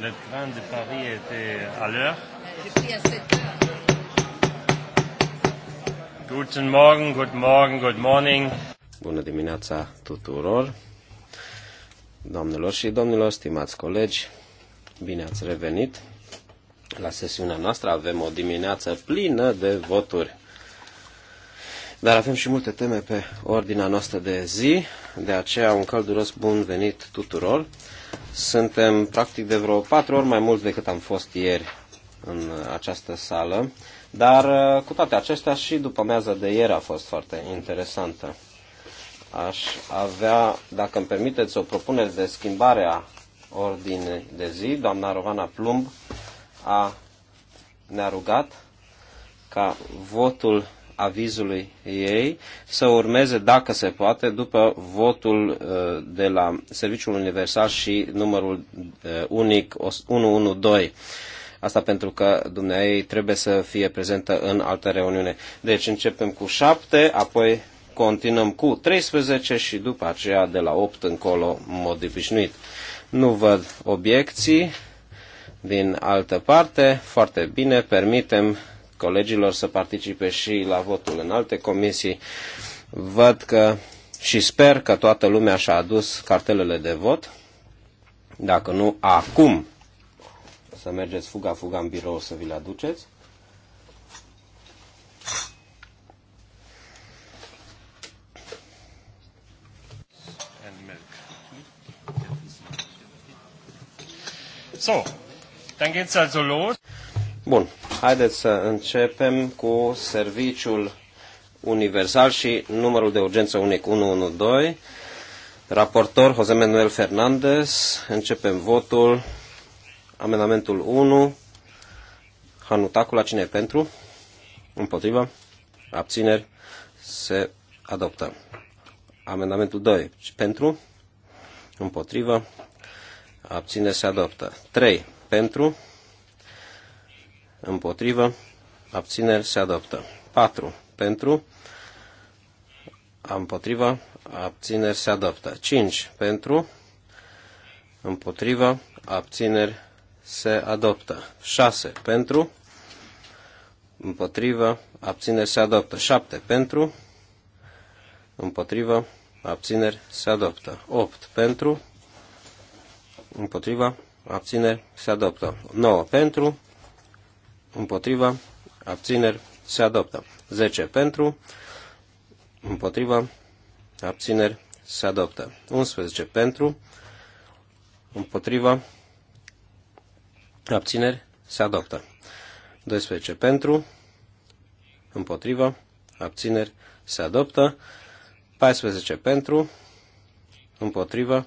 le train de Paris était à l'heure. Guten Morgen, guten Morgen, good morning. Bună dimineața tuturor, doamnelor și domnilor, stimați colegi, bine ați revenit la sesiunea noastră. Avem o dimineață plină de voturi. Dar avem și multe teme pe ordinea noastră de zi, de aceea un călduros bun venit tuturor. Suntem practic de vreo patru ori mai mulți decât am fost ieri în această sală, dar uh, cu toate acestea și după meaza de ieri a fost foarte interesantă. Aș avea, dacă îmi permiteți, o propunere de schimbare a ordinei de zi. Doamna Rovana Plumb a, ne-a rugat ca votul avizului ei să urmeze, dacă se poate, după votul uh, de la Serviciul Universal și numărul uh, unic 112. Asta pentru că dumneai trebuie să fie prezentă în altă reuniune. Deci începem cu 7, apoi continuăm cu 13 și după aceea de la 8 încolo în mod obișnuit. Nu văd obiecții din altă parte. Foarte bine, permitem colegilor să participe și la votul în alte comisii. Văd că și sper că toată lumea și-a adus cartelele de vot. Dacă nu, acum să mergeți fuga-fuga în birou să vi le aduceți. So, dann geht's also los. Bun. Haideți să începem cu serviciul universal și numărul de urgență unic 112. Raportor Jose Manuel Fernandez. Începem votul. Amendamentul 1. la cine e pentru? Împotriva? Abțineri? Se adoptă. Amendamentul 2. Pentru? Împotriva? Abține se adoptă. 3. Pentru? împotrivă, abțineri se adoptă. 4 pentru, împotrivă, abțineri se adoptă. 5 pentru, împotrivă, abțineri se adoptă. 6 pentru, împotrivă, abțineri se adoptă. 7 pentru, împotrivă, abțineri se adoptă. 8 pentru, împotrivă, abțineri se adoptă. 9 pentru, împotriva, abțineri, se adoptă. 10 pentru, împotriva, abțineri, se adoptă. 11 pentru, împotriva, abțineri, se adoptă. 12 pentru, împotriva, abțineri, se adoptă. 14 pentru, împotriva,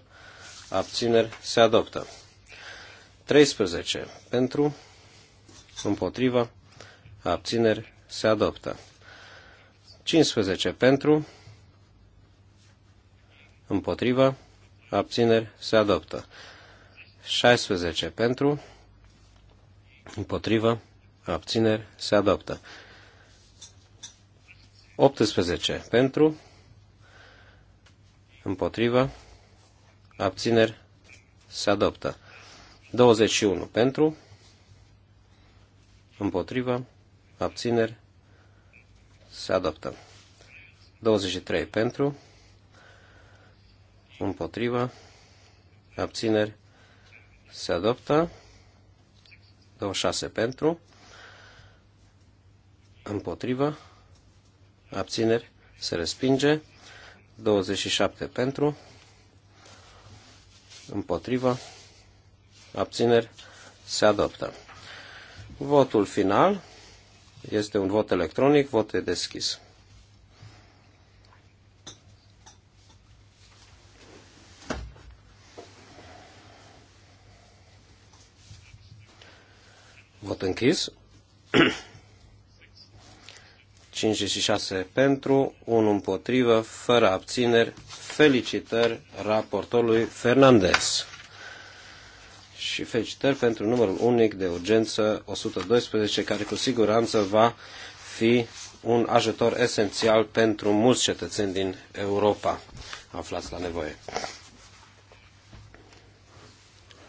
abțineri, se adoptă. 13 pentru, împotrivă, abțineri, se adoptă. 15 pentru, împotrivă, abțineri, se adoptă. 16 pentru, împotrivă, abțineri, se adoptă. 18 pentru, împotrivă, abțineri, se adoptă. 21 pentru, împotrivă, abțineri, se adoptă. 23 pentru, împotrivă, abțineri, se adoptă. 26 pentru, împotrivă, abțineri, se respinge. 27 pentru, împotrivă, abțineri, se adoptă. Votul final este un vot electronic, vot e deschis. Vot închis. 56 pentru, 1 împotrivă, fără abțineri. Felicitări raportorului Fernandez și felicitări pentru numărul unic de urgență 112, care cu siguranță va fi un ajutor esențial pentru mulți cetățeni din Europa aflați la nevoie.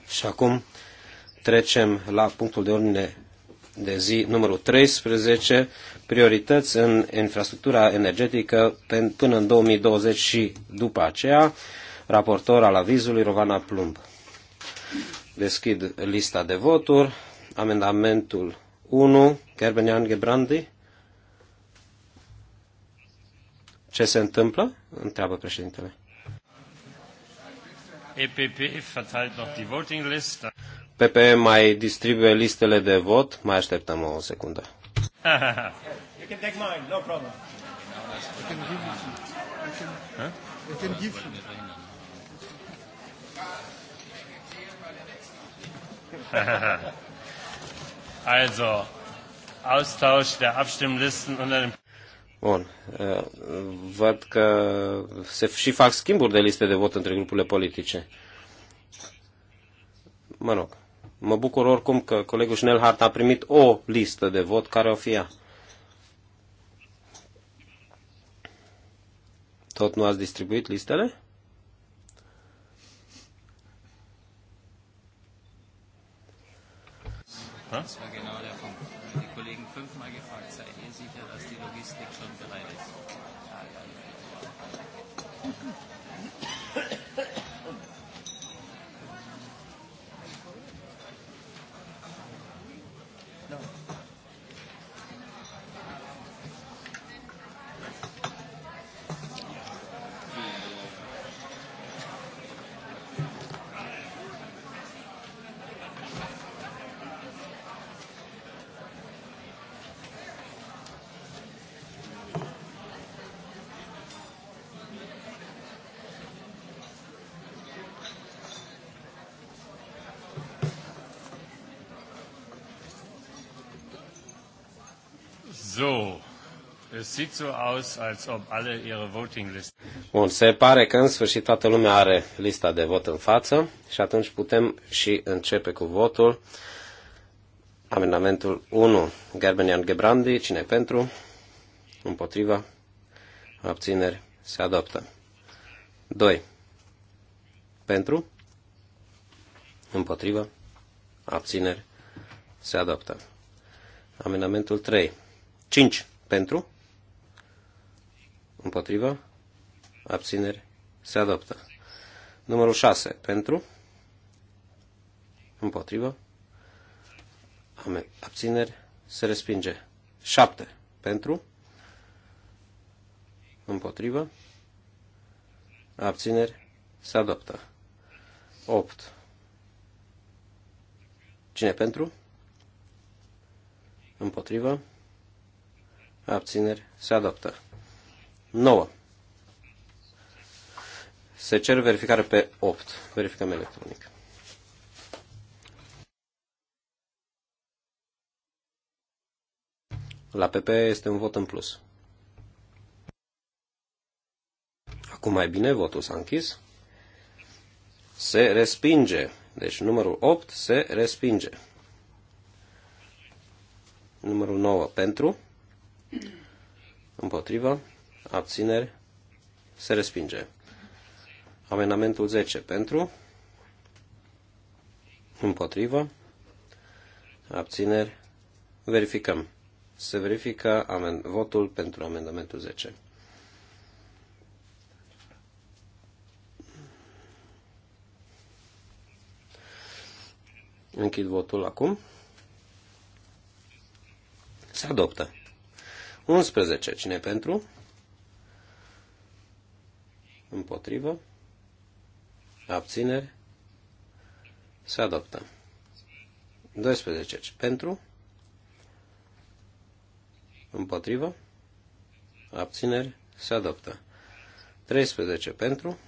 Și acum trecem la punctul de ordine de zi numărul 13, priorități în infrastructura energetică până în 2020 și după aceea, raportor al avizului Rovana Plumb. Deschid lista de voturi. Amendamentul 1, Gerbenian Gebrandi. Ce se întâmplă? Întreabă președintele. EPP verteilt noch die voting list. PP mai distribuie listele de vot. Mai așteptăm o secundă. you can take mine, no problem. You can give Huh? You can give. also, Austausch der Abstimmlisten unter Bun. Văd că se și fac schimburi de liste de vot între grupurile politice. Mă rog. Mă bucur oricum că colegul Schnellhardt a primit o listă de vot care o fie. Tot nu ați distribuit listele? Das war genau der Punkt. Die Kollegen fünfmal gefragt, seid ihr sicher, dass die Logistik schon bereit ist? No. So, es sieht so aus, als ob alle ihre voting list. Bun, se pare că în sfârșit toată lumea are lista de vot în față și atunci putem și începe cu votul. Amendamentul 1, Gerbenian Gebrandi, cine pentru? Împotriva? Abțineri? Se adoptă. 2. Pentru? Împotriva? Abțineri? Se adoptă. Amendamentul 3. 5 pentru, împotrivă, abțineri, se adoptă. Numărul 6 pentru, împotrivă, abțineri, se respinge. 7 pentru, împotrivă, abțineri, se adoptă. 8. Cine pentru? Împotrivă abțineri, se adoptă. 9. Se cer verificare pe 8. Verificăm electronic. La PP este un vot în plus. Acum mai bine, votul s-a închis. Se respinge. Deci numărul 8 se respinge. Numărul 9 pentru, Împotrivă. Abțineri. Se respinge. Amendamentul 10 pentru. Împotrivă. Abțineri. Verificăm. Se verifică amen- votul pentru amendamentul 10. Închid votul acum. Se adoptă. 11. Cine pentru? Împotrivă. Abțineri. Se adoptă. 12. Pentru. Împotrivă. Abțineri. Se adoptă. 13. Pentru.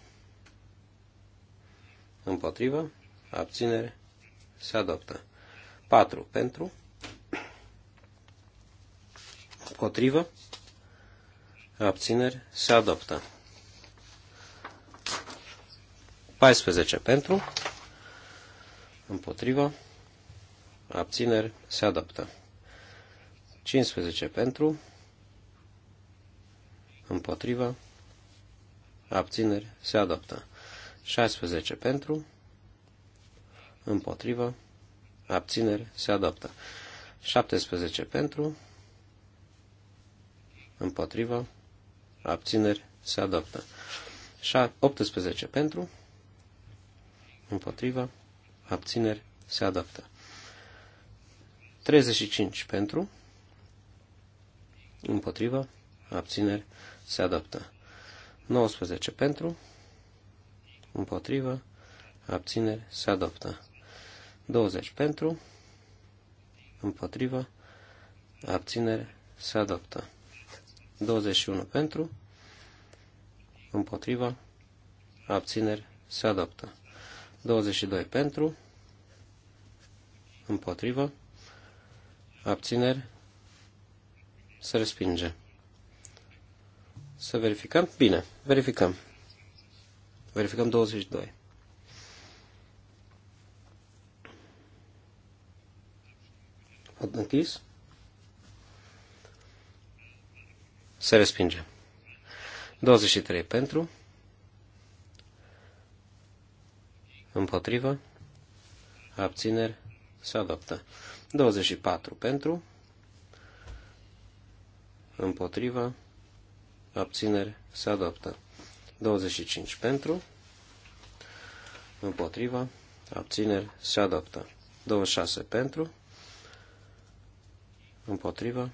Împotrivă. Abțineri. Se adoptă. 4. Pentru potrivă, Abțineri? Se adoptă. 14 pentru. Împotrivă? Abțineri? Se adoptă. 15 pentru. Împotrivă? Abțineri? Se adoptă. 16 pentru. Împotrivă? Abțineri? Se adoptă. 17 pentru împotrivă, abțineri, se adoptă. 18 pentru, împotrivă, abțineri, se adoptă. 35 pentru, împotrivă, abțineri, se adoptă. 19 pentru, împotrivă, abțineri, se adoptă. 20 pentru, împotrivă, abțineri, se adoptă. 21 pentru, împotriva, abțineri, se adoptă. 22 pentru, împotriva, abțineri, se respinge. Să verificăm? Bine, verificăm. Verificăm 22. Închis. Se respinge. 23 pentru. Împotrivă. Abțineri. Se adoptă. 24 pentru. Împotrivă. Abțineri. Se adoptă. 25 pentru. împotrivă, Abțineri. Se adoptă. 26 pentru. împotrivă,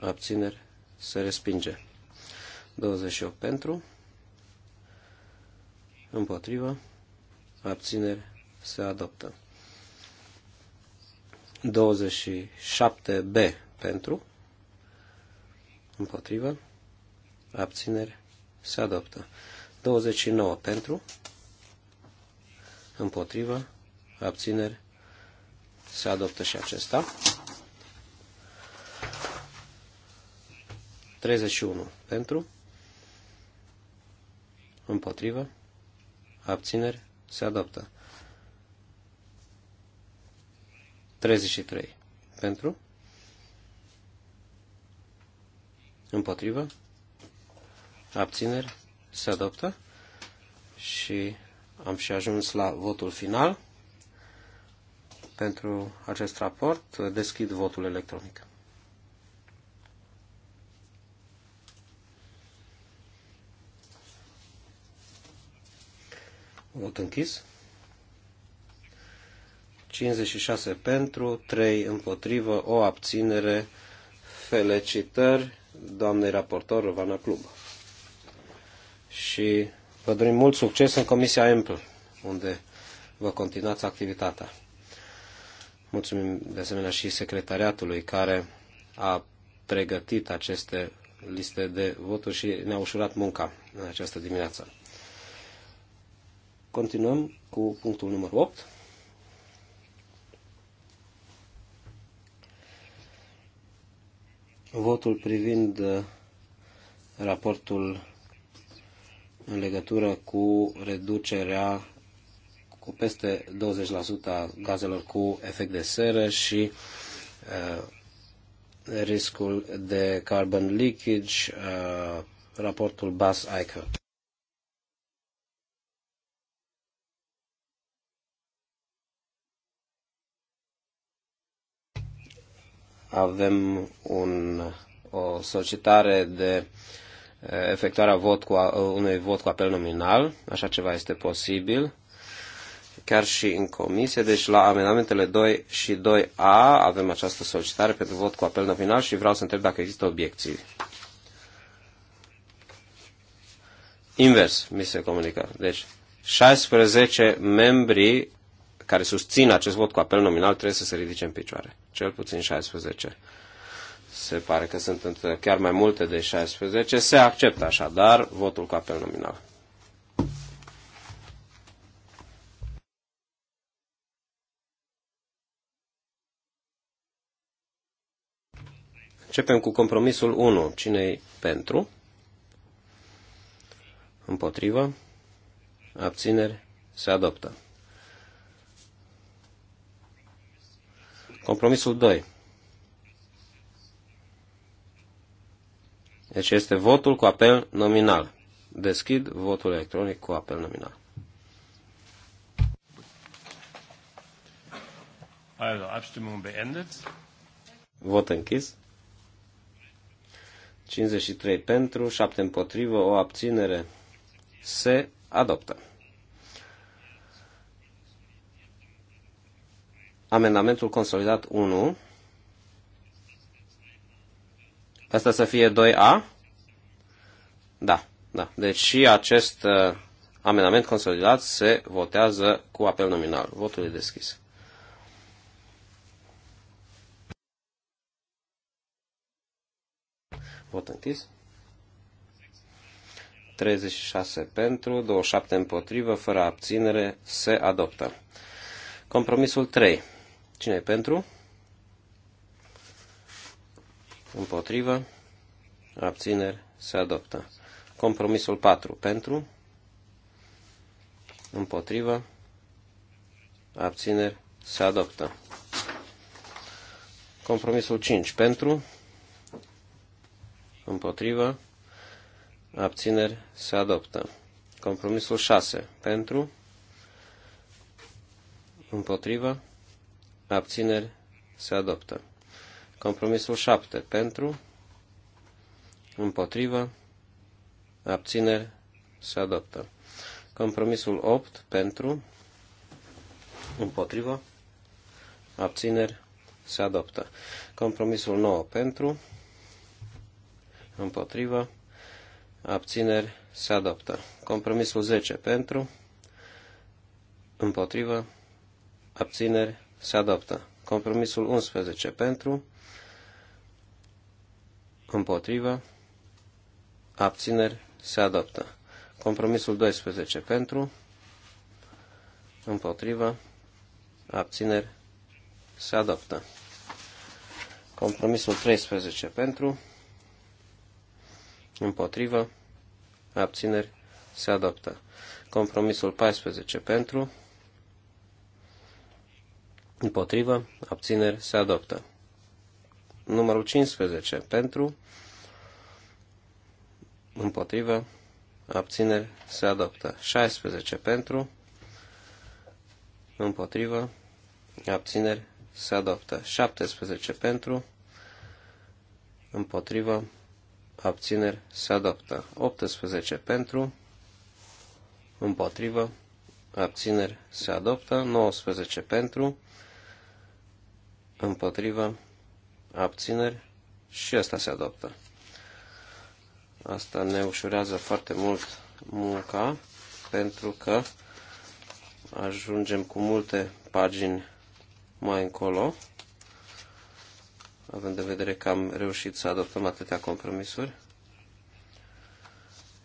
Abțineri se respinge. 28 pentru, împotrivă, abțineri, se adoptă. 27B pentru, împotrivă, abțineri, se adoptă. 29 pentru, împotrivă, abțineri, se adoptă și acesta. 31 pentru, împotrivă, abțineri, se adoptă. 33 pentru, împotrivă, abțineri, se adoptă și am și ajuns la votul final pentru acest raport. Deschid votul electronic. Vot închis. 56 pentru, 3 împotrivă, o abținere. Felicitări doamnei raportor Rovana Club. Și vă dorim mult succes în Comisia EMPL, unde vă continuați activitatea. Mulțumim de asemenea și secretariatului care a pregătit aceste liste de voturi și ne-a ușurat munca în această dimineață. Continuăm cu punctul numărul 8. Votul privind uh, raportul în legătură cu reducerea cu peste 20% a gazelor cu efect de seră și uh, riscul de carbon leakage, uh, raportul Bass-Eichel. avem un, o solicitare de eh, efectuarea vot cu, unui vot cu apel nominal, așa ceva este posibil, chiar și în comisie, deci la amendamentele 2 și 2A avem această solicitare pentru vot cu apel nominal și vreau să întreb dacă există obiecții. Invers, mi se comunică. Deci, 16 membri care susțin acest vot cu apel nominal trebuie să se ridice în picioare. Cel puțin 16. Se pare că sunt chiar mai multe de 16. Se acceptă așadar votul cu apel nominal. Începem cu compromisul 1. cine pentru? Împotrivă? Abțineri? Se adoptă. Compromisul 2. Deci este votul cu apel nominal. Deschid votul electronic cu apel nominal. Also, Abstimmung beendet. Vot închis. 53 pentru, 7 împotrivă, o abținere. Se adoptă. amendamentul consolidat 1. Asta să fie 2A? Da, da. Deci și acest uh, amendament consolidat se votează cu apel nominal. Votul e deschis. Vot închis. 36 pentru, 27 împotrivă, fără abținere, se adoptă. Compromisul 3. Cine e pentru? Împotrivă. Abțineri. Se adoptă. Compromisul 4. Pentru. Împotrivă. Abțineri. Se adoptă. Compromisul 5. Pentru. Împotrivă. Abțineri. Se adoptă. Compromisul 6. Pentru. Împotrivă abțineri, se adoptă. Compromisul 7 pentru, împotrivă, abțineri, se adoptă. Compromisul 8 pentru, împotrivă, abțineri, se adoptă. Compromisul 9 pentru, împotrivă, abțineri, se adoptă. Compromisul 10 pentru, împotrivă, abțineri, se adoptă. Compromisul 11 pentru, împotrivă, abțineri, se adoptă. Compromisul 12 pentru, împotrivă, abțineri, se adoptă. Compromisul 13 pentru, împotrivă, abțineri, se adoptă. Compromisul 14 pentru, Împotrivă, abțineri, se adoptă. Numărul 15. Pentru, împotrivă, abțineri, se adoptă. 16. Pentru, împotrivă, abțineri, se adoptă. 17. Pentru, împotrivă, abțineri, se adoptă. 18. Pentru, împotrivă, abțineri, se adoptă. 19. Pentru, împotrivă, abțineri și asta se adoptă. Asta ne ușurează foarte mult munca pentru că ajungem cu multe pagini mai încolo, având de vedere că am reușit să adoptăm atâtea compromisuri.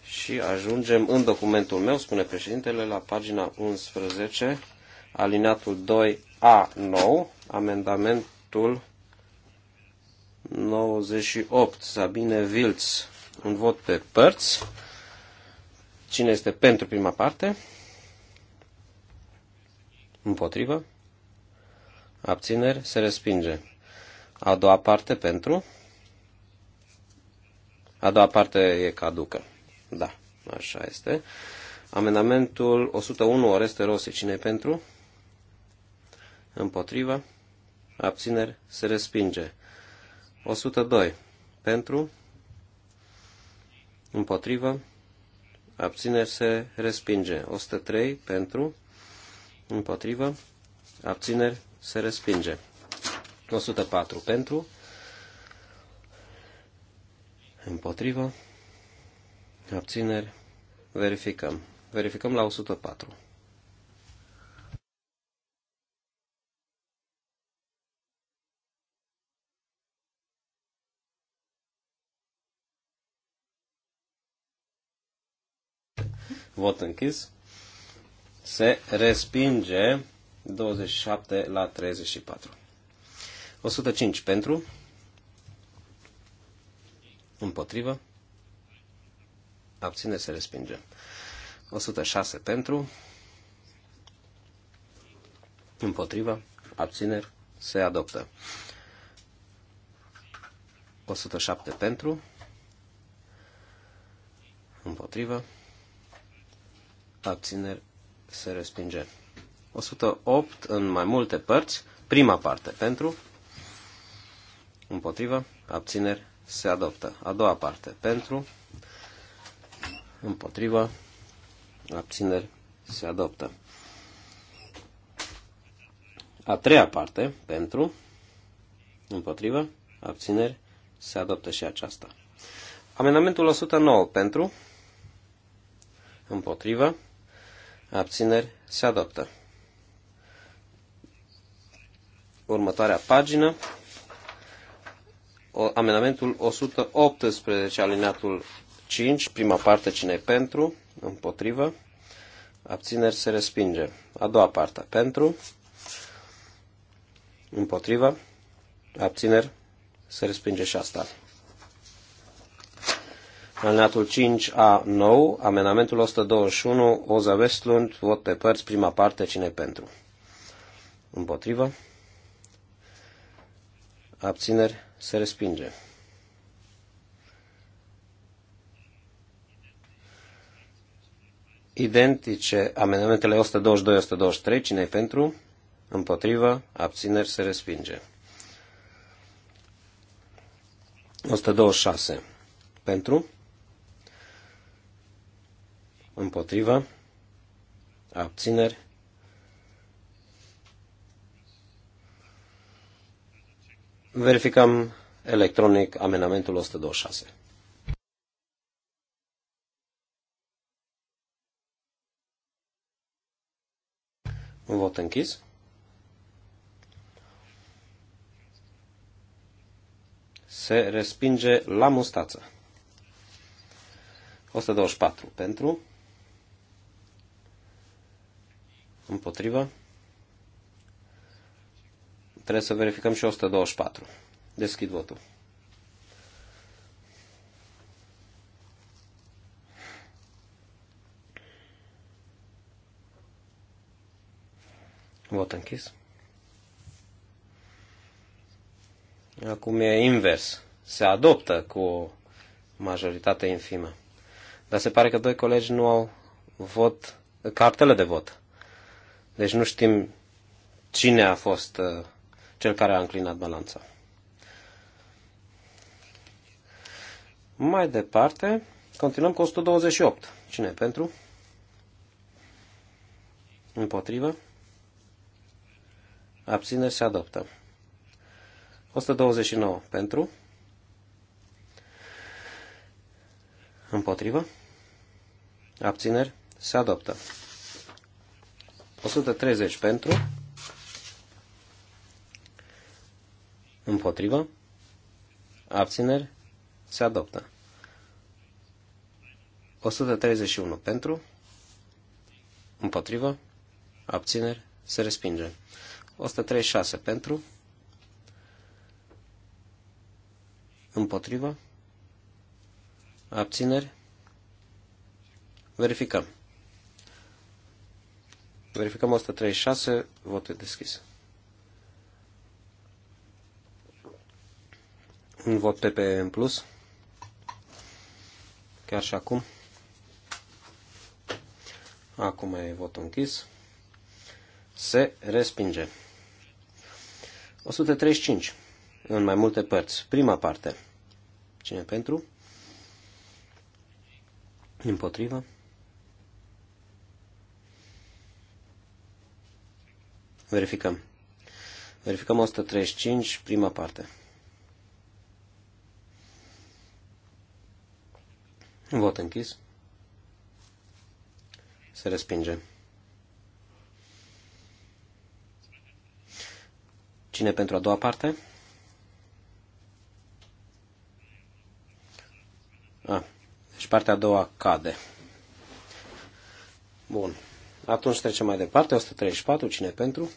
Și ajungem în documentul meu, spune președintele, la pagina 11, alineatul 2A9, Amendamentul 98, Sabine Vilț, un vot pe părți. Cine este pentru prima parte? Împotrivă? Abțineri? Se respinge. A doua parte pentru? A doua parte e caducă. Da, așa este. Amendamentul 101, Oreste Rossi, cine pentru? Împotrivă? abțineri, se respinge. 102. Pentru, împotrivă, abțineri, se respinge. 103. Pentru, împotrivă, abțineri, se respinge. 104. Pentru, împotrivă, abțineri, verificăm. Verificăm la 104. Vot închis. Se respinge 27 la 34. 105 pentru. Împotrivă. Abține, se respinge. 106 pentru. Împotrivă. Abțineri. Se adoptă. 107 pentru. Împotrivă abțineri, se respinge. 108 în mai multe părți, prima parte pentru, împotrivă, abțineri, se adoptă. A doua parte pentru, împotrivă, abțineri, se adoptă. A treia parte, pentru, împotrivă, abțineri, se adoptă și aceasta. Amendamentul 109 pentru, împotrivă, abțineri, se adoptă. Următoarea pagină, amendamentul 118, alineatul 5, prima parte, cine pentru, împotrivă, abțineri, se respinge. A doua parte, pentru, împotrivă, abțineri, se respinge și asta. Alineatul 5A9, amenamentul 121, Oza Westlund, vot pe părți, prima parte, cine pentru? Împotrivă? Abțineri? Se respinge. Identice amendamentele 122-123, cine e pentru? Împotrivă? Abțineri? Se respinge. 126. Pentru? împotrivă, abțineri, verificăm electronic amenamentul 126. Un vot închis. Se respinge la mustață. 124 pentru, Împotrivă. Trebuie să verificăm și 124. Deschid votul. Vot închis. Acum e invers. Se adoptă cu o majoritate infimă. Dar se pare că doi colegi nu au vot, cartele de vot. Deci nu știm cine a fost uh, cel care a înclinat balanța. Mai departe, continuăm cu 128. Cine pentru? Împotrivă? Abțineri se adoptă. 129 pentru? Împotrivă? Abțineri se adoptă. 130 pentru, împotrivă, abțineri, se adoptă. 131 pentru, împotrivă, abțineri, se respinge. 136 pentru, împotrivă, abțineri, verificăm. Verificăm 136, votul deschis. Un vot PP în plus. Chiar și acum. Acum e votul închis. Se respinge. 135. În mai multe părți. Prima parte. Cine pentru? Împotrivă. Verificăm. Verificăm 135, prima parte. Vot închis. Se respinge. Cine pentru a doua parte? A, ah, deci partea a doua cade. Bun. Atunci trecem mai departe. 134. Cine pentru?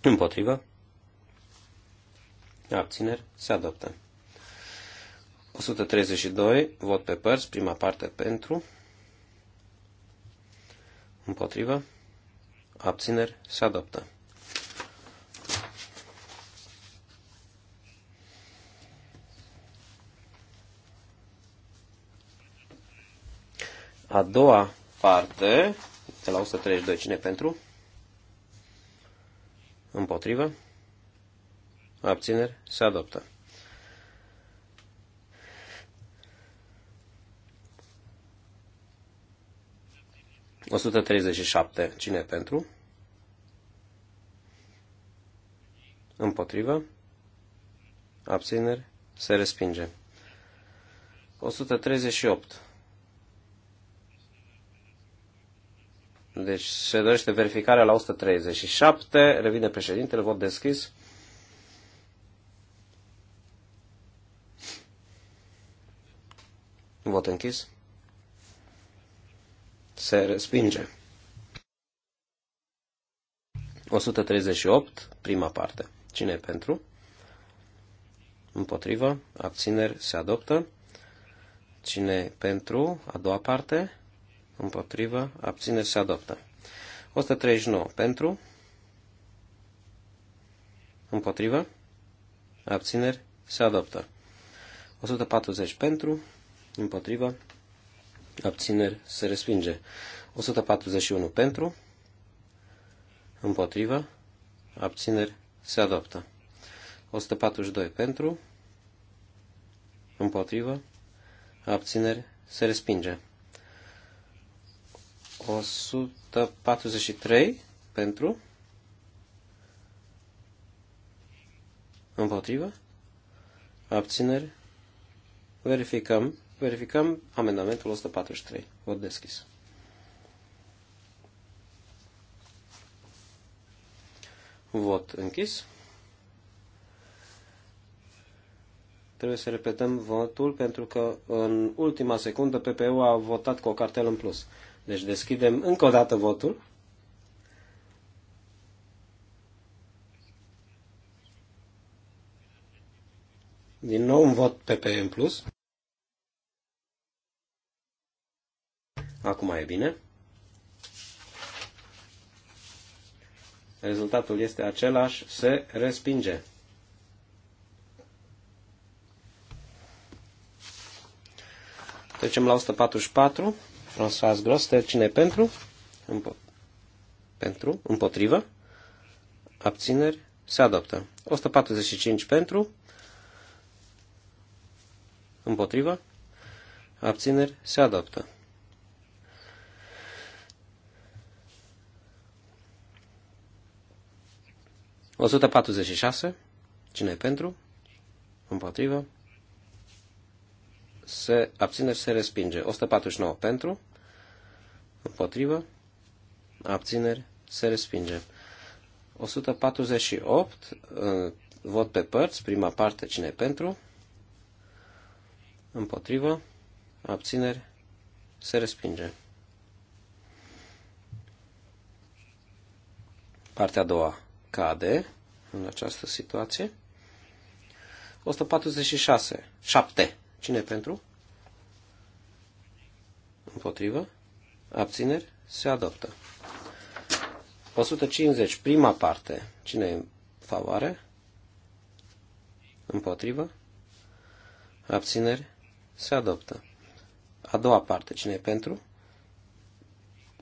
Împotrivă. Abțineri. Se adoptă. 132. Vot pe părți. Prima parte pentru. Împotrivă. Abțineri. Se adoptă. A doua parte, de la 132, cine pentru? Împotrivă? Abțineri? Se adoptă. O 137. Cine pentru? Împotrivă? Abțineri? Se respinge. 138. Deci se dorește verificarea la 137. Revine președintele, vot deschis. Vot închis. Se respinge. 138, prima parte. Cine e pentru? Împotrivă. Abțineri se adoptă. Cine e pentru? A doua parte. Împotrivă. Abțineri se adoptă. 139 pentru. Împotrivă. Abțineri se adoptă. 140 pentru. Împotrivă. Abțineri se respinge. 141 pentru. Împotrivă. Abțineri se adoptă. 142 pentru. Împotrivă. Abțineri se respinge. 143 pentru, împotrivă, abțineri, verificăm, verificăm amendamentul 143, vot deschis. Vot închis. Trebuie să repetăm votul pentru că în ultima secundă PPU a votat cu o cartelă în plus. Deci deschidem încă o dată votul. Din nou un vot PPM+. Plus. Acum e bine. Rezultatul este același, se respinge. Trecem la 144. François Groster, cine pentru? Împo- pentru, împotrivă, abțineri, se adoptă. 145 pentru, împotrivă, abțineri, se adoptă. O 146, cine e pentru, împotrivă, se abține și se respinge. 149 pentru, împotrivă, abțineri se respinge. 148, uh, vot pe părți, prima parte cine pentru, împotrivă, abțineri se respinge. Partea a doua cade în această situație. 146. 7. Cine pentru? Împotrivă. Abțineri. Se adoptă. 150. Prima parte. Cine e în favoare? Împotrivă. Abțineri. Se adoptă. A doua parte. Cine e pentru?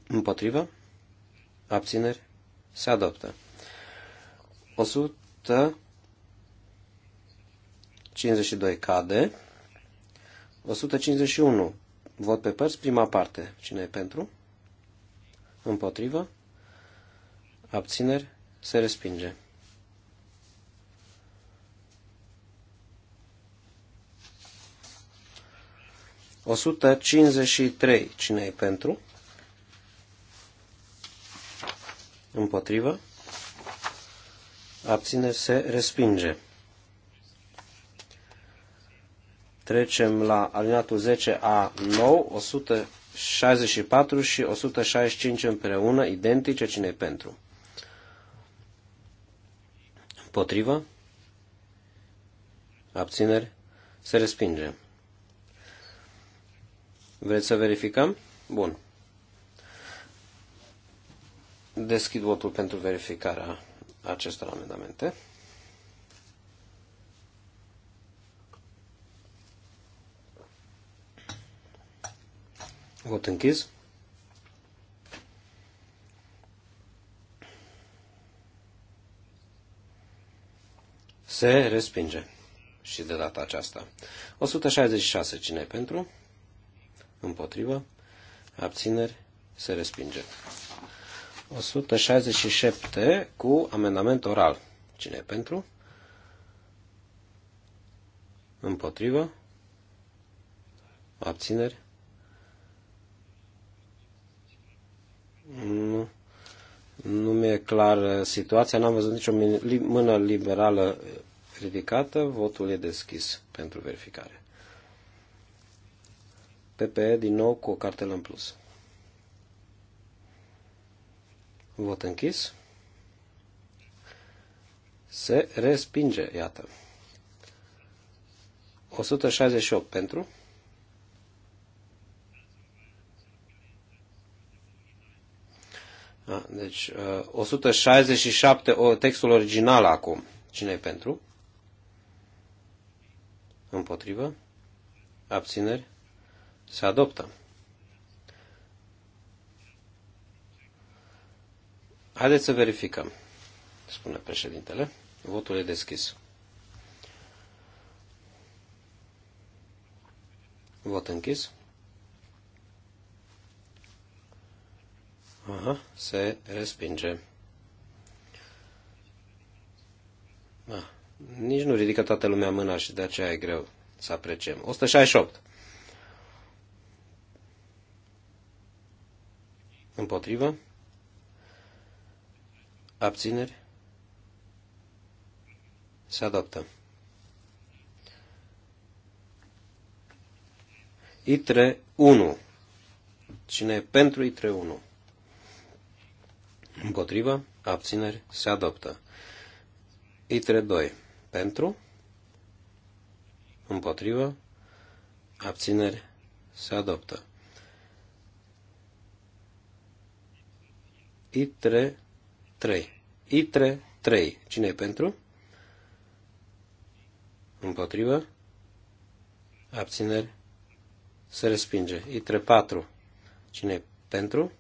Împotrivă. Abțineri. Se adoptă. 152 cade. 151. Vot pe părți, prima parte. Cine e pentru? Împotrivă? Abțineri? Se respinge. O sută cincizeci și trei. Cine e pentru? Împotrivă? abține Se respinge. Trecem la alineatul 10A9, 164 și 165 împreună, identice, cine e pentru? potrivă Abțineri? Se respinge. Vreți să verificăm? Bun. Deschid votul pentru verificarea acestor amendamente. Vot închis. Se respinge. Și de data aceasta. 166. Cine pentru? Împotrivă. Abțineri. Se respinge. 167 cu amendament oral. Cine pentru? Împotrivă. Abțineri. Nu, nu mi-e clar uh, situația, n-am văzut nicio mână liberală uh, ridicată, votul e deschis pentru verificare. PPE din nou cu o cartelă în plus. Vot închis. Se respinge, iată. 168 pentru. Da? Deci 167 uh, textul original acum. Cine e pentru? Împotrivă? Abțineri? Se adoptă. Haideți să verificăm, spune președintele. Votul e deschis. Vot închis. Aha, se respinge. Ah, nici nu ridică toată lumea mâna și de aceea e greu să apreciem. 168. Împotrivă. Abțineri. Se adoptă. ITRE 1. Cine e pentru ITRE 1? Împotrivă, abțineri, se adoptă. ITRE 2. Pentru, împotrivă, abțineri, se adoptă. ITRE 3. ITRE 3. Cine e pentru? Împotrivă, abțineri, se respinge. ITRE 4. Cine e pentru?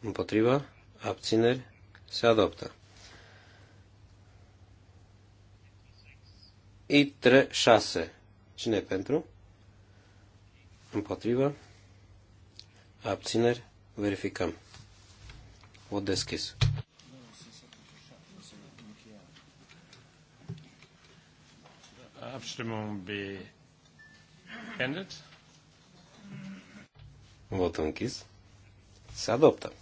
împotriva, Abțineri. Se adoptă. i 6. Cine pentru? Împotriva, Abțineri. Verificăm. O deschis. Abstimmung beendet. Vot închis. Se adoptă.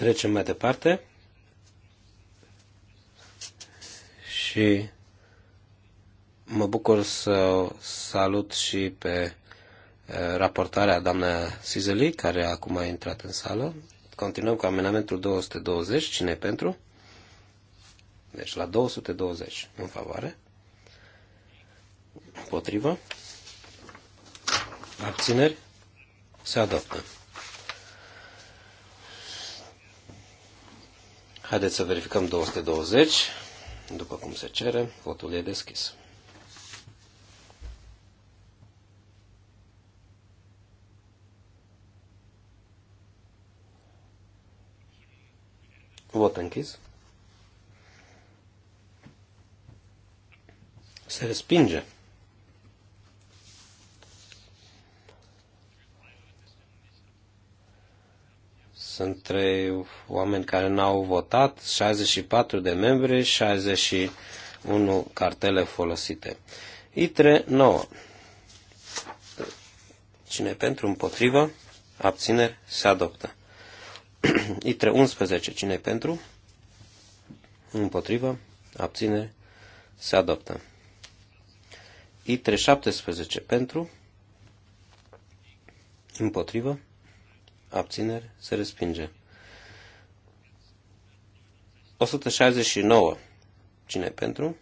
Trecem mai departe. Și mă bucur să salut și pe raportarea doamna Sizeli, care acum a intrat în sală. Continuăm cu amendamentul 220. Cine pentru? Deci la 220 în favoare. Împotrivă. Abțineri. Se adoptă. Haideți să verificăm 220, după cum se cere, votul e deschis. Vot închis. Se respinge. între oameni care n-au votat, 64 de membri, 61 cartele folosite. ITRE 9. Cine pentru, împotrivă, abțineri, se adoptă. ITRE 11. Cine pentru, împotrivă, abțineri, se adoptă. ITRE 17. Pentru, împotrivă, abțineri, se respinge. 169. Cine pentru?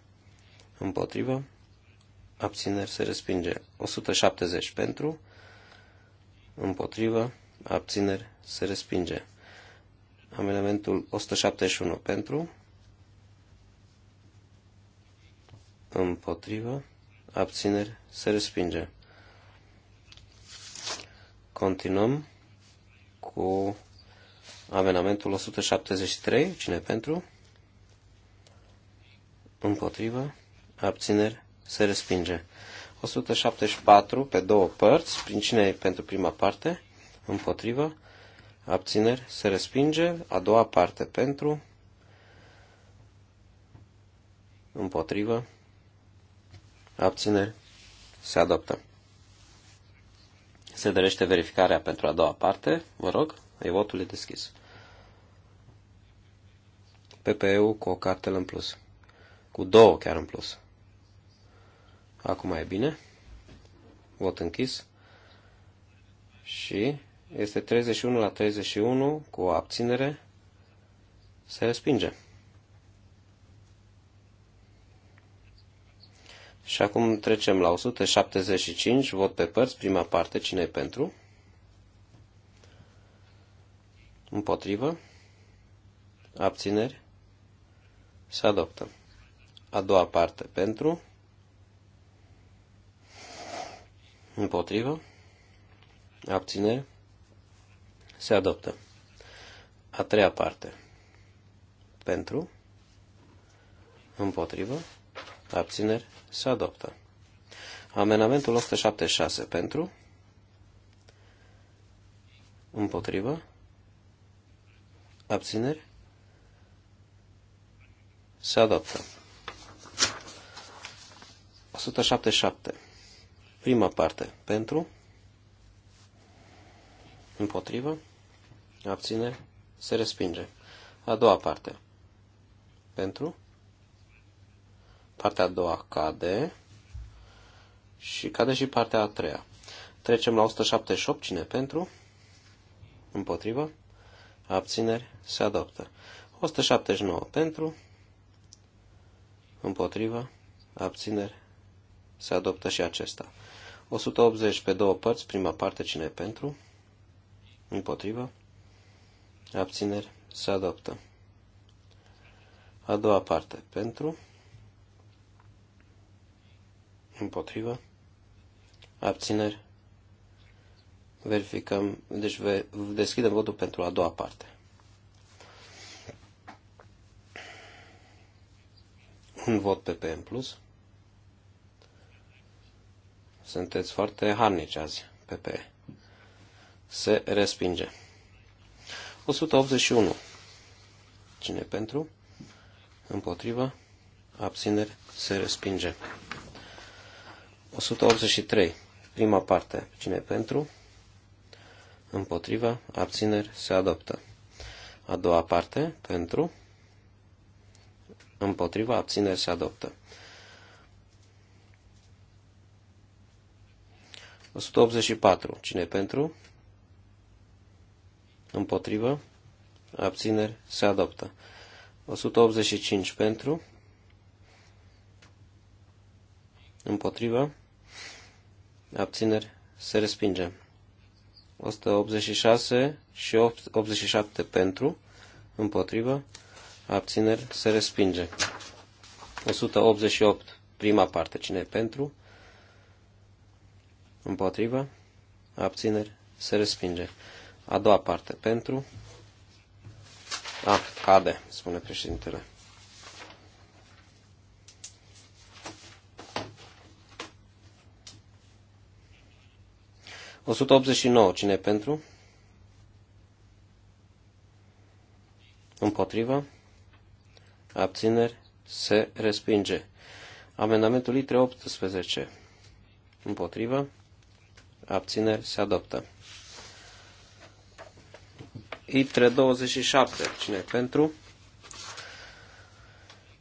Împotrivă. Abțineri se respinge. 170 pentru. Împotrivă. Abțineri se respinge. Am elementul 171 pentru. Împotrivă. Abțineri se respinge. Continuăm cu amenamentul 173. Cine pentru? Împotrivă. Abțineri. Se respinge. 174 pe două părți. Prin cine e pentru prima parte? Împotrivă. Abțineri. Se respinge. A doua parte pentru. Împotrivă. Abțineri. Se adoptă. Se dorește verificarea pentru a doua parte. Vă rog, e votul e deschis. PPE-ul cu o cartel în plus. Cu două chiar în plus. Acum e bine. Vot închis. Și este 31 la 31 cu o abținere. Se respinge. Și acum trecem la 175, vot pe părți, prima parte, cine e pentru? Împotrivă? Abțineri? Se adoptă. A doua parte, pentru? Împotrivă? Abțineri? Se adoptă. A treia parte, pentru? Împotrivă? Abțineri? Se adoptă. Amenamentul 176 pentru. Împotrivă. Abțineri. Se adoptă. 177. Prima parte. Pentru. Împotrivă. Abțineri. Se respinge. A doua parte. Pentru. Partea a doua cade și cade și partea a treia. Trecem la 178. Cine pentru? Împotrivă? Abțineri? Se adoptă. 179 pentru? Împotrivă? Abțineri? Se adoptă și acesta. 180 pe două părți, prima parte cine pentru? Împotrivă? Abțineri? Se adoptă. A doua parte pentru? împotrivă, abțineri, verificăm, deci ve, deschidem votul pentru a doua parte. Un vot PP PM+. plus. Sunteți foarte harnici azi, PP. Se respinge. 181. Cine pentru? Împotrivă? Abțineri? Se respinge. 183. Prima parte. Cine pentru? Împotriva. Abțineri. Se adoptă. A doua parte. Pentru. Împotriva. Abțineri. Se adoptă. 184. Cine pentru? Împotriva. Abțineri. Se adoptă. 185 pentru. Împotriva abțineri, se respinge. 186 și 87 pentru, împotrivă, abțineri, se respinge. 188, prima parte, cine pentru, împotrivă, abțineri, se respinge. A doua parte, pentru, a, cade, spune președintele. 189. Cine pentru? Împotrivă. Abțineri. Se respinge. Amendamentul ITRE 18. Împotrivă. Abțineri. Se adoptă. ITRE 27. Cine pentru?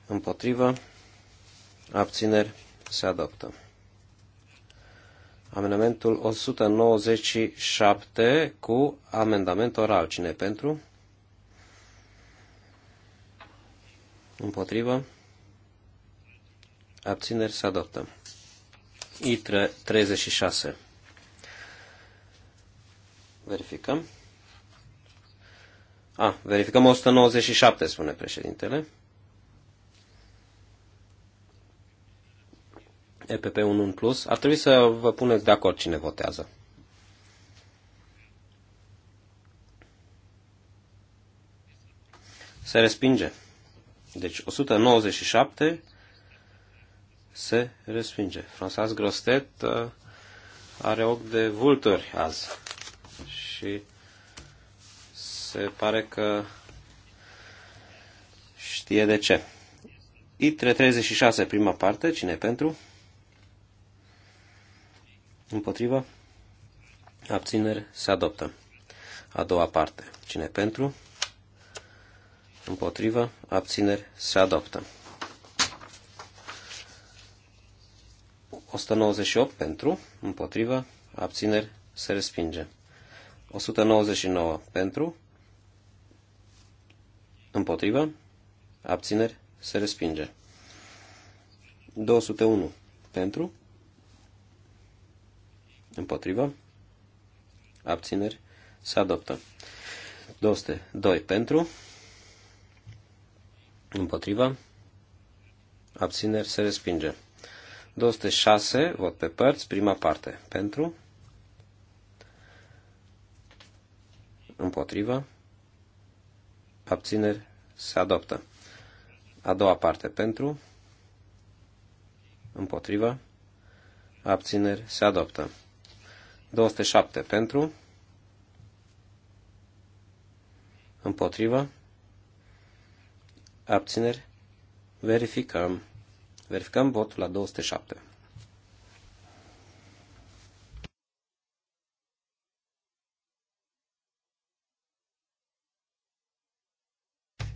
Împotrivă. Abțineri. Se adoptă. Amendamentul 197 cu amendament oral. Cine pentru? Împotrivă? Abțineri se adoptă. ITRE 36. Verificăm. A, verificăm 197, spune președintele. EPP 1 în plus, ar trebui să vă puneți de acord cine votează. Se respinge. Deci 197 se respinge. François Grostet uh, are ochi de vulturi azi și se pare că știe de ce. i 36, prima parte, cine pentru? Împotrivă? Abțineri se adoptă. A doua parte. Cine pentru? Împotrivă? Abțineri se adoptă. 198 pentru, împotrivă, abțineri, se respinge. 199 pentru, împotrivă, abțineri, se respinge. 201 pentru, Împotrivă. Abțineri. Se adoptă. 202 pentru. Împotrivă. Abțineri. Se respinge. 206. Vot pe părți. Prima parte. Pentru. Împotrivă. Abțineri. Se adoptă. A doua parte. Pentru. Împotrivă. Abțineri. Se adoptă. 207 pentru, împotriva, abțineri, verificăm. Verificăm votul la 207.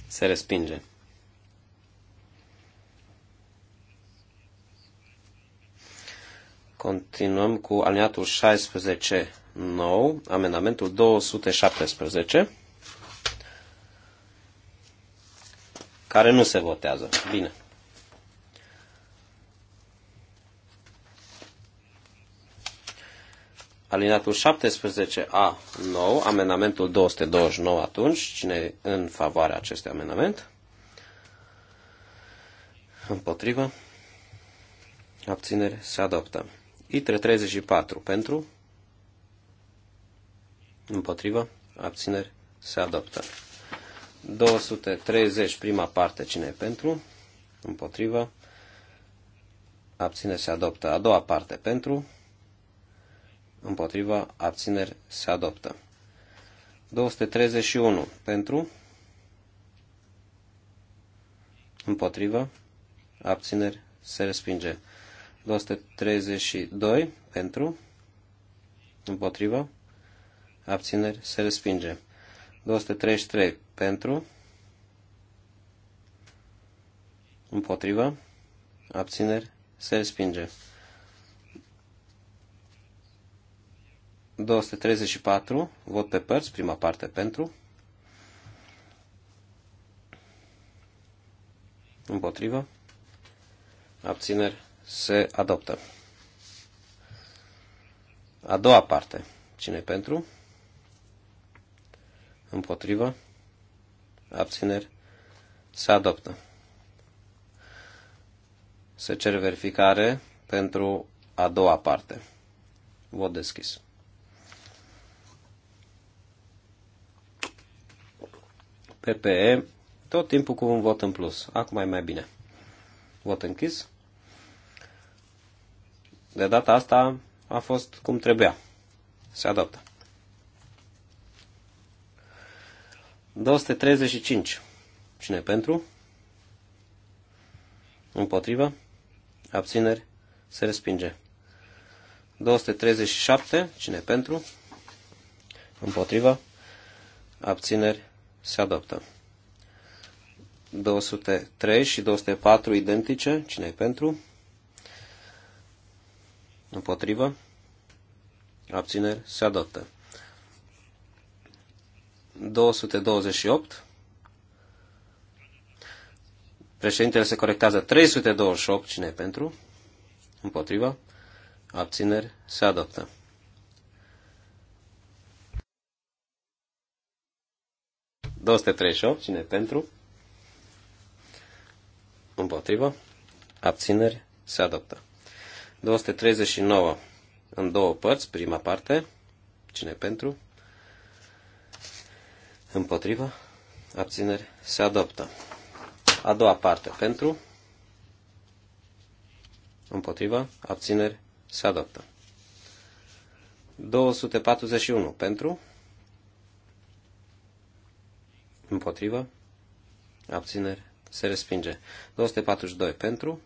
Se respinge. Continuăm cu aliniatul 16 nou, amendamentul 217, care nu se votează. Bine. Alinatul 17 a nou, amendamentul 229 atunci, cine în favoarea acestui amendament? Împotrivă? Abținere? Se adoptă. ITRE 34 pentru, împotrivă, abțineri, se adoptă. 230 prima parte, cine e pentru, împotrivă, abțineri, se adoptă. A doua parte, pentru, împotrivă, abțineri, se adoptă. 231 pentru, împotrivă, abțineri, se respinge. 232 pentru, împotrivă, abțineri, se respinge. 233 pentru, împotrivă, abțineri, se respinge. 234, vot pe părți, prima parte pentru, împotrivă, abțineri, se adoptă. A doua parte. Cine pentru? Împotrivă? Abțineri? Se adoptă. Se cere verificare pentru a doua parte. Vot deschis. PPE, tot timpul cu un vot în plus. Acum e mai bine. Vot închis. De data asta a fost cum trebuia. Se adoptă. 235. Cine pentru? Împotrivă? Abțineri? Se respinge. 237. Cine pentru? Împotrivă? Abțineri? Se adoptă. 203 și 204 identice. Cine pentru? Împotrivă? Abțineri? Se adoptă. 228. Președintele se corectează 328. Cine e pentru? Împotrivă? Abțineri? Se adoptă. opt cine e pentru? Împotrivă? Abțineri? Se adoptă. 239 în două părți, prima parte, cine pentru, împotriva, abțineri, se adoptă. A doua parte, pentru, împotriva, abțineri, se adoptă. 241 pentru, împotriva, abțineri, se respinge. 242 pentru,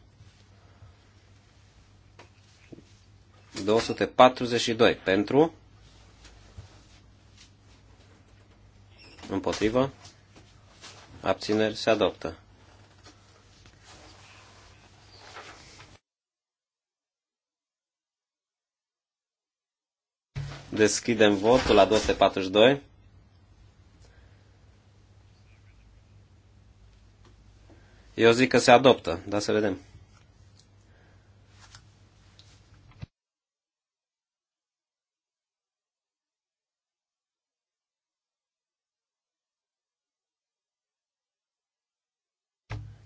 242 pentru, împotrivă, abțineri se adoptă. Deschidem votul la 242. Eu zic că se adoptă, dar să vedem.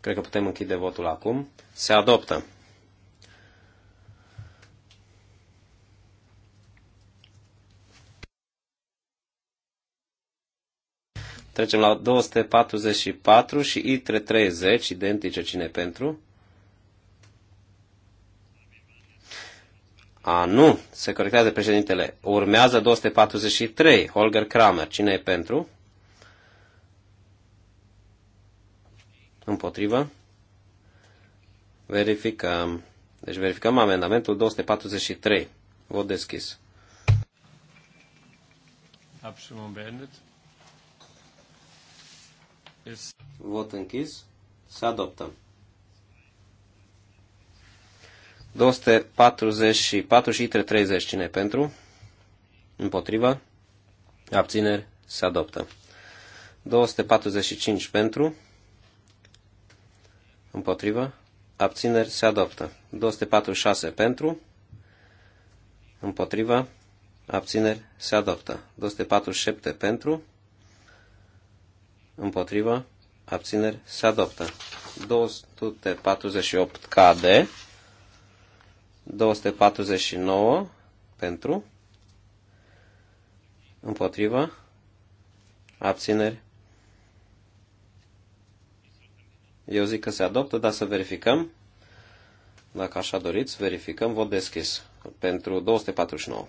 Cred că putem închide votul acum. Se adoptă. Trecem la 244 și ITRE 30, identice cine pentru. A, nu, se corectează președintele. Urmează 243, Holger Kramer, cine e pentru? Împotrivă. Verificăm. Deci verificăm amendamentul 243. Vot deschis. Abstimmung beendet. Vot închis. Să adoptăm. 244 și 30 cine pentru? Împotriva? Abțineri? Se adoptă. 245 pentru? Împotrivă. Abțineri se adoptă. 246 pentru. Împotrivă. Abțineri se adoptă. 247 pentru. Împotrivă. Abțineri se adoptă. 248 cade. 249 pentru. Împotrivă. Abțineri Eu zic că se adoptă, dar să verificăm. Dacă așa doriți, verificăm. Vot deschis pentru 249.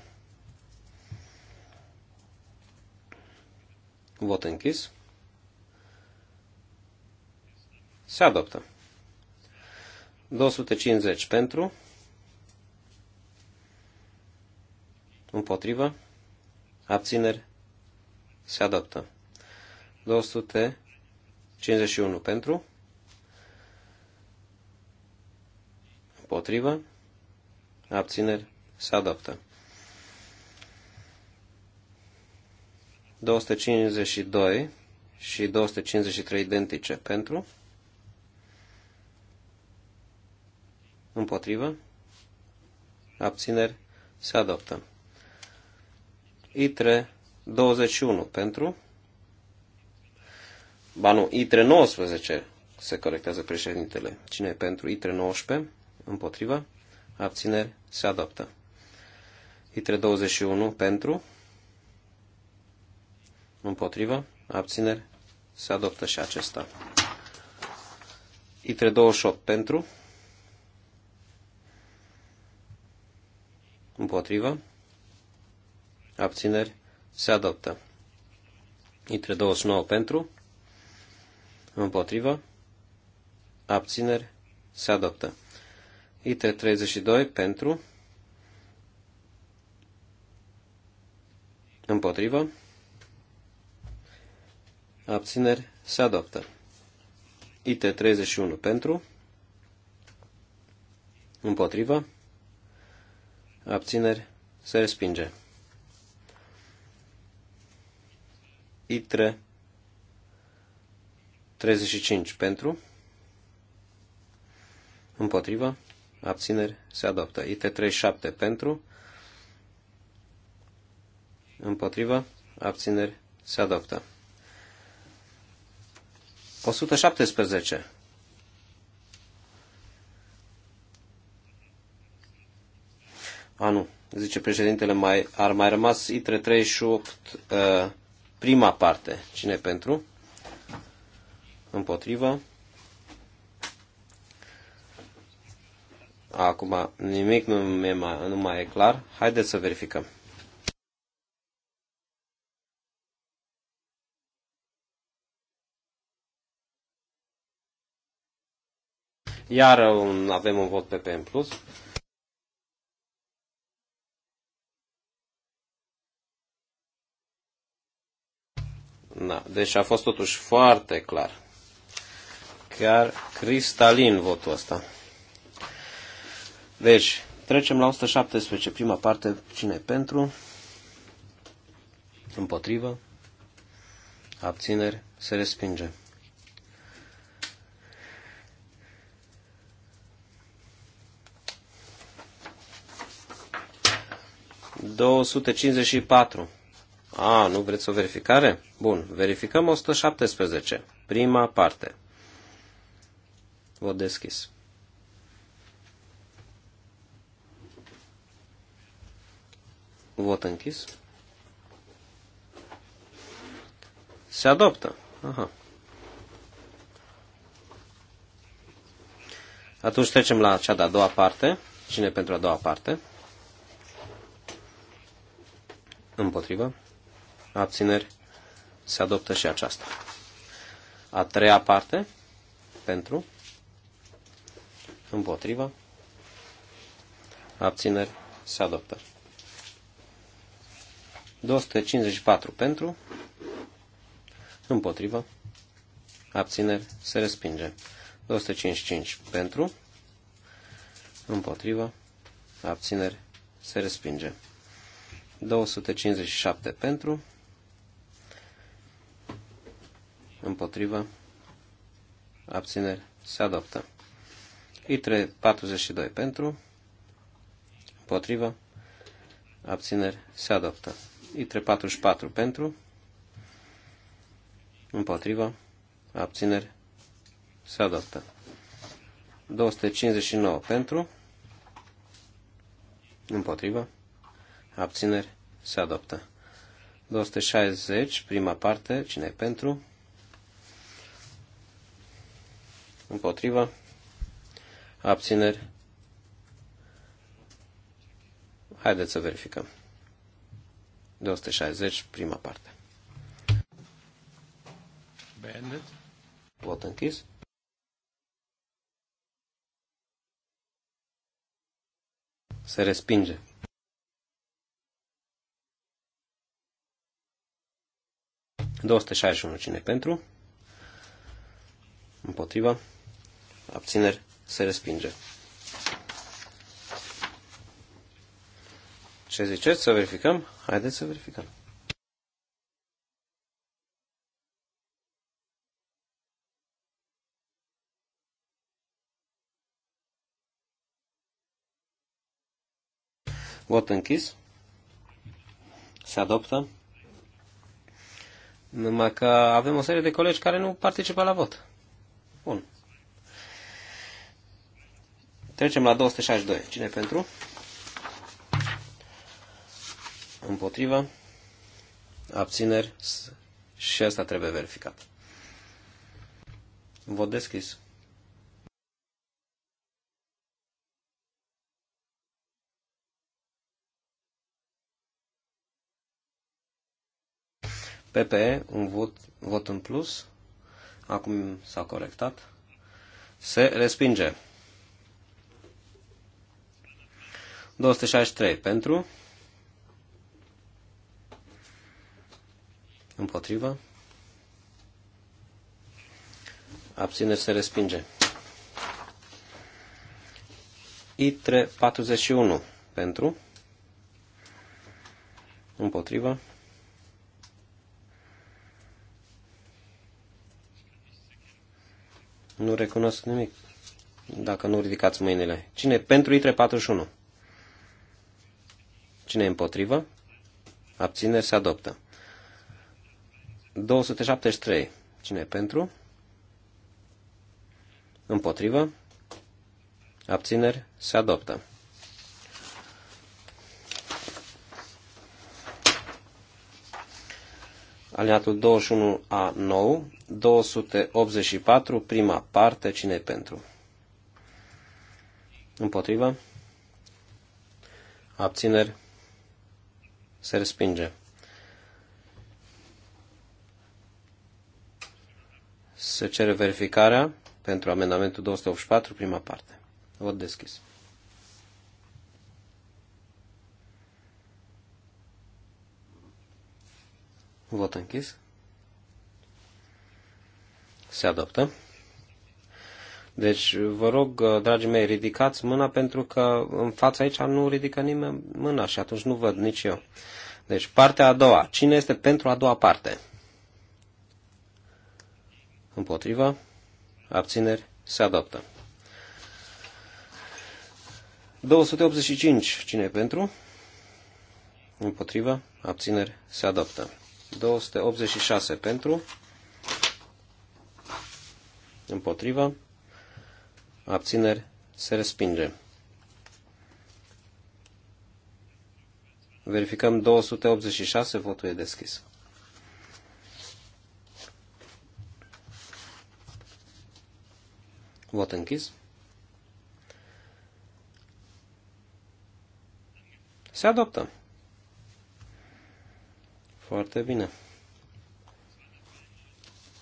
Vot închis. Se adoptă. 250 pentru. Împotrivă. Abțineri. Se adoptă. 251 pentru. Împotrivă. Abțineri. Se adoptă. 252 și 253 identice pentru. Împotrivă. Abțineri. Se adoptă. ITRE 21 pentru. Ba nu, ITRE 19 se corectează președintele. Cine e pentru ITRE 19? împotrivă, abțineri, se adoptă. ITRE 21 pentru, împotrivă, abțineri, se adoptă și acesta. ITRE 28 pentru, împotrivă, abțineri, se adoptă. ITRE 29 pentru, împotrivă, abțineri, se adoptă. IT32 pentru, împotrivă, abțineri, se adoptă. IT31 pentru, împotrivă, abțineri, se respinge. ITRE 35 pentru, împotrivă, abțineri, se adoptă. IT37 pentru, împotrivă, abțineri, se adoptă. 117. A, nu. Zice președintele, mai, ar mai rămas ITRE 38 uh, prima parte. Cine pentru? Împotrivă. Acum nimic nu, mai, nu mai e clar. Haideți să verificăm. Iar un, avem un vot PP în plus. Da, deci a fost totuși foarte clar. Chiar cristalin votul ăsta. Deci, trecem la 117, prima parte, cine pentru, împotrivă, abțineri, se respinge. 254. A, nu vreți o verificare? Bun, verificăm 117, prima parte. Vă deschis. Vot închis. Se adoptă. Aha. Atunci trecem la cea de-a doua parte. Cine pentru a doua parte? Împotrivă. Abțineri. Se adoptă și aceasta. A treia parte. Pentru. Împotrivă. Abțineri. Se adoptă. 254 pentru, împotrivă, abțineri, se respinge. 255 pentru, împotrivă, abțineri, se respinge. 257 pentru, împotrivă, abțineri, se adoptă. I 42 pentru, împotrivă, abțineri, se adoptă. I344 pentru, împotriva, abțineri, se adoptă. 259 pentru, împotriva, abțineri, se adoptă. 260, prima parte, cine e pentru, împotriva, abțineri, haideți să verificăm. 260, prima parte. Beendet. Vot închis. Se respinge. unu cine pentru? Împotriva. Abțineri. Se respinge. Ce ziceți? Să verificăm? Haideți să verificăm. Vot închis. Se adoptă. Numai că avem o serie de colegi care nu participă la vot. Bun. Trecem la 262. Cine pentru? Împotrivă, abțineri și asta trebuie verificat. Vot deschis. PPE, un vot, vot în plus, acum s-a corectat, se respinge. 263 pentru, Împotrivă. Abțineri se respinge. ITRE 41 pentru. Împotrivă. Nu recunosc nimic dacă nu ridicați mâinile. Cine pentru ITRE 41? Cine împotrivă? Abțineri se adoptă. 273. Cine pentru? Împotrivă? Abțineri? Se adoptă. Aliatul 21A 9, 284, prima parte, cine pentru? Împotrivă? Abțineri? Se respinge. Se cere verificarea pentru amendamentul 284, prima parte. Vot deschis. Vot închis. Se adoptă. Deci, vă rog, dragii mei, ridicați mâna pentru că în fața aici nu ridică nimeni mâna și atunci nu văd nici eu. Deci, partea a doua. Cine este pentru a doua parte? Împotriva. Abțineri. Se adoptă. 285. Cine e pentru? Împotriva. Abțineri. Se adoptă. 286 pentru. Împotriva. Abțineri. Se respinge. Verificăm 286. Votul e deschis. Vot închis. Se adoptă. Foarte bine.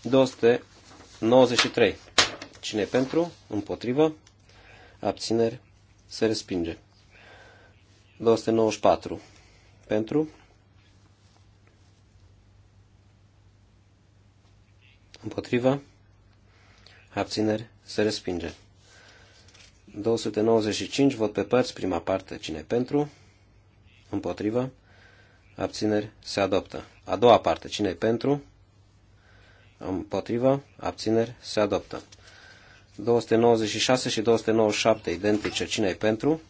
293. Cine pentru? Împotrivă? Abțineri? Se respinge. 294. Pentru? Împotrivă? abțineri, se respinge. 295, vot pe părți, prima parte, cine pentru, împotrivă, abțineri, se adoptă. A doua parte, cine pentru, împotrivă, abțineri, se adoptă. 296 și 297 identice, cine pentru,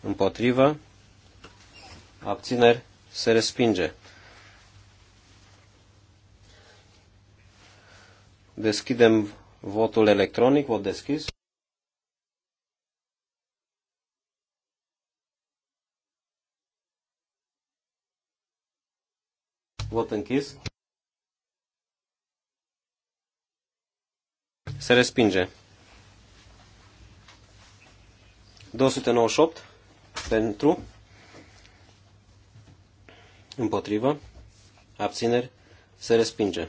împotrivă, abțineri, se respinge. Deschidem votul electronic, vot deschis. Vot închis. Se respinge. 298 pentru, împotrivă, abțineri, se respinge.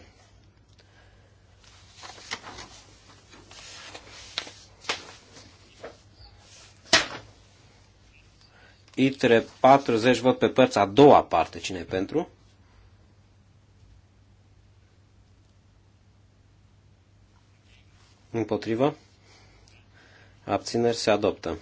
ITRE 40, văd pe părți a doua parte. Cine e pentru? Împotrivă? Abțineri se adoptă.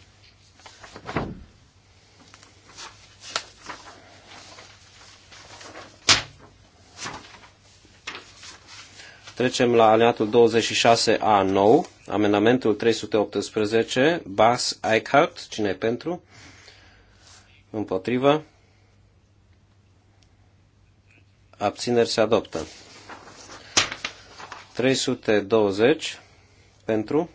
Trecem la aliatul 26A9, amendamentul 318, Bas Eichhardt, cine e pentru? Împotrivă. Abțineri se adoptă. 320 pentru.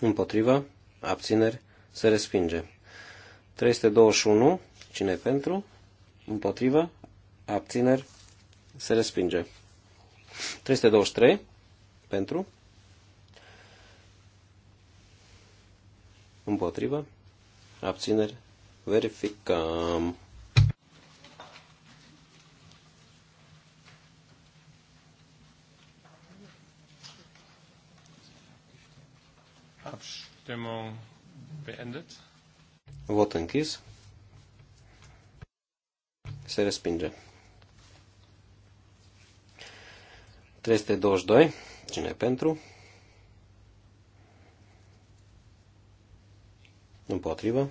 Împotrivă. Abțineri se respinge. 321. Cine pentru? Împotrivă. Abțineri se respinge. 323 pentru. Împotrivă abțineri, verificăm. Abstimmung beendet. Vot închis. Se respinge. 322. Cine pentru? Împotrivă.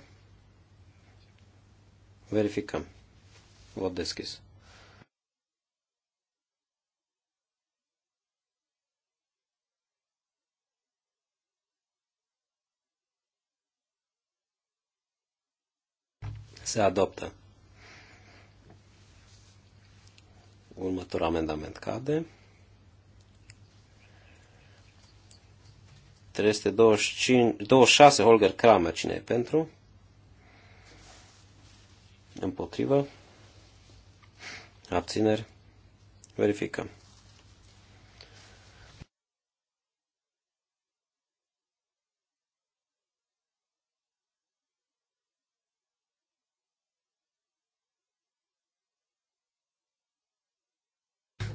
Verificăm. Vot deschis. Se adoptă. Următorul amendament cade. 325, 26 Holger Kramer, cine e pentru? Împotrivă. Abțineri. Verificăm.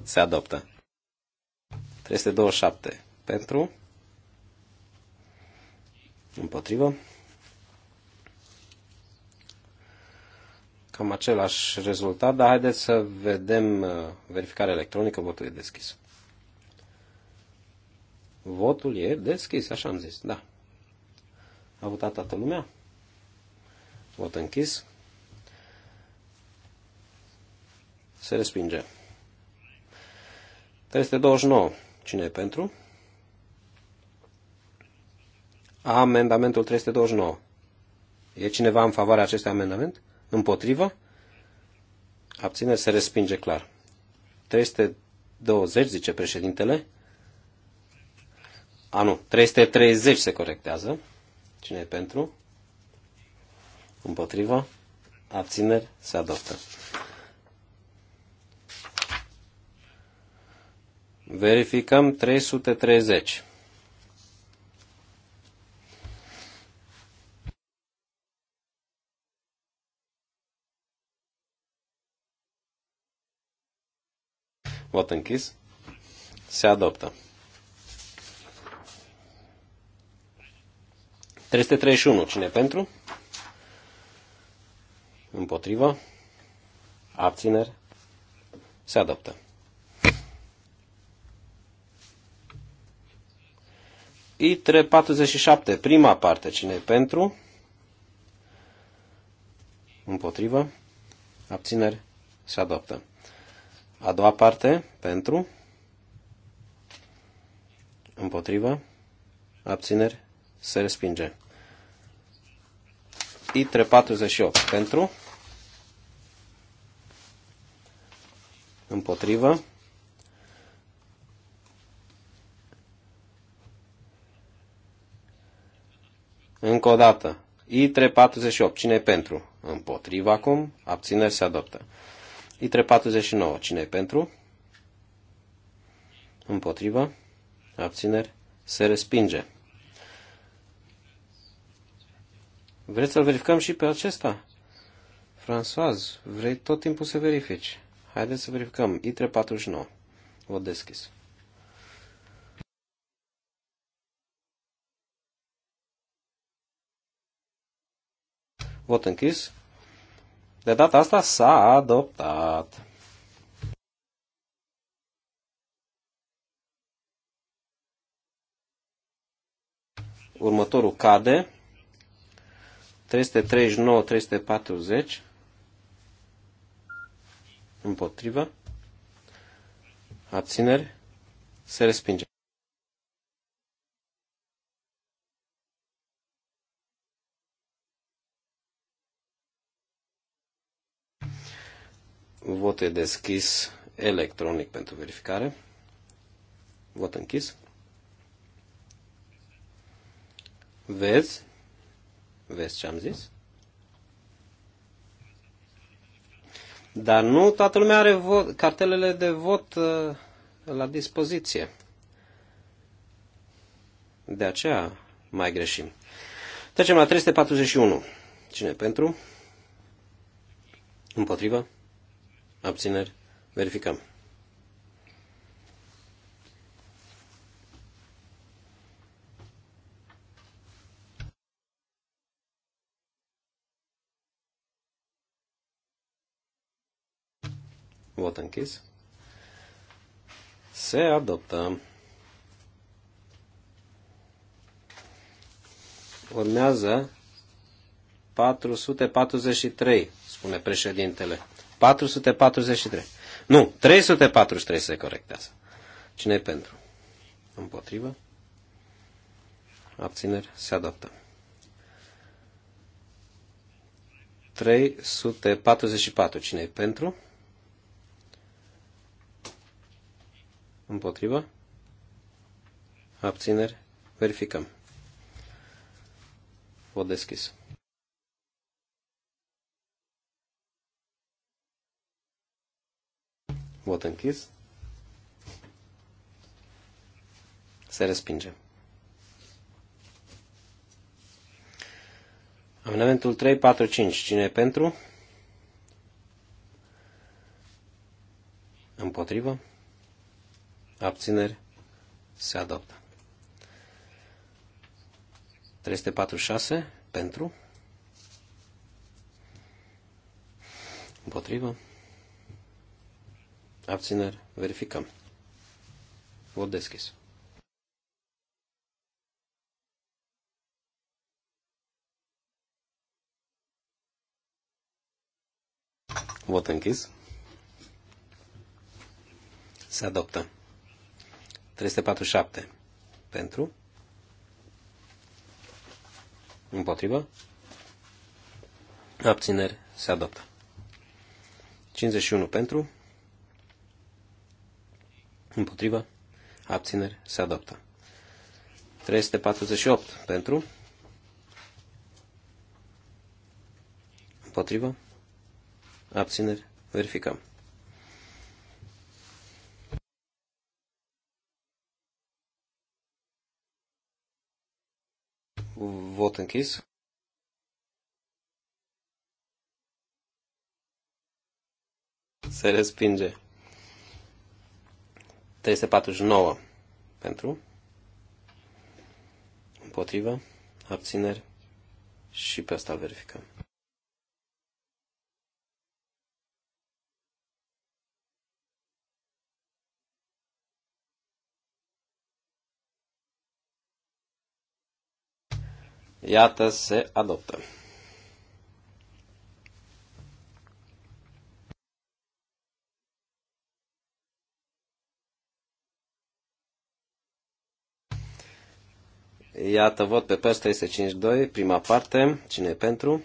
Se adoptă. 327 pentru împotrivă. Cam același rezultat, dar haideți să vedem uh, verificarea electronică, votul e deschis. Votul e deschis, așa am zis, da. A votat toată lumea? Vot închis. Se respinge. 329. Cine e pentru? amendamentul 329. E cineva în favoarea acestui amendament? Împotrivă? Abține, se respinge clar. 320, zice președintele. A, nu, 330 se corectează. Cine e pentru? Împotrivă? Abțineri se adoptă. Verificăm 330. Vot închis. Se adoptă. 331. Cine pentru? Împotrivă? Abțineri. Se adoptă. 347. Prima parte. Cine pentru? Împotrivă? Abțineri. Se adoptă. A doua parte, pentru, împotrivă, abțineri, se respinge. I348, pentru, împotrivă, Încă o dată. I348. Cine pentru? Împotriva acum. Abțineri se adoptă. Litre 49. cine pentru? Împotrivă. Abțineri. Se respinge. Vreți să-l verificăm și pe acesta? François, vrei tot timpul să verifici. Haideți să verificăm. ITRE 49. Vă deschis. Vot închis. De data asta s-a adoptat. Următorul cade. 339, 340. Împotrivă. Abțineri. Se respinge. Vot e deschis electronic pentru verificare. Vot închis. Vezi? Vezi ce am zis? Dar nu toată lumea are vot, cartelele de vot uh, la dispoziție. De aceea mai greșim. Trecem la 341. Cine pentru? Împotrivă? abțineri, verificăm. Vot închis. Se adoptă. Urmează 443, spune președintele. 443. Nu, 343 se corectează. Cine e pentru? Împotrivă? Abțineri? Se adoptă. 344. Cine e pentru? Împotrivă? Abțineri? Verificăm. Vot deschis. Vot închis. Se respinge. Amendamentul 3, 4, 5. Cine e pentru? Împotrivă? Abțineri? Se adoptă. 346 pentru? Împotrivă? Abțineri. Verificăm. Vot deschis. Vot închis. Se adoptă. 347. Pentru. Împotrivă. Abțineri. Se adoptă. 51 pentru. Împotrivă. Abțineri. Se adoptă. 348 pentru. Împotrivă. Abțineri. Verificăm. Vot închis. Se respinge. 349 pentru, împotrivă, abțineri și pe asta verificăm. Iată, se adoptă. Iată, vot pe pers 352, prima parte. Cine e pentru?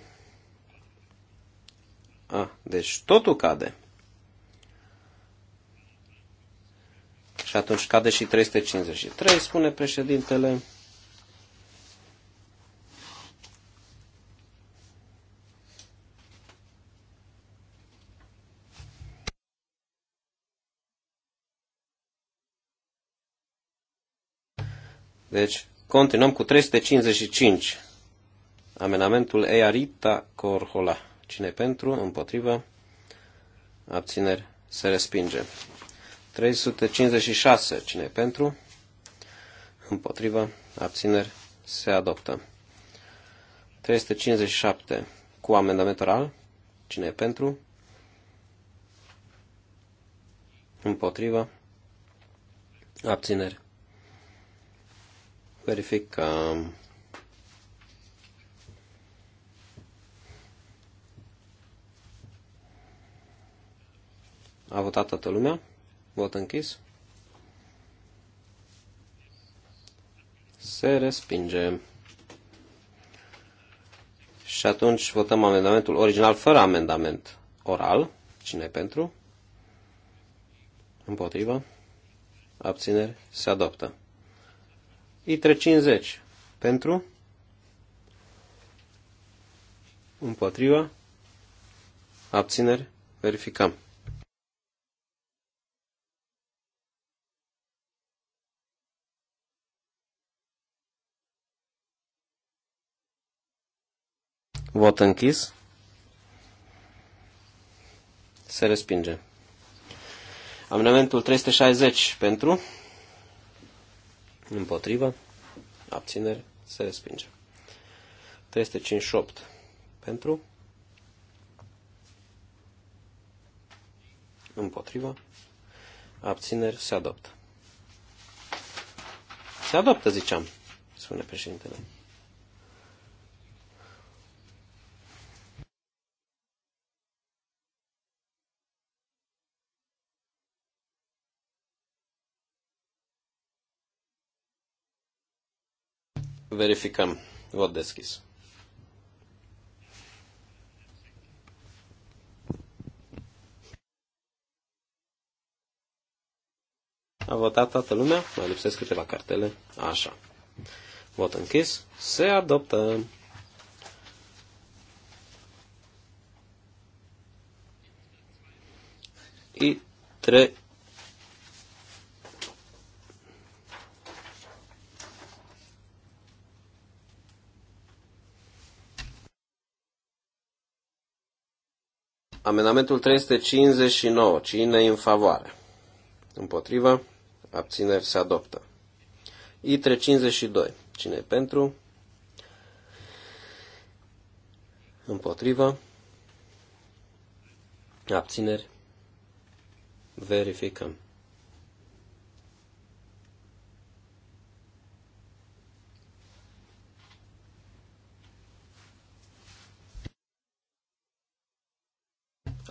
A, ah, deci totul cade. Și atunci cade și 353, spune președintele. Deci, Continuăm cu 355. Amenamentul Earita Corhola. Cine pentru? Împotrivă? Abțineri? Se respinge. 356. Cine pentru? Împotrivă? Abțineri? Se adoptă. 357. Cu amendament oral? Cine pentru? Împotrivă? Abțineri? Verificăm. A votat toată lumea? Vot închis. Se respinge. Și atunci votăm amendamentul original fără amendament oral. Cine pentru? Împotrivă? Abțineri? Se adoptă. I350 pentru, împotriva, abțineri, verificăm. Vot închis. Se respinge. Amendamentul 360 pentru, împotrivă, abțineri, se respinge. 358 pentru, împotrivă, abțineri, se adoptă. Se adoptă, ziceam, spune președintele. Verificăm. Vot deschis. A votat toată lumea? Mai lipsesc câteva cartele. Așa. Vot închis. Se adoptă. I3 Amendamentul 359. Cine e în favoare? Împotrivă? Abțineri se adoptă. I352. Cine e pentru? Împotrivă? Abțineri? Verificăm.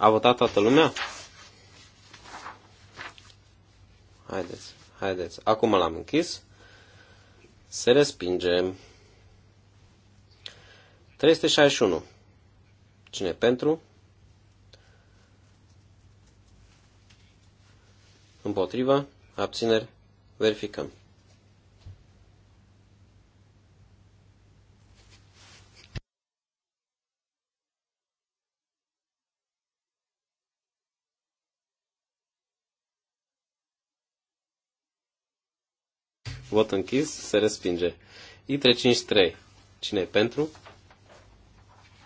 A votat toată lumea? Haideți, haideți. Acum l-am închis. Se respinge. 361. Cine pentru? Împotriva? Abțineri? Verificăm. Vot închis. Se respinge. I353. Cine e pentru?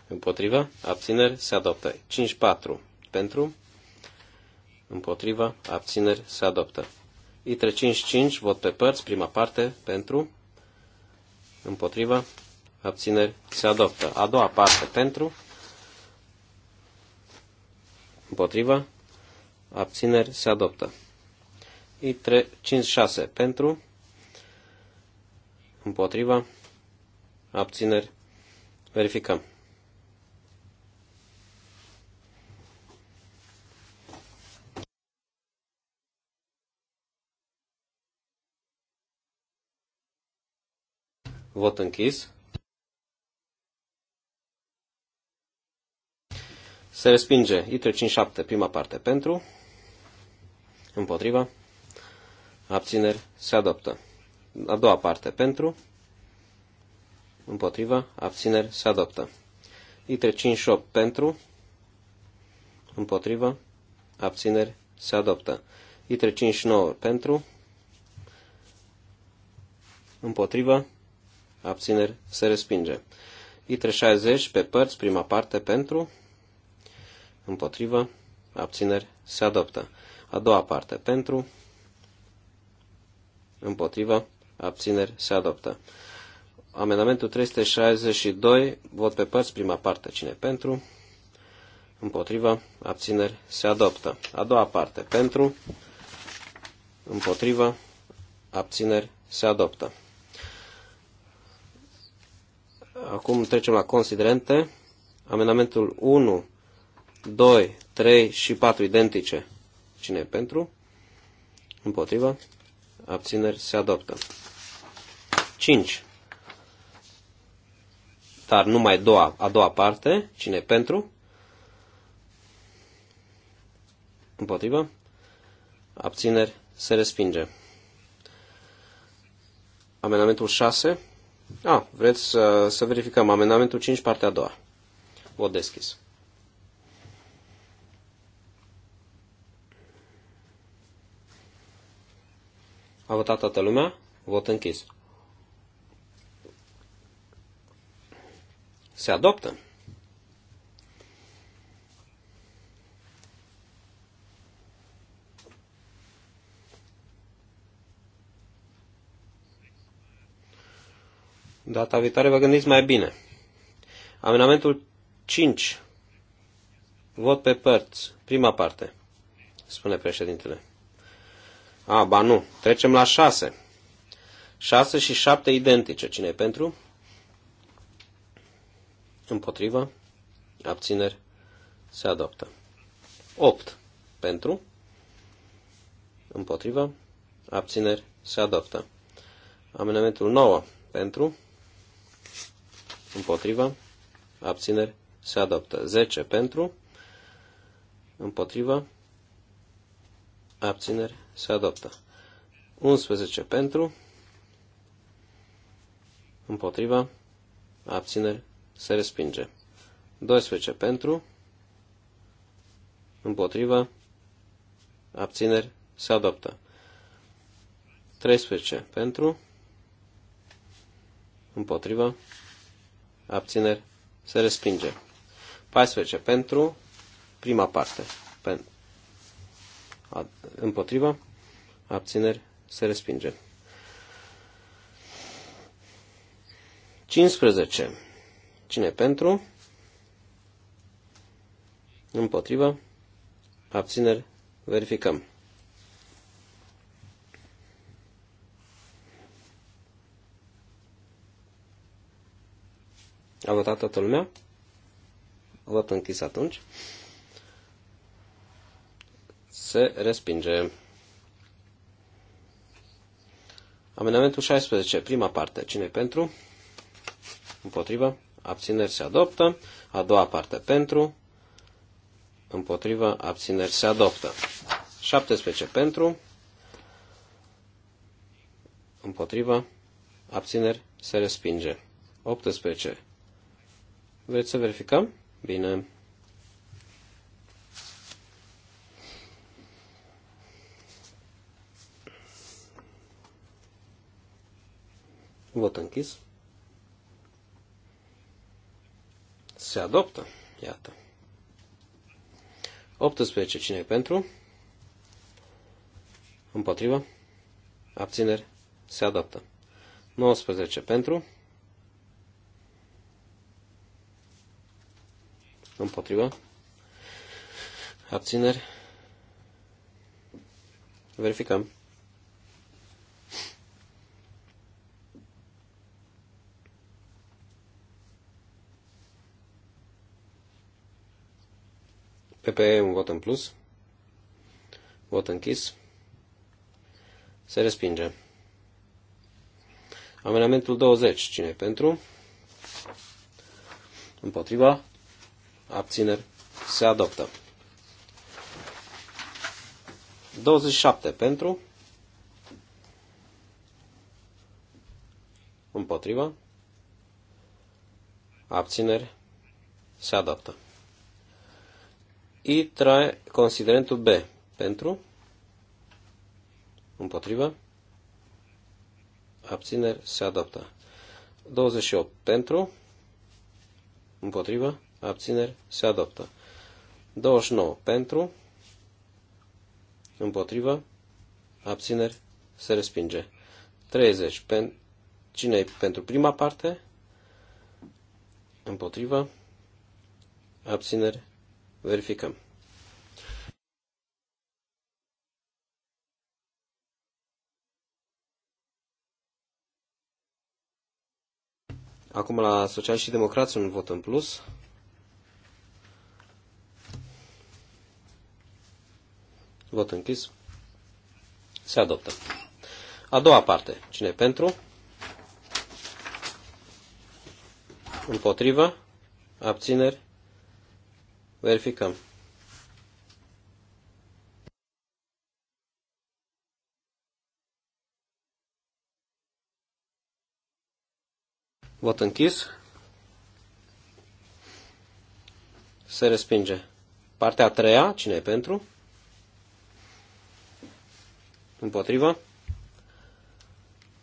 Împotriva. Abțineri. Se adoptă. 54. Pentru. Împotriva. Abțineri. Se adoptă. I355. Vot pe părți. Prima parte. Pentru. Împotriva. Abțineri. Se adoptă. A doua parte. Pentru. Împotriva. Abțineri. Se adoptă. I356. Pentru împotriva, abțineri, verificăm. Vot închis. Se respinge I357, prima parte pentru, împotriva, abțineri, se adoptă a doua parte pentru, împotriva, abțineri, se adoptă. Litre 5 și 8 pentru, împotriva, abțineri, se adoptă. Litre 5 și 9 pentru, împotriva, abțineri, se respinge. Litre 60 pe părți, prima parte pentru, împotriva, abțineri, se adoptă. A doua parte pentru, împotriva, abțineri, se adoptă. Amendamentul 362, vot pe părți, prima parte, cine pentru, împotriva, abțineri, se adoptă. A doua parte, pentru, împotriva, abțineri, se adoptă. Acum trecem la considerente. Amendamentul 1, 2, 3 și 4 identice. Cine e pentru? Împotriva? Abțineri se adoptă. 5. Dar numai doua, a doua parte, cine pentru? Împotrivă? Abțineri? Se respinge. Amendamentul 6. A, ah, vreți să, să verificăm. Amendamentul 5, partea a doua. Vot deschis. A votat toată lumea? Vot închis. Se adoptă. Data viitoare vă gândiți mai bine. Amendamentul 5. Vot pe părți. Prima parte, spune președintele. A, ba nu. Trecem la 6. 6 și 7 identice. Cine e pentru? împotrivă, abțineri, se adoptă. 8 pentru, împotrivă, abțineri, se adoptă. Amendamentul 9 pentru, împotrivă, abțineri, se adoptă. 10 pentru, împotrivă, abțineri, se adoptă. 11 pentru, împotriva, abțineri, se respinge. 12 pentru, împotrivă, abțineri, se adoptă. 13 pentru, împotrivă, abțineri, se respinge. 14 pentru, prima parte, pen, ad, împotrivă, abțineri, se respinge. 15 Cine pentru? Împotrivă. Abțineri. Verificăm. A votat toată lumea? Vot închis atunci. Se respinge. Amendamentul 16, prima parte. Cine pentru? Împotrivă? abțineri se adoptă. A doua parte pentru, împotriva, abțineri se adoptă. 17 pentru, împotriva, abțineri se respinge. 18. Vreți să verificăm? Bine. Vot кис. se adoptă. Iată. 18. Cine e pentru? Împotrivă? Abțineri? Se adoptă. 19. Pentru? Împotrivă? Abțineri? Verificăm. PPE un vot în plus. Vot închis. Se respinge. Amendamentul 20. Cine pentru? Împotriva? Abțineri? Se adoptă. 27 pentru? Împotriva? Abțineri? Se adoptă trae considerentul B. Pentru? Împotriva? Abțineri se adoptă. 28 pentru, împotriva, abțineri se adoptă. 29 pentru, împotriva, abțineri se respinge. 30 pentru, cine pentru prima parte, împotriva, abțineri Verificăm. Acum la Social și Democrați un vot în plus. Vot închis. Se adoptă. A doua parte. Cine pentru? Împotrivă? Abțineri? Verificăm. Vot închis. Se respinge. Partea a treia, cine e pentru? Împotrivă.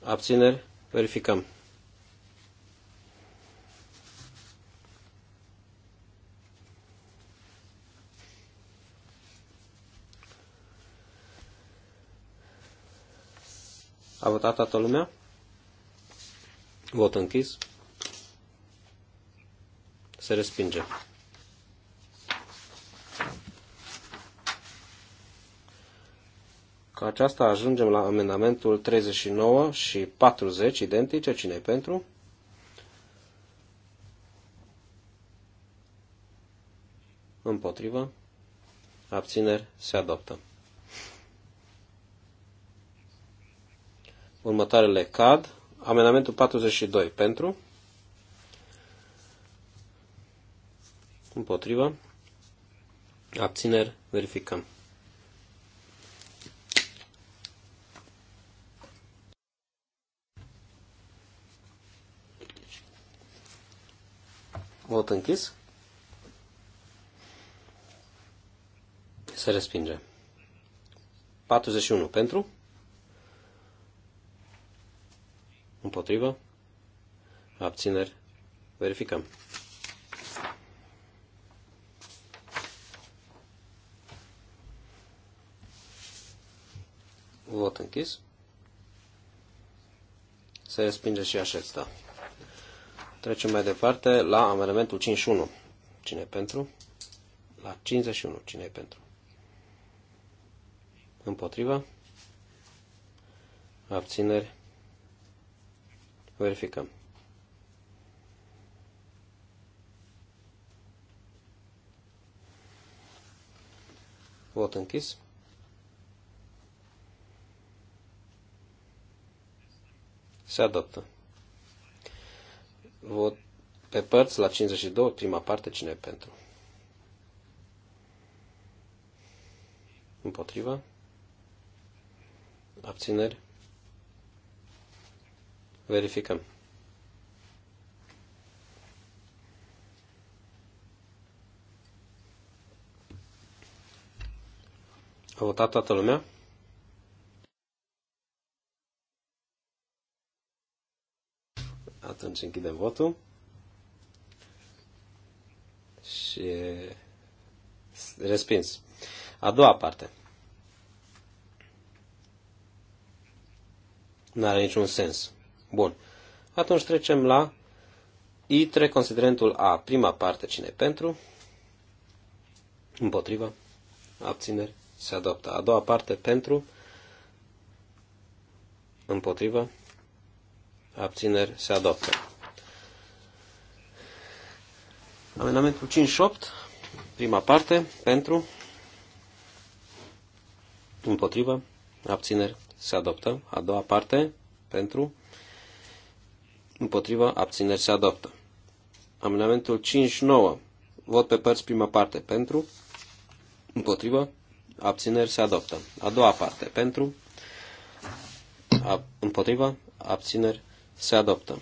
Abțineri. Verificăm. A votat toată lumea? Vot închis. Se respinge. Cu aceasta ajungem la amendamentul 39 și 40 identice. cine pentru? Împotrivă. Abțineri. Se adoptă. Următoarele cad. Amenamentul 42 pentru. Împotrivă. Abțineri. Verificăm. Vot închis. Se respinge. 41 pentru. Împotrivă? Abțineri? Verificăm. Vot închis. Se respinge și acesta. Trecem mai departe la amendamentul 51. Cine e pentru? La 51. Cine e pentru? Împotriva? Abțineri? Verificăm. Vot închis. Se adoptă. Vot pe părți la 52, prima parte, cine e pentru? Împotriva? Abțineri? Verificăm. A votat toată lumea? Atunci închidem votul. Și respins. A doua parte. Nu are niciun sens. Bun. Atunci trecem la I3, considerentul A, prima parte, cine pentru? Împotriva. Abțineri. Se adoptă. A doua parte, pentru. Împotriva. Abțineri. Se adoptă. Amendamentul 58, prima parte, pentru. Împotriva. Abțineri. Se adoptă. A doua parte, pentru. Împotrivă. Abțineri se adoptă. Amendamentul 5.9. Vot pe părți prima parte. Pentru. Împotrivă. Abțineri se adoptă. A doua parte. Pentru. A, împotrivă. Abțineri se adoptă.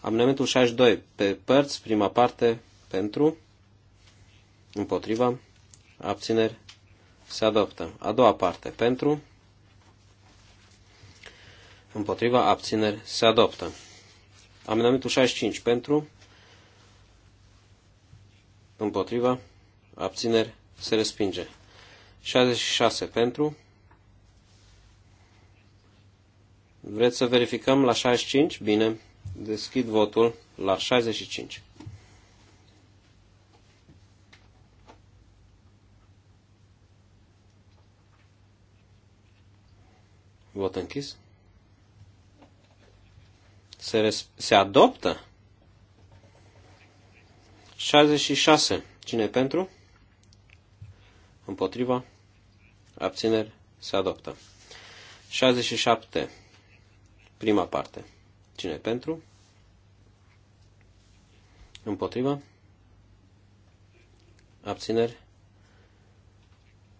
Amendamentul 62. Pe părți, prima parte, pentru, împotriva, abțineri, se adoptă. A doua parte, pentru, împotriva, abțineri, se adoptă. Amendamentul 65 pentru, împotriva, abțineri, se respinge. 66 pentru. Vreți să verificăm la 65? Bine, deschid votul la 65. Vot închis se, se adoptă. 66. Cine pentru? Împotriva? Abțineri? Se adoptă. 67. Prima parte. Cine pentru? Împotriva? Abțineri?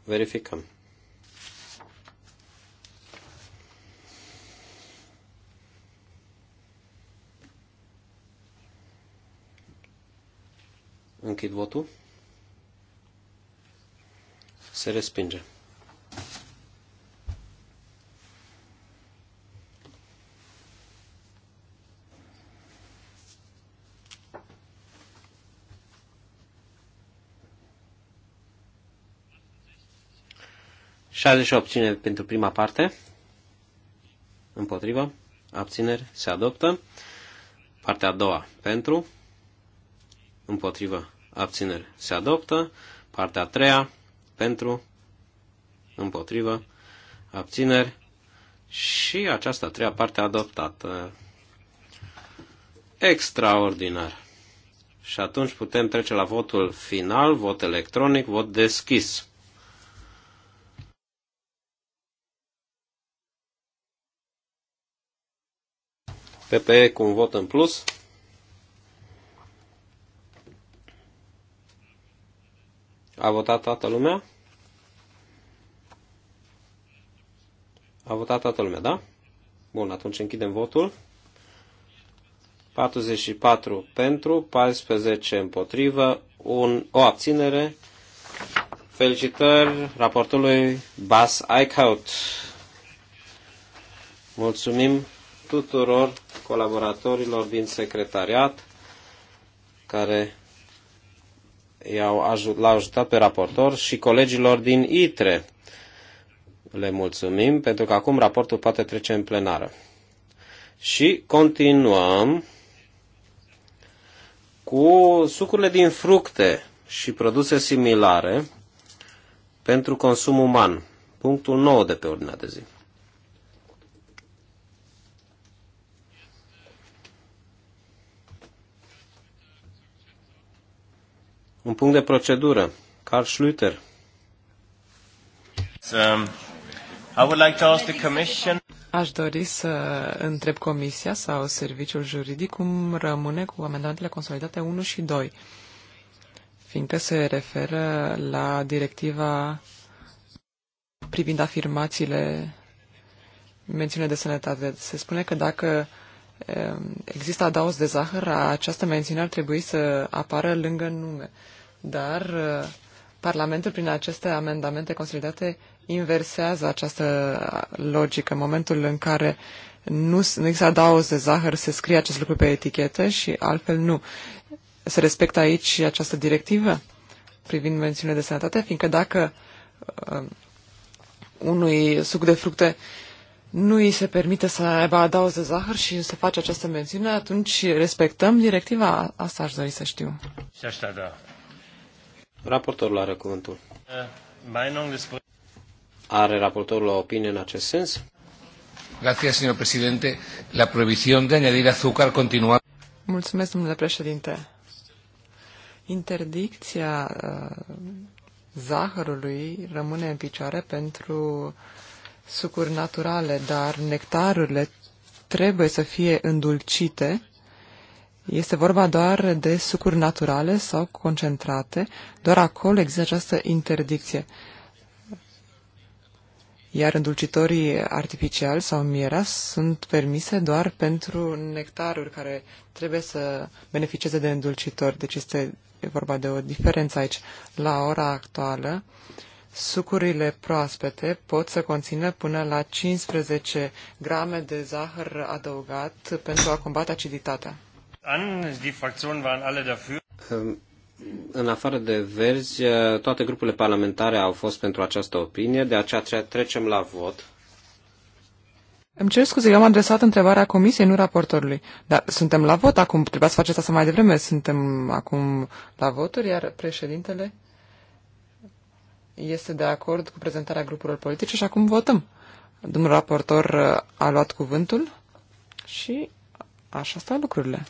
Verificăm. Închid votul. Se respinge. și obține pentru prima parte. Împotrivă. Abțineri. Se adoptă. Partea a doua. Pentru. Împotrivă abțineri se adoptă. Partea a treia, pentru, împotrivă, abțineri și această a treia parte adoptată. Extraordinar. Și atunci putem trece la votul final, vot electronic, vot deschis. PPE cu un vot în plus. A votat toată lumea? A votat toată lumea, da? Bun, atunci închidem votul. 44 pentru, 14 împotrivă, un, o abținere. Felicitări raportului Bas Eichhout. Mulțumim tuturor colaboratorilor din secretariat care i-au ajut, l-au ajutat pe raportor și colegilor din ITRE. Le mulțumim pentru că acum raportul poate trece în plenară. Și continuăm cu sucurile din fructe și produse similare pentru consum uman. Punctul 9 de pe ordinea de zi. Un punct de procedură. Carl Schlüter. So, um, I would like to ask the commission... Aș dori să întreb Comisia sau Serviciul Juridic cum rămâne cu amendamentele consolidate 1 și 2, fiindcă se referă la directiva privind afirmațiile mențiune de sănătate. Se spune că dacă um, există adaos de zahăr, această mențiune ar trebui să apară lângă nume dar uh, Parlamentul, prin aceste amendamente consolidate, inversează această logică. În momentul în care nu, nu există adaos de zahăr, se scrie acest lucru pe etichetă și altfel nu. Se respectă aici această directivă privind mențiunile de sănătate, fiindcă dacă uh, unui suc de fructe nu îi se permite să aibă adaos de zahăr și se face această mențiune, atunci respectăm directiva? Asta aș dori să știu. Și așa, da. Raportorul are cuvântul. Eh, are raportorul o opinie în acest sens? Gracias, señor presidente. La prohibición de añadir azúcar continua. Mulțumesc, domnule președinte. Interdicția eh, zahărului rămâne în picioare pentru sucuri naturale, dar nectarurile trebuie să fie îndulcite este vorba doar de sucuri naturale sau concentrate. Doar acolo există această interdicție. Iar îndulcitorii artificiali sau mierea sunt permise doar pentru nectaruri care trebuie să beneficieze de îndulcitori. Deci este vorba de o diferență aici. La ora actuală, sucurile proaspete pot să conțină până la 15 grame de zahăr adăugat pentru a combate aciditatea an. Die Fraktionen waren alle dafür. Ehm, în afară de verzi, eh, toate grupurile parlamentare au fost pentru această opinie, de aceea trecem la vot. Îmi cer scuze, eu am adresat întrebarea comisiei, nu raportorului. Dar suntem la vot acum, trebuia să faceți asta mai devreme. Suntem acum la voturi, iar președintele este de acord cu prezentarea grupurilor politice și acum votăm. Domnul raportor eh, a luat cuvântul și așa stau lucrurile.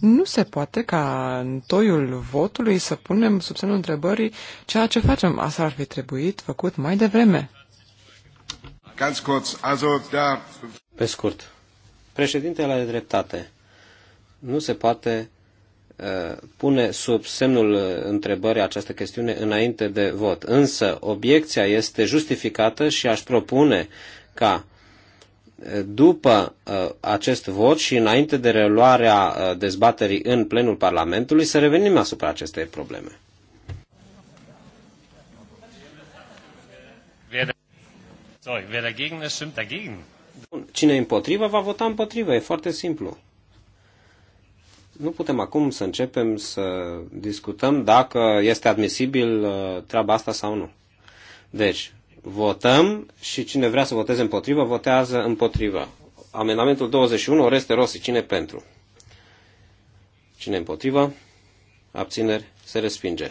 Nu se poate ca în toiul votului să punem sub semnul întrebării ceea ce facem. Asta ar fi trebuit făcut mai devreme. da... Pe scurt, președintele are dreptate. Nu se poate uh, pune sub semnul uh, întrebării această chestiune înainte de vot. Însă, obiecția este justificată și aș propune ca uh, după uh, acest vot și înainte de reluarea uh, dezbaterii în plenul Parlamentului să revenim asupra acestei probleme. Da- cine e împotrivă va vota împotrivă, e foarte simplu. Nu putem acum să începem să discutăm dacă este admisibil uh, treaba asta sau nu. Deci, Votăm și cine vrea să voteze împotrivă, votează împotrivă. Amendamentul 21, Oreste Rossi, cine pentru? Cine împotrivă? Abțineri, se respinge.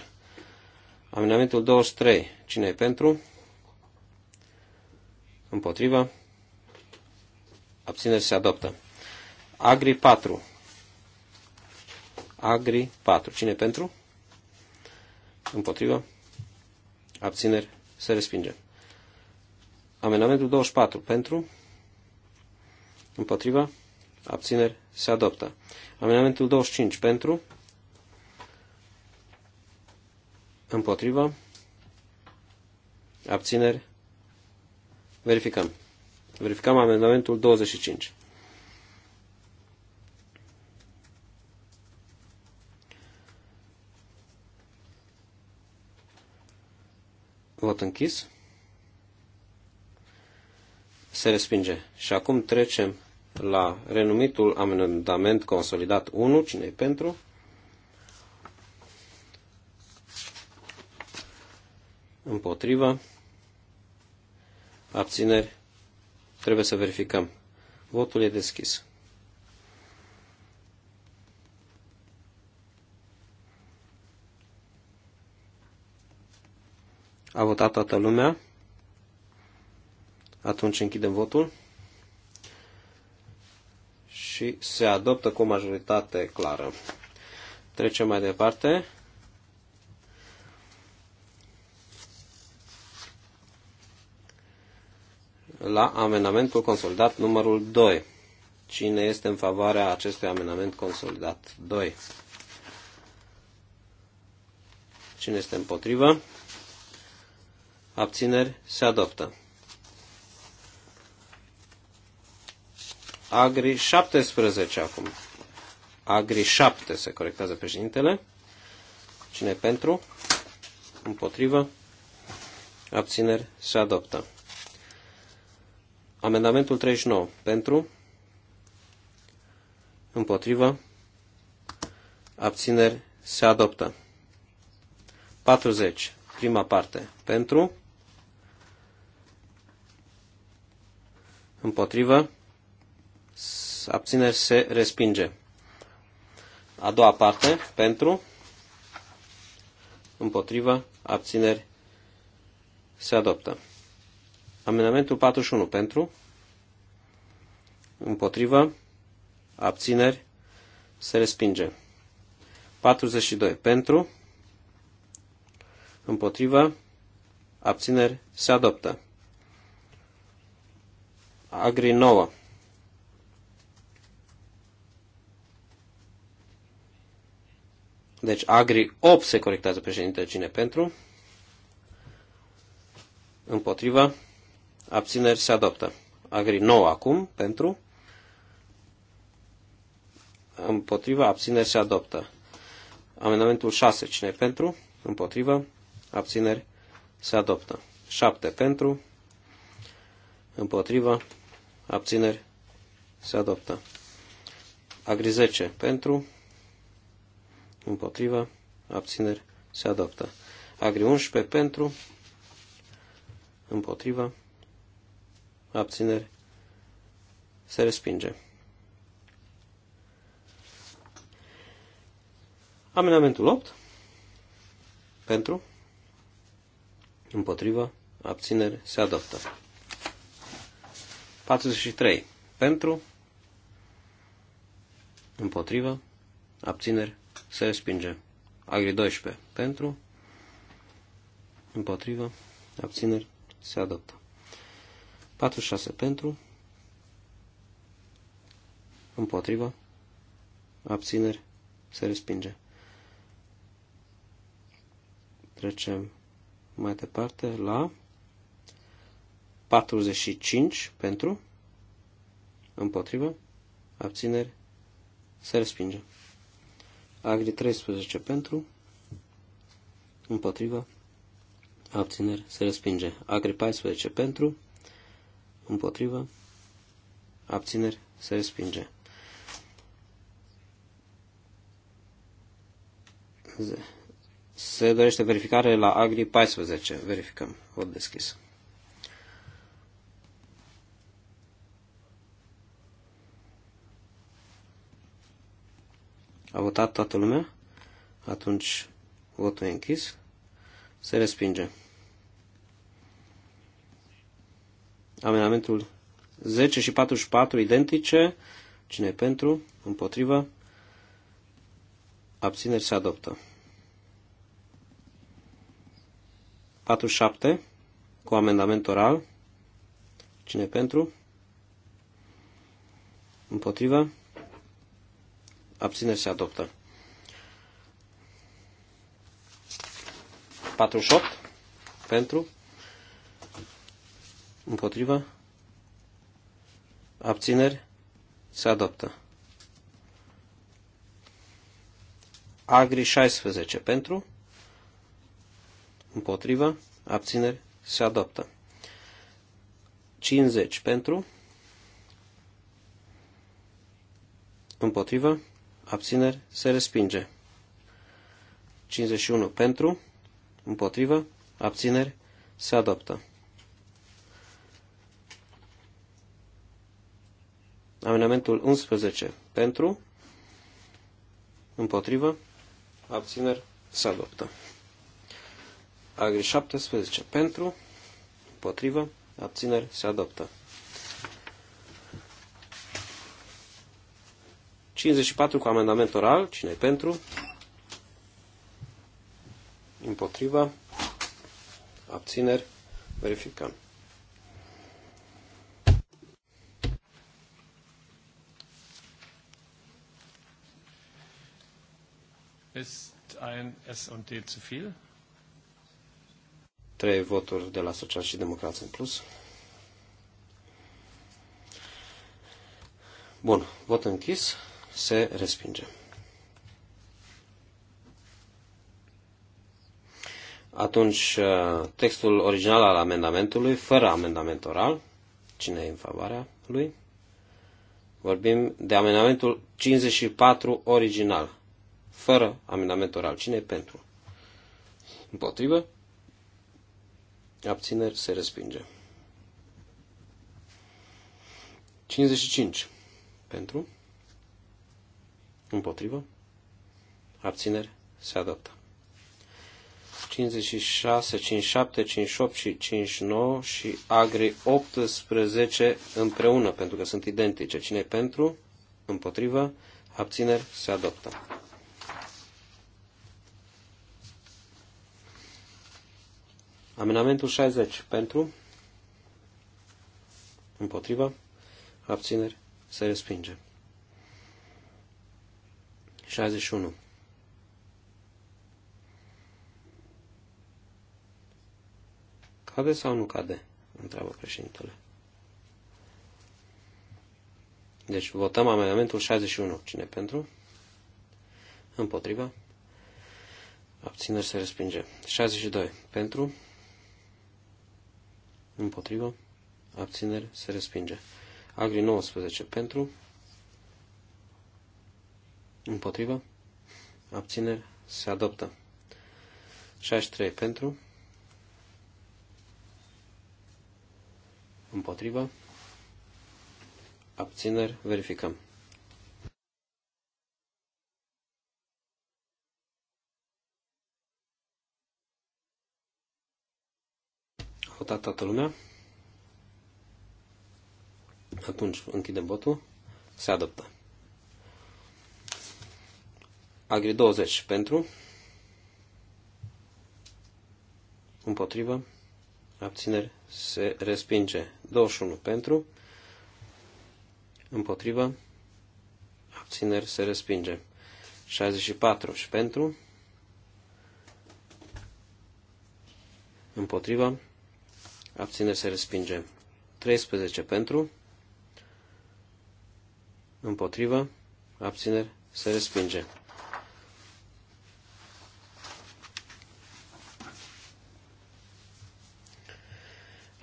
Amendamentul 23, cine e pentru? Împotrivă? Abțineri se adoptă. Agri 4. Agri 4. Cine pentru? Împotrivă? Abțineri se respinge. Amendamentul 24 pentru, împotriva, abțineri, se adoptă. Amendamentul 25 pentru, împotriva, abțineri, verificăm. Verificăm amendamentul 25. Vot închis se respinge. Și acum trecem la renumitul amendament consolidat 1. Cine e pentru? Împotriva. Abțineri. Trebuie să verificăm. Votul e deschis. A votat toată lumea. Atunci închidem votul și se adoptă cu o majoritate clară. Trecem mai departe. la amenamentul consolidat numărul 2. Cine este în favoarea acestui amenament consolidat 2? Cine este împotrivă? Abțineri se adoptă. Agri 17 acum. Agri 7 se corectează președintele. Cine pentru? Împotrivă? Abțineri? Se adoptă. Amendamentul 39. Pentru? Împotrivă? Abțineri? Se adoptă. 40. Prima parte. Pentru? Împotrivă? abțineri se respinge. A doua parte, pentru, împotrivă, abțineri se adoptă. Amendamentul 41 pentru, împotrivă, abțineri, se respinge. 42 pentru, împotrivă, abțineri, se adoptă. Agri 9 Deci Agri 8 se corectează președinte cine pentru. Împotriva. Abțineri se adoptă. Agri 9 acum pentru. Împotriva. Abțineri se adoptă. Amendamentul 6 cine pentru. Împotriva. Abțineri se adoptă. 7 pentru. Împotriva. Abțineri se adoptă. Agri 10 pentru împotriva, abțineri, se adoptă. Agri 11 pentru, împotriva, abțineri, se respinge. Amenamentul 8 pentru, împotriva, abțineri, se adoptă. 43 pentru, împotriva, abțineri, se respinge. Agri 12 pentru, împotrivă, abțineri, se adoptă. 46 pentru, împotrivă, abțineri, se respinge. Trecem mai departe la 45 pentru, împotrivă, abțineri, se respinge. Agri 13 pentru, împotriva, abțineri, se respinge. Agri 14 pentru, împotriva, abțineri, se respinge. se dorește verificare la Agri 14. Verificăm. Vot deschis. A votat toată lumea? Atunci votul e închis. Se respinge. Amendamentul 10 și 44 identice. Cine pentru? Împotrivă? Abțineri se adoptă. 47 cu amendament oral. Cine pentru? Împotrivă? abțineri se adoptă. 48 pentru, împotriva, abțineri se adoptă. Agri 16 pentru, împotriva, abțineri se adoptă. 50 pentru, împotriva, abțineri, se respinge. 51 pentru, împotrivă, abțineri, se adoptă. Amendamentul 11 pentru, împotrivă, abțineri, se adoptă. Agri 17 pentru, împotrivă, abțineri, se adoptă. 54 cu amendament oral. cine pentru? Împotriva. Abțineri. Verificăm. Ist ein D zu viel? Trei voturi de la Social și Democrați în plus. Bun, vot închis se respinge. Atunci, uh, textul original al amendamentului, fără amendament oral, cine e în favoarea lui? Vorbim de amendamentul 54 original, fără amendament oral. Cine e pentru? Împotrivă? Abțineri se respinge. 55. Pentru? Împotrivă. Abțineri. Se adoptă. 56, 57, 58 și 59 și agri 18 împreună, pentru că sunt identice. Cine pentru? Împotrivă. Abțineri. Se adoptă. Amenamentul 60 pentru, Împotrivă? abțineri, se respinge. 61. Cade sau nu cade? Întreabă președintele. Deci votăm amendamentul 61. Cine pentru? Împotriva. Abțineri se respinge. 62. Pentru. Împotriva. Abțineri se respinge. Agri 19. Pentru. Împotrivă. Abțineri. Se adoptă. 63 pentru. Împotrivă. Abțineri. Verificăm. votat toată lumea. Atunci închidem votul. Se adoptă. Agri 20 pentru, împotrivă, abțineri se respinge. 21 pentru, împotrivă, abțineri se respinge. 64 și pentru, Împotrivă. abțineri se respinge. 13 pentru, Împotrivă. abțineri se respinge.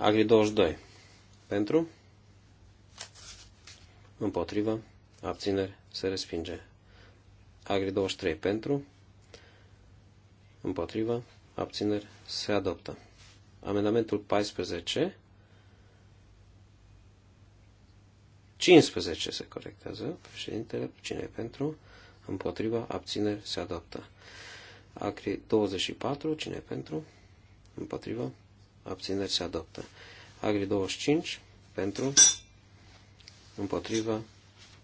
Agri 22. Pentru? Împotrivă. Abțineri. Se respinge. Agri 23. Pentru? Împotrivă. Abțineri. Se adoptă. Amendamentul 14. 15 se corectează. Președintele, cine e pentru? Împotrivă. abțineri, se adoptă. Acri 24, cine e pentru? Împotrivă abțineri se adoptă. Agri 25 pentru, împotriva,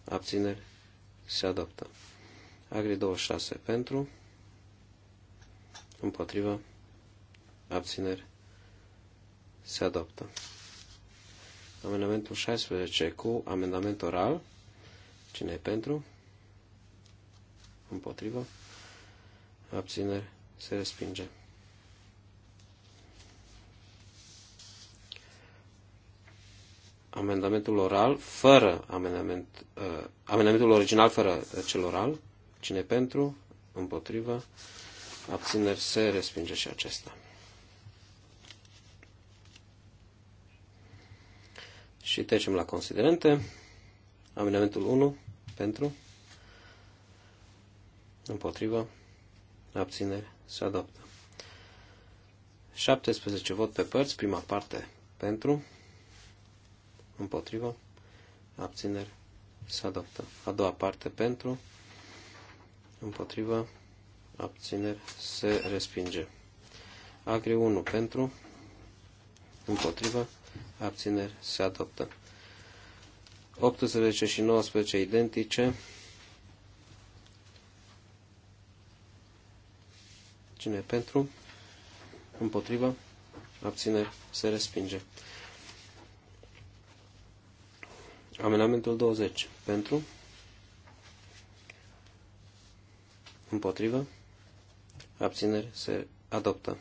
abțineri se adoptă. Agri 26 pentru, împotriva, abțineri se adoptă. Amendamentul 16 cu amendament oral. Cine e pentru? Împotrivă? Abțineri? Se respinge. amendamentul oral fără amendament, uh, amendamentul original fără cel oral. Cine pentru? Împotrivă. Abțineri se respinge și acesta. Și trecem la considerente. Amendamentul 1 pentru. Împotrivă. Abțineri se adoptă. 17 vot pe părți, prima parte pentru împotrivă, abțineri, se adoptă. A doua parte pentru, împotrivă, abțineri, se respinge. Agri 1 pentru, împotrivă, abțineri, se adoptă. 18 și 19 identice. Cine pentru? Împotriva? Abțineri? Se respinge. Amenamentul 20. Pentru? Împotrivă? Abținere? Se adoptă.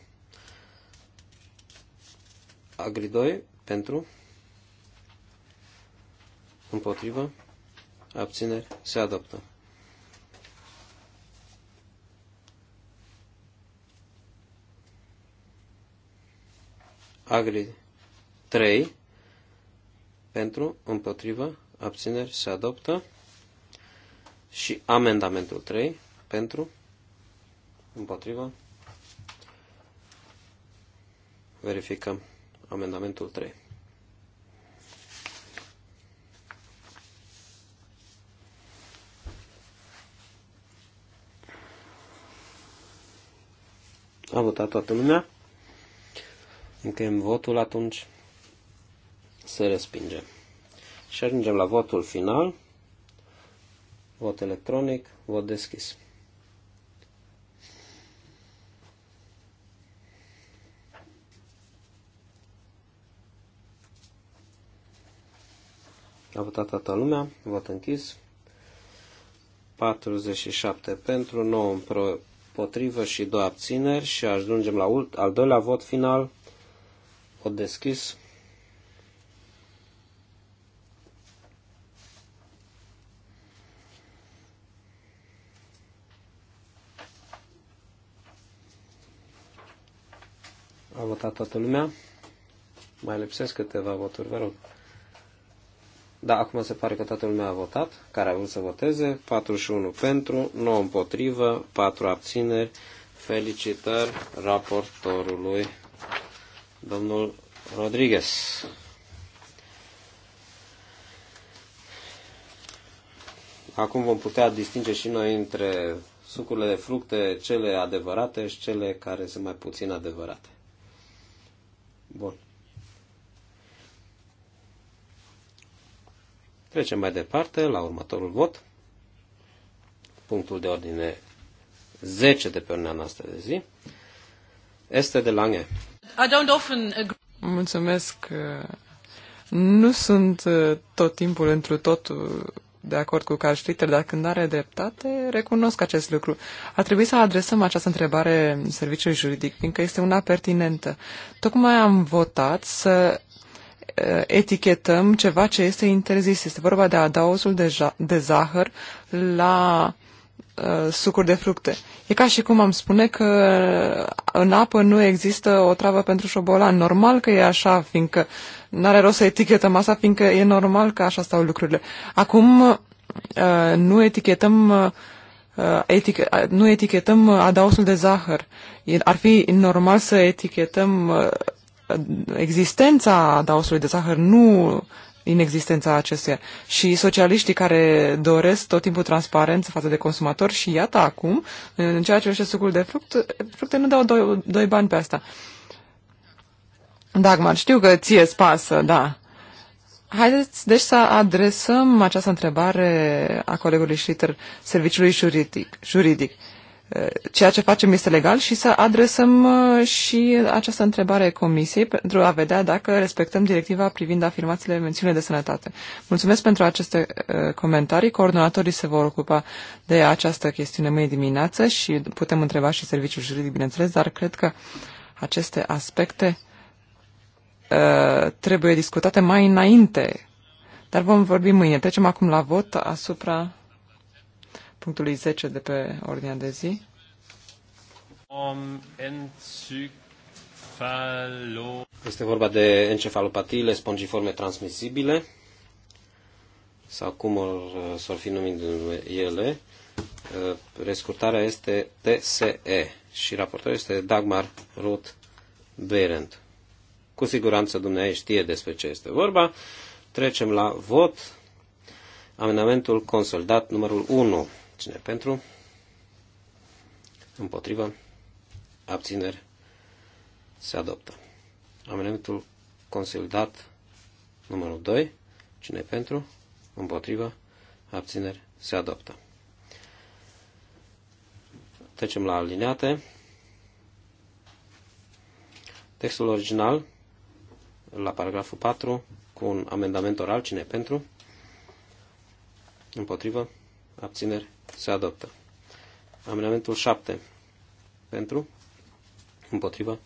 Agri 2. Pentru? Împotrivă? Abțineri? Se adoptă. Agri 3 pentru, împotrivă, abțineri se adoptă și amendamentul 3 pentru, împotrivă, verificăm amendamentul 3. A votat toată lumea. Încheiem votul atunci se respinge. Și ajungem la votul final. Vot electronic, vot deschis. A votat toată lumea, vot închis. 47 pentru, 9 împotrivă și 2 abțineri și ajungem la al doilea vot final. Vot deschis. votat toată lumea? Mai lipsesc câteva voturi, vă rog. Da, acum se pare că toată lumea a votat, care a vrut să voteze. 41 pentru, 9 împotrivă, 4 abțineri. Felicitări raportorului, domnul Rodriguez. Acum vom putea distinge și noi între sucurile de fructe, cele adevărate și cele care sunt mai puțin adevărate. Bun. Trecem mai departe la următorul vot. Punctul de ordine 10 de pe ordinea noastră de zi. Este de Lange. I don't often agree. Mulțumesc. Nu sunt uh, tot timpul întru totul de acord cu Carl Schlitter, dar când are dreptate, recunosc acest lucru. Ar trebui să adresăm această întrebare în serviciului juridic, fiindcă este una pertinentă. Tocmai am votat să etichetăm ceva ce este interzis. Este vorba de adaosul de, ja- de zahăr la uh, sucuri de fructe. E ca și cum am spune că în apă nu există o travă pentru șobolan. Normal că e așa, fiindcă uh, N-are rost să etichetăm asta, fiindcă e normal că așa stau lucrurile. Acum uh, nu etichetăm uh, etic, uh, nu etichetăm adaosul de zahăr. Ar fi normal să etichetăm existența adaosului de zahăr, nu inexistența acestuia. Și socialiștii care doresc tot timpul transparență față de consumatori și iată acum, în ceea ce este sucul de fruct, fructe nu dau doi, doi bani pe asta. Uh, Dagmar, știu că ție îți pasă, da. Haideți, deci, să adresăm această întrebare a colegului Schlitter serviciului juridic. juridic. Ceea ce facem este legal și să adresăm uh, și această întrebare comisiei pentru a vedea dacă respectăm directiva privind afirmațiile mențiune de sănătate. Mulțumesc pentru aceste uh, comentarii. Coordonatorii se vor ocupa de această chestiune mâine dimineață și putem întreba și serviciul juridic, bineînțeles, dar cred că aceste aspecte Uh, trebuie discutate mai înainte, dar vom vorbi mâine. Trecem acum la vot asupra punctului 10 de pe ordinea de zi. Este vorba de encefalopatiile spongiforme transmisibile sau cum or, uh, s-or fi numit ele. Uh, rescurtarea este TSE și raportorul este Dagmar Ruth Berend. Cu siguranță dumneavoastră știe despre ce este vorba. Trecem la vot. Amendamentul consolidat numărul 1. Cine pentru? Împotrivă? Abțineri? Se adoptă. Amendamentul consolidat numărul 2. Cine pentru? Împotrivă? Abțineri? Se adoptă. Trecem la alineate. Textul original la paragraful 4 cu un amendament oral. Cine pentru? Împotrivă? Abțineri? Se adoptă. Amendamentul 7. Pentru? Împotrivă?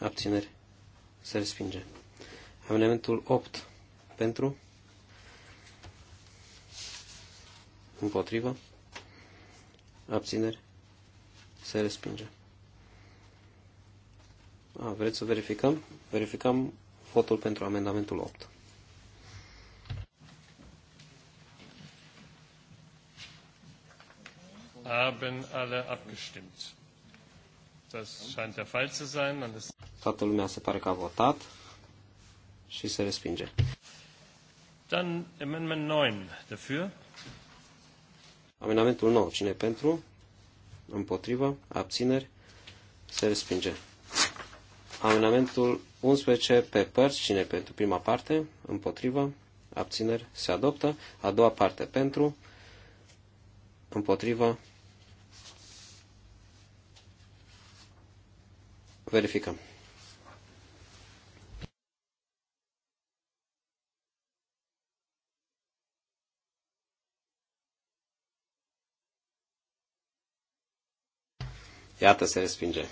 Abțineri? Se respinge. Amendamentul 8. Pentru? Împotrivă? Abțineri? Se respinge. A, vreți să verificăm? Verificăm votul pentru amendamentul 8. Haben alle abgestimmt. Das scheint der Fall zu sein. Man ist Toată lumea se pare că a votat și se respinge. Dann Amendment 9 dafür. Amendamentul 9. Cine pentru? Împotrivă? Abțineri? Se respinge. Amendamentul 11 pe părți, cine pentru prima parte, împotrivă, abțineri, se adoptă. A doua parte pentru, împotrivă, verificăm. Iată, se respinge.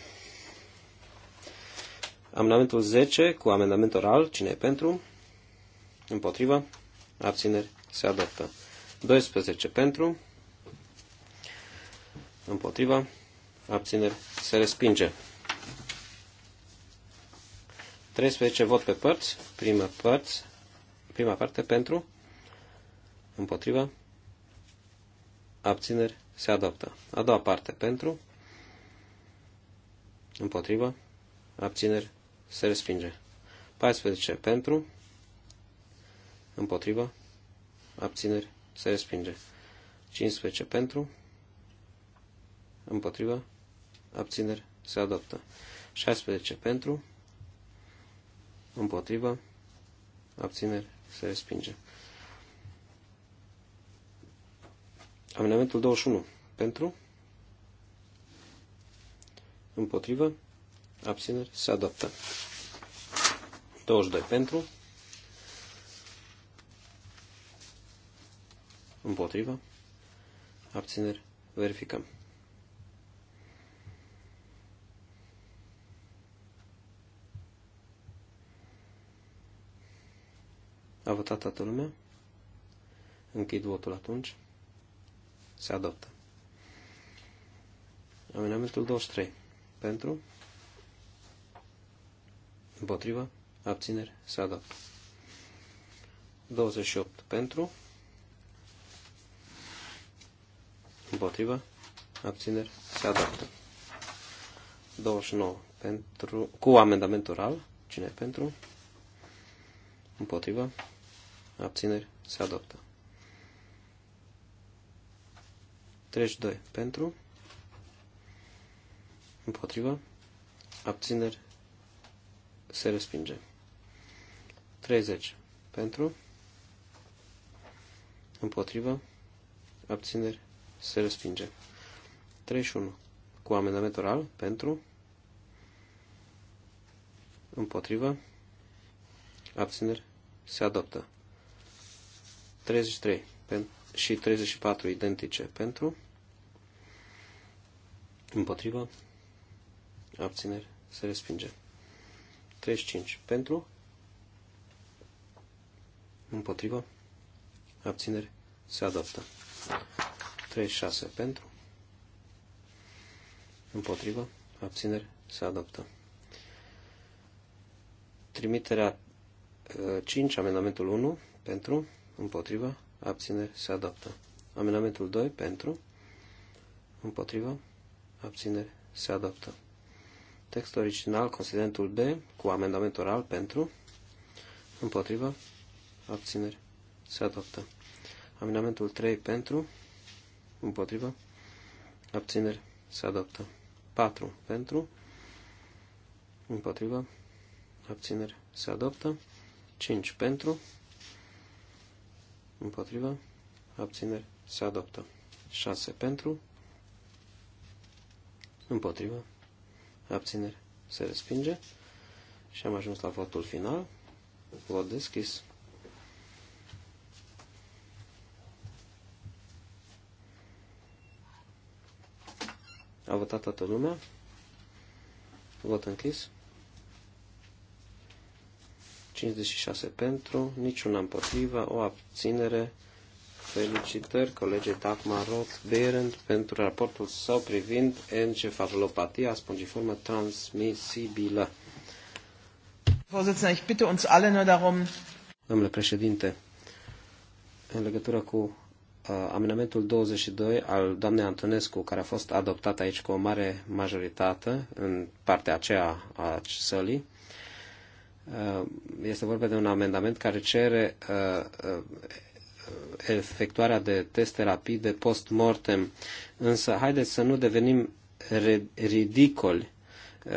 Amendamentul 10 cu amendament oral. Cine e pentru? Împotrivă? Abțineri? Se adoptă. 12 pentru? Împotrivă? Abțineri? Se respinge. 13 vot pe părți. Prima, părți, prima parte pentru? Împotrivă? Abțineri? Se adoptă. A doua parte pentru? Împotrivă? Abțineri? se respinge. 14 pentru, împotrivă, abțineri, se respinge. 15 pentru, împotrivă, abțineri, se adoptă. 16 pentru, împotrivă, abțineri, se respinge. Amendamentul 21 pentru, împotrivă, abțineri, se adoptă. 22 pentru, împotrivă, abțineri, verificăm. A votat toată lumea? Închid votul atunci. Se adoptă. Amendamentul 23. Pentru? Împotrivă. Abțineri. Se adoptă. 28 pentru. Împotrivă. Abțineri. Se adoptă. 29 pentru. Cu amendament oral. Cine pentru? Împotrivă. Abțineri. Se adoptă. 32 pentru. Împotrivă. Abțineri se respinge. 30 pentru, împotrivă, abțineri, se respinge. 31 cu amendament oral pentru, împotrivă, abțineri, se adoptă. 33 și 34 identice pentru, împotrivă, abțineri, se respinge. 35 pentru, Împotrivă? abțineri, se adoptă. 36 pentru, Împotrivă? abțineri, se adoptă. Trimiterea 5, uh, amendamentul 1, pentru, împotrivă, abțineri, se adoptă. Amendamentul 2, pentru, împotrivă, abțineri, se adoptă. Text original, considerentul B, cu amendament oral pentru, împotrivă, abțineri, se adoptă. Amendamentul 3 pentru, împotrivă, abțineri, se adoptă. 4 pentru, împotrivă, abțineri, se adoptă. 5 pentru, împotrivă, abțineri, se adoptă. 6 pentru, împotrivă, abțineri, se respinge. Și am ajuns la votul final. Vot deschis. A votat toată lumea. Vot închis. 56 pentru, niciuna împotriva, o abținere felicitări colegii Dagmar berend pentru raportul său privind encefalopatia spongiformă transmisibilă. Domnule președinte, în legătură cu uh, amendamentul 22 al doamnei Antonescu, care a fost adoptat aici cu o mare majoritate în partea aceea a sălii, uh, este vorba de un amendament care cere uh, uh, efectuarea de teste rapide post-mortem. Însă, haideți să nu devenim ridicoli uh,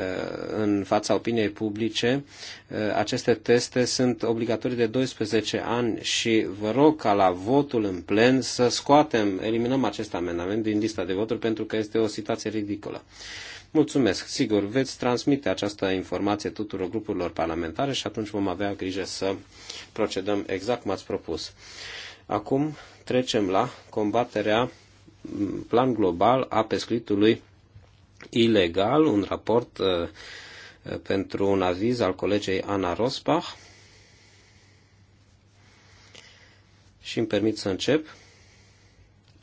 în fața opiniei publice. Uh, aceste teste sunt obligatorii de 12 ani și vă rog ca la votul în plen să scoatem, eliminăm acest amendament din lista de voturi pentru că este o situație ridicolă. Mulțumesc. Sigur, veți transmite această informație tuturor grupurilor parlamentare și atunci vom avea grijă să procedăm exact cum ați propus. Acum trecem la combaterea plan global a pescuitului ilegal, un raport uh, pentru un aviz al colegei Ana Rosbach. Și îmi permit să încep.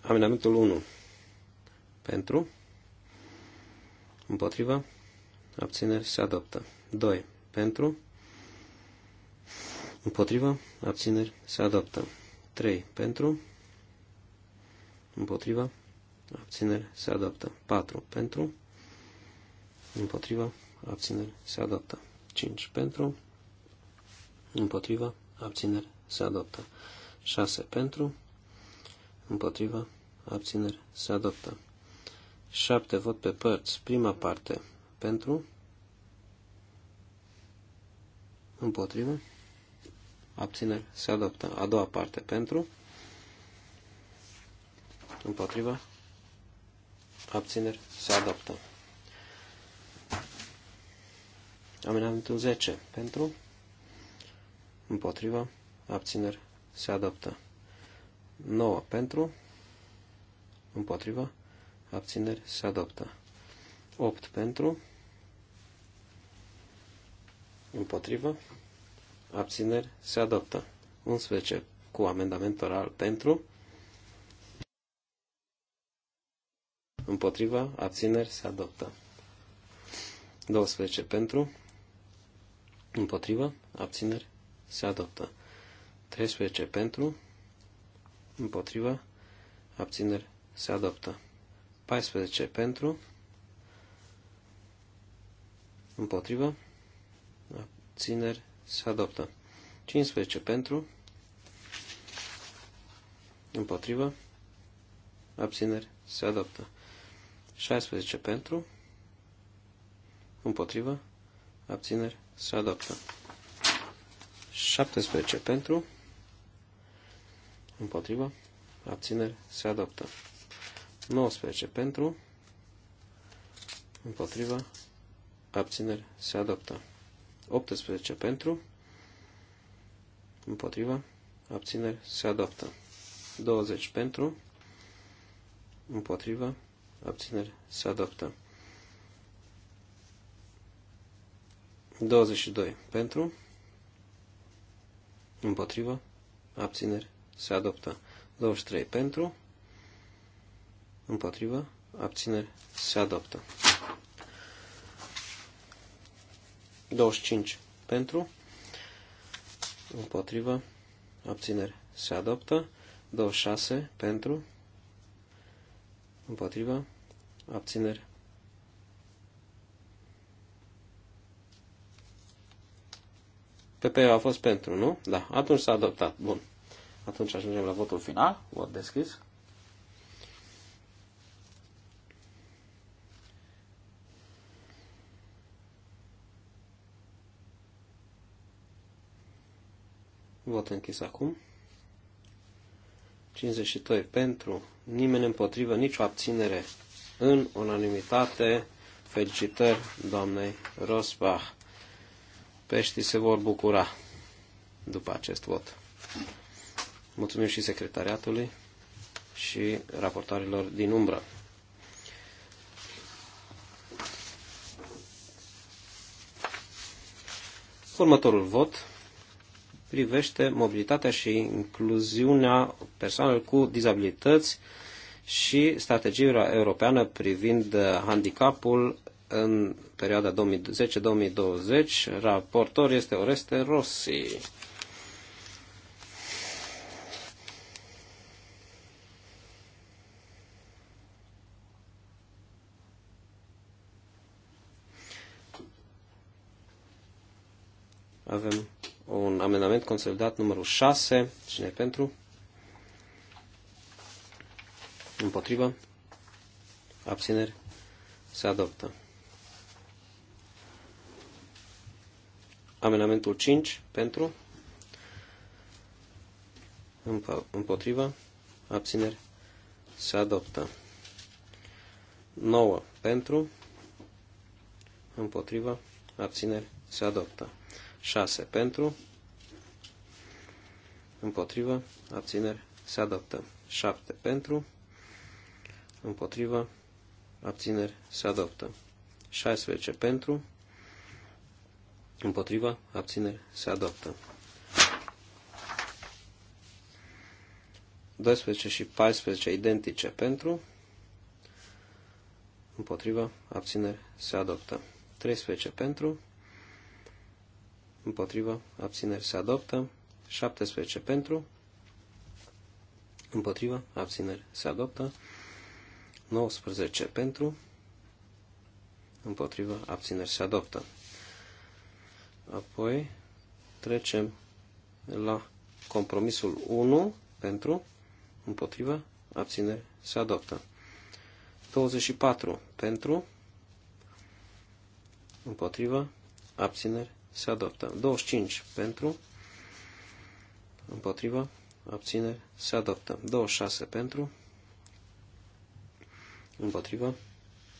Amendamentul 1. Pentru. Împotrivă. Abțineri se adoptă. 2. Pentru. Împotrivă. Abțineri se adoptă. 3 pentru, împotriva, abținere, se adaptă. 4 pentru, împotriva, abținere, se adaptă. 5 pentru, împotriva, abținere, se adaptă. 6 pentru, împotriva, abținere, se adaptă. 7 vot pe părți, prima parte, pentru, împotriva, abțineri, se adoptă. A doua parte pentru, împotriva, abțineri, se adoptă. Amendamentul 10 pentru, împotriva, abțineri, se adoptă. 9 pentru, împotriva, abțineri, se adoptă. 8 pentru, împotriva, abțineri, se adoptă. 11 cu amendament oral pentru, împotriva, abțineri, se adoptă. 12 pentru, împotriva, abțineri, se adoptă. 13 pentru, împotriva, abțineri, se adoptă. 14 pentru, împotriva, abțineri, se adoptă. 15 pentru, împotrivă, abțineri, se adoptă. 16 pentru, împotrivă, abțineri, se adoptă. 17 pentru, împotrivă, abțineri, se adoptă. 19 pentru, împotrivă, abțineri, se adoptă. 18 pentru, împotriva, abțineri, se adoptă. 20 pentru, împotriva, abțineri, se adoptă. 22 pentru, împotriva, abțineri, se adoptă. 23 pentru, împotriva, abțineri, se adoptă. 25 pentru, împotrivă, abținere, se adoptă, 26 pentru, împotrivă, abținere, PP a fost pentru, nu? Da, atunci s-a adoptat. Bun. Atunci ajungem la votul final, vot deschis. Vot închis acum. 52 pentru, nimeni împotrivă, nicio abținere în unanimitate. Felicitări doamnei Rosbach. Peștii se vor bucura după acest vot. Mulțumim și secretariatului și raportorilor din umbră. Următorul vot privește mobilitatea și incluziunea persoanelor cu dizabilități și strategia europeană privind handicapul în perioada 2010-2020. Raportor este Oreste Rossi. Avem consolidat numărul 6. Cine pentru? Împotrivă? Abțineri? Se adoptă. Amenamentul 5 pentru? Împotrivă? Abțineri? Se adoptă. 9 pentru? Împotrivă? Abțineri? Se adoptă. 6 pentru? împotrivă, abțineri, se adoptă. 7 pentru, împotrivă, abțineri, se adoptă. 16 pentru, împotrivă, abțineri, se adoptă. 12 și 14 identice pentru, împotrivă, abțineri, se adoptă. 13 pentru, împotrivă, abțineri, se adoptă. 17 pentru, împotriva, abțineri se adoptă, 19 pentru, împotriva, abțineri se adoptă. Apoi trecem la compromisul 1 pentru, împotriva, abțineri se adoptă. 24 pentru, împotriva, abțineri se adoptă. 25 pentru, împotrivă, abțineri, se adoptă. 26 pentru, împotrivă,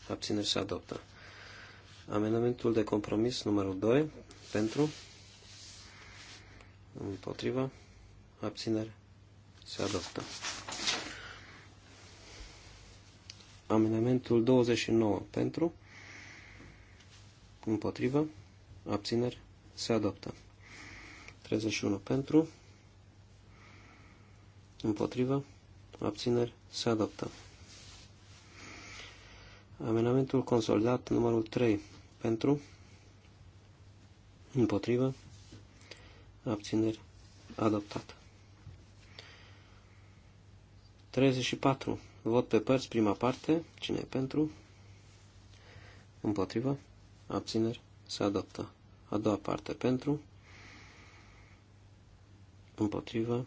abțineri, se adoptă. Amendamentul de compromis numărul 2 pentru, împotrivă, abțineri, se adoptă. Amendamentul 29 pentru, împotrivă, abțineri, se adoptă. 31 pentru, Împotrivă. Abțineri. Se adoptă. Amenamentul consolidat numărul 3. Pentru. Împotrivă. Abțineri. Adoptat. 34. Vot pe părți, prima parte. Cine e pentru? Împotrivă. Abțineri. Se adoptă. A doua parte pentru. Împotrivă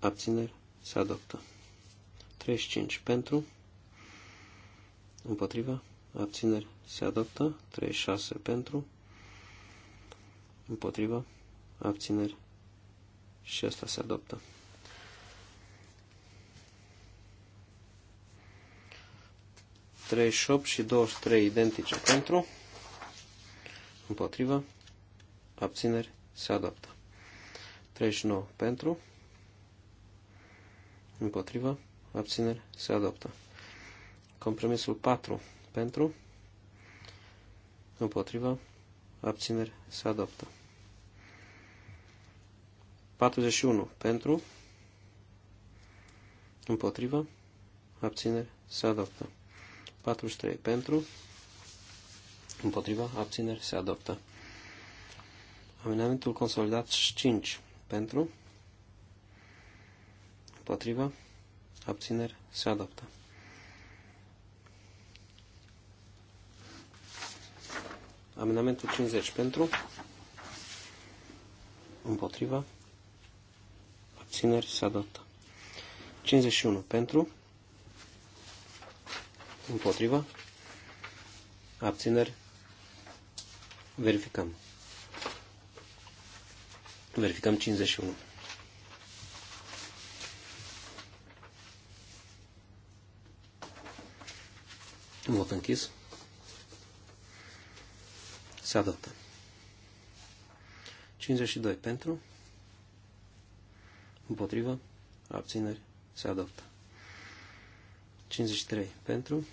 abțineri, se adoptă. 35 pentru, împotriva, abțineri, se adoptă. 36 pentru, împotriva, abțineri, și asta se adoptă. Trei și 23 identice pentru, împotriva, abțineri, se adoptă. 39 pentru, împotrivă, abțineri, se adoptă. Compromisul 4 pentru, împotrivă, abțineri, se adoptă. 41 pentru, împotrivă, abțineri, se adoptă. 43 pentru, împotriva, abțineri, se adoptă. Amendamentul consolidat 5 pentru, Împotrivă. Abțineri. Se adoptă. Amenamentul 50 pentru. Împotrivă. Abțineri. Se adoptă. 51 pentru. Împotrivă. Abțineri. Verificăm. Verificăm 51. În Vot închis. Se adoptă. 52 pentru. Împotrivă. Abțineri. Se adoptă. 53 pentru.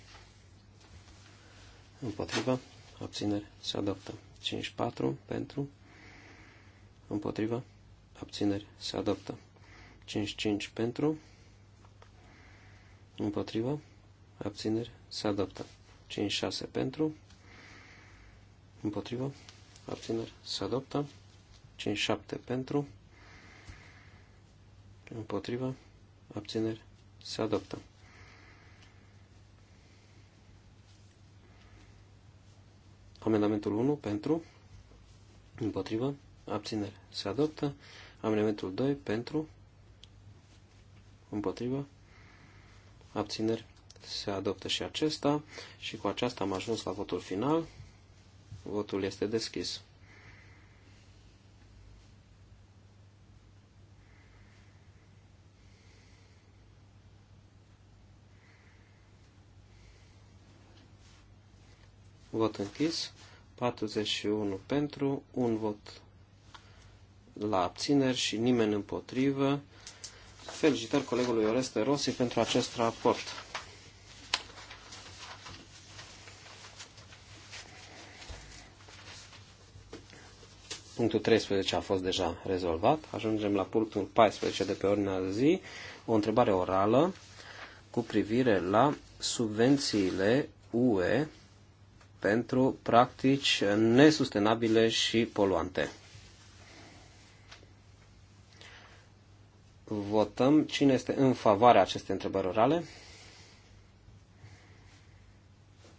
Împotrivă. Abțineri. Se adoptă. 54 pentru. Împotrivă. Abțineri. Se adoptă. 55 pentru. Împotrivă abțineri, se adoptă. 5-6 pentru, împotrivă, abțineri, se adoptă. 5-7 pentru, împotrivă, abțineri, se adoptă. Amendamentul 1 pentru, împotrivă, Abțineri. se adoptă. Amendamentul 2 pentru, împotrivă, abțineri, se adoptă și acesta și cu aceasta am ajuns la votul final. Votul este deschis. Vot închis. 41 pentru, un vot la abțineri și nimeni împotrivă. Felicitări colegului Oreste Rossi pentru acest raport. Punctul 13 a fost deja rezolvat. Ajungem la punctul 14 de pe ordinea zi. O întrebare orală cu privire la subvențiile UE pentru practici nesustenabile și poluante. Votăm cine este în favoarea acestei întrebări orale.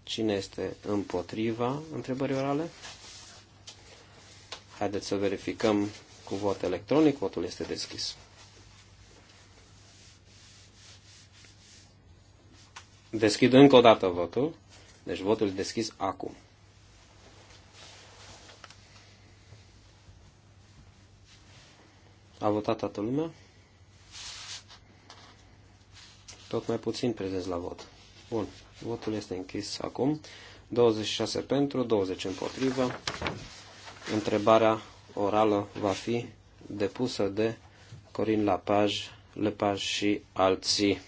Cine este împotriva întrebării orale? Haideți să verificăm cu vot electronic. Votul este deschis. Deschid încă o dată votul. Deci votul este deschis acum. A votat toată lumea? Tot mai puțin prezenți la vot. Bun. Votul este închis acum. 26 pentru, 20 împotrivă. Întrebarea orală va fi depusă de Corin Lapaj, Lepaj și alții.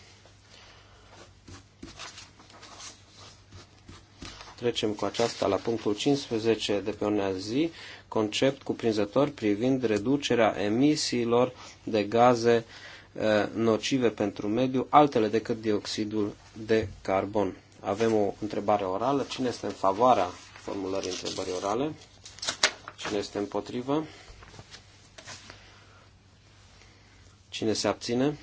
Trecem cu aceasta la punctul 15 de pe unea zi, concept cuprinzător privind reducerea emisiilor de gaze eh, nocive pentru mediu, altele decât dioxidul de carbon. Avem o întrebare orală. Cine este în favoarea formulării întrebării orale? Cine este împotrivă? Cine se abține?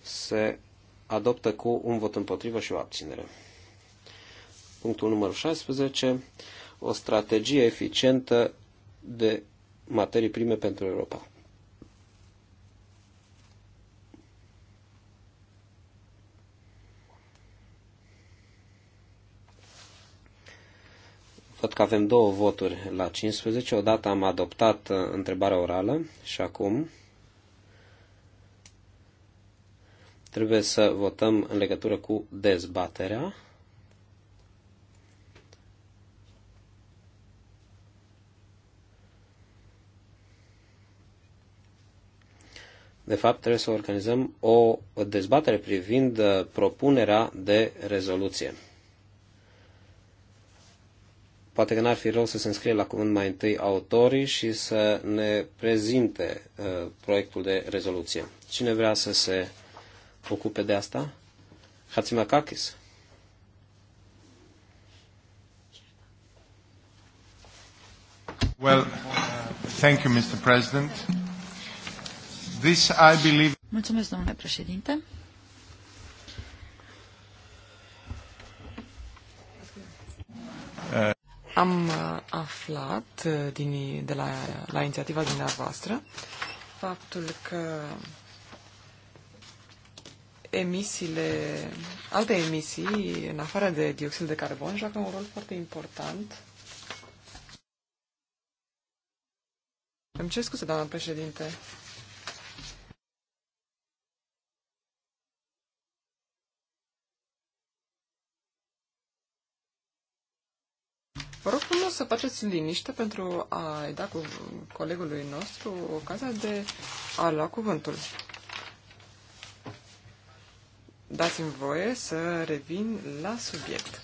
Se adoptă cu un vot împotrivă și o abținere. Punctul numărul 16. O strategie eficientă de materii prime pentru Europa. Văd că avem două voturi la 15. Odată am adoptat uh, întrebarea orală și acum trebuie să votăm în legătură cu dezbaterea. De fapt, trebuie să organizăm o dezbatere privind uh, propunerea de rezoluție poate că n-ar fi rău să se înscrie la cuvânt mai întâi autorii și să ne prezinte uh, proiectul de rezoluție. Cine vrea să se ocupe de asta? Kakis. Well, thank you, Mr. President. This, I believe... Mulțumesc, domnule președinte. Am uh, aflat uh, din, de la, la inițiativa dumneavoastră faptul că emisiile, alte emisii, în afară de dioxid de carbon, joacă un rol foarte important. Îmi cer scuze, doamna președinte. rog să faceți liniște pentru a-i da cu colegului nostru ocazia de a lua cuvântul. Dați-mi voie să revin la subiect.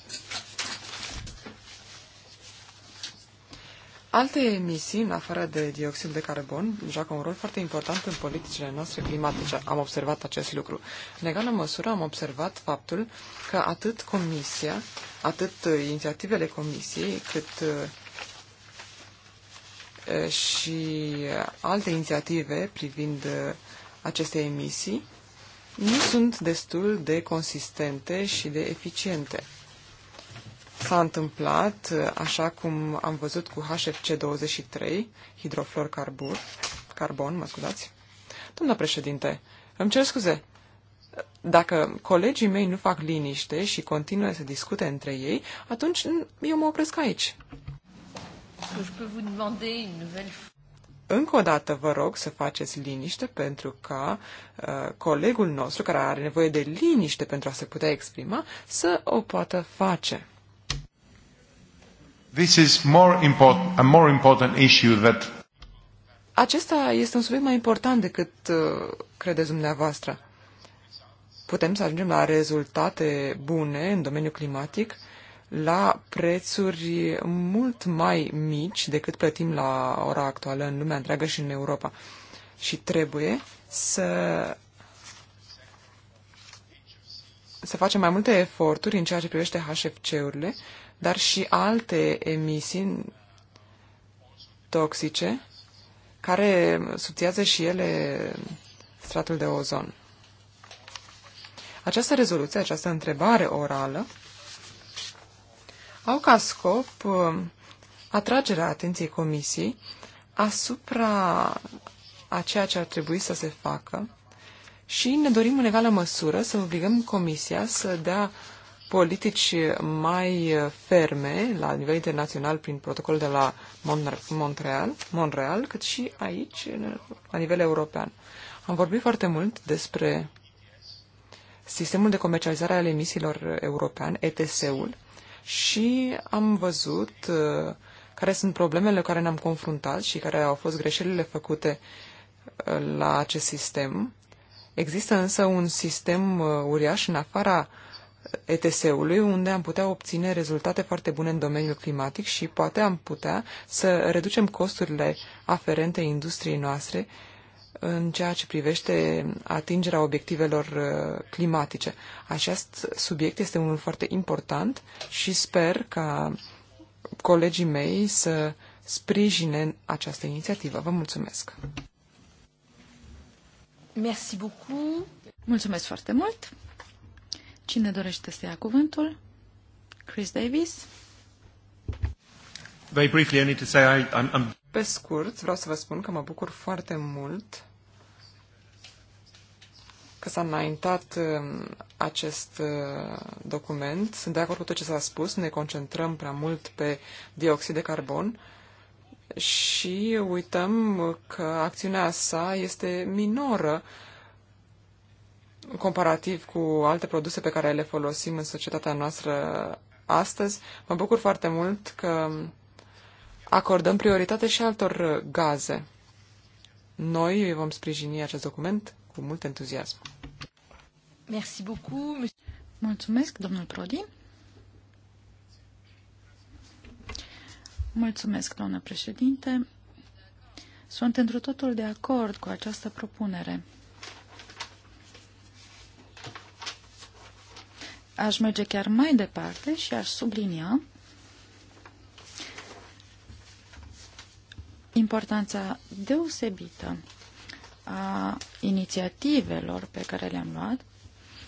Alte emisii, în afară de dioxid de carbon, joacă un rol foarte important în politicile noastre climatice. Am observat acest lucru. În egală măsură am observat faptul că atât Comisia, atât uh, inițiativele Comisiei, cât uh, uh, și alte inițiative privind aceste emisii nu sunt destul de consistente și de eficiente s-a întâmplat, așa cum am văzut cu HFC23, carbur, carbon, mă scuzați. Domnule președinte, îmi cer scuze, dacă colegii mei nu fac liniște și continuă să discute între ei, atunci eu mă opresc aici. Încă o dată vă rog să faceți liniște pentru ca uh, colegul nostru, care are nevoie de liniște pentru a se putea exprima, să o poată face. This is more important, a more important issue that... Acesta este un subiect mai important decât uh, credeți dumneavoastră. Putem să ajungem la rezultate bune în domeniul climatic la prețuri mult mai mici decât plătim la ora actuală în lumea întreagă și în Europa. Și trebuie să să facem mai multe eforturi în ceea ce privește HFC-urile dar și alte emisii toxice care subțiază și ele stratul de ozon. Această rezoluție, această întrebare orală au ca scop uh, atragerea atenției comisiei asupra a ceea ce ar trebui să se facă și ne dorim în egală măsură să obligăm comisia să dea uh, politici mai ferme la nivel internațional prin protocolul de la Montreal, Montreal, cât și aici, la nivel european. Am vorbit foarte mult despre sistemul de comercializare al emisiilor european, ETS-ul, și am văzut uh, care sunt problemele care ne-am confruntat și care au fost greșelile făcute uh, la acest sistem. Există însă un sistem uh, uriaș în afara uh, ETS-ului, unde am putea obține rezultate foarte bune în domeniul climatic și poate am putea să reducem costurile aferente industriei noastre în ceea ce privește atingerea obiectivelor uh, climatice. Acest subiect este unul foarte important și sper ca colegii mei să sprijine această inițiativă. Vă mulțumesc! Merci beaucoup. Mulțumesc foarte mult! Cine dorește să ia cuvântul? Chris Davis? Very briefly, I need to say I, I'm, I'm... Pe scurt, vreau să vă spun că mă bucur foarte mult că s-a înaintat um, acest uh, document. Sunt de acord cu tot ce s-a spus, ne concentrăm prea mult pe dioxid de carbon și uităm că acțiunea sa este minoră comparativ cu alte produse pe care le folosim în societatea noastră astăzi. Mă bucur foarte mult că acordăm prioritate și altor gaze. Noi vom sprijini acest document cu mult entuziasm. Merci beaucoup. Mulțumesc, domnul Prodi. Mulțumesc, doamnă președinte. Sunt într totul de acord cu această propunere. Aș merge chiar mai departe și aș sublinia importanța deosebită a inițiativelor pe care le-am luat,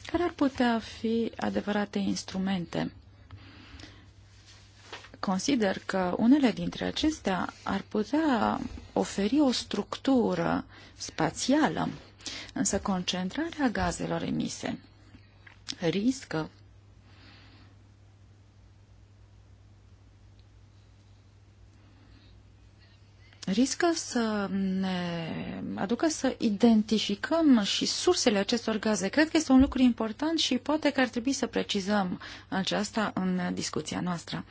care ar putea fi adevărate instrumente. Consider că unele dintre acestea ar putea oferi o structură spațială, însă concentrarea gazelor emise riscă riscă să ne aducă să identificăm și sursele acestor gaze. Cred că este un lucru important și poate că ar trebui să precizăm aceasta în discuția noastră.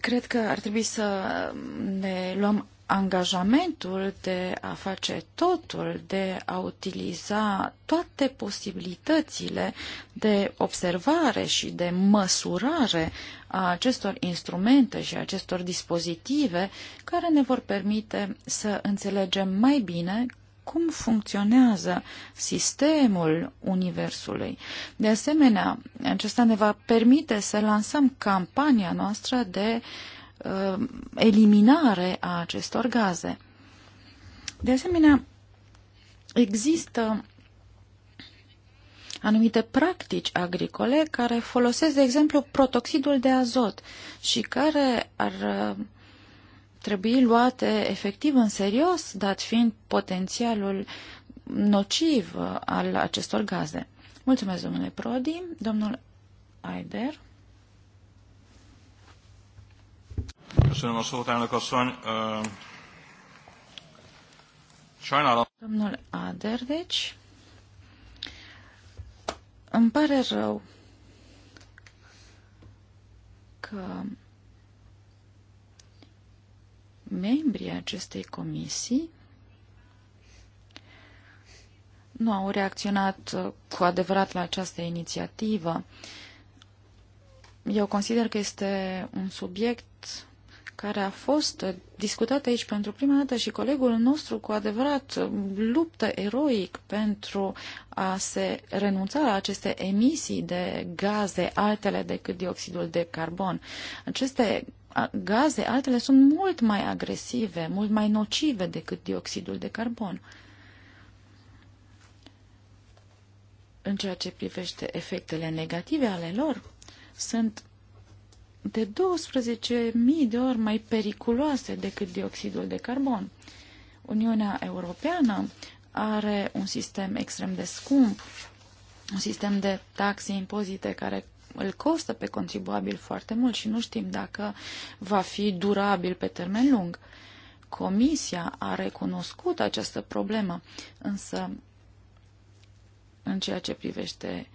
Cred că ar trebui să ne luăm angajamentul de a face totul, de a utiliza toate posibilitățile de observare și de măsurare a acestor instrumente și a acestor dispozitive care ne vor permite să înțelegem mai bine cum funcționează sistemul Universului. De asemenea, acesta ne va permite să lansăm campania noastră de uh, Uh, eliminare a acestor gaze. De asemenea, există anumite practici agricole care folosesc, de exemplu, protoxidul de azot și care ar uh, trebui luate efectiv în serios, dat fiind potențialul nociv uh, al acestor gaze. Mulțumesc, domnule Prodi. Domnul Aider. Köszönöm a szót, elnök asszony. Sajnálom. Domnul Aderdeci, Îmi pare rău că membrii acestei comisii nu au reacționat cu adevărat la această inițiativă. Eu consider că este un subiect care a fost discutată aici pentru prima dată și colegul nostru cu adevărat luptă eroic pentru a se renunța la aceste emisii de gaze altele decât dioxidul de carbon. Aceste gaze altele sunt mult mai agresive, mult mai nocive decât dioxidul de carbon. În ceea ce privește efectele negative ale lor, sunt de 12.000 de ori mai periculoase decât dioxidul de carbon. Uniunea Europeană are un sistem extrem de scump, un sistem de taxe impozite care îl costă pe contribuabil foarte mult și nu știm dacă va fi durabil pe termen lung. Comisia a recunoscut această problemă, însă în ceea ce privește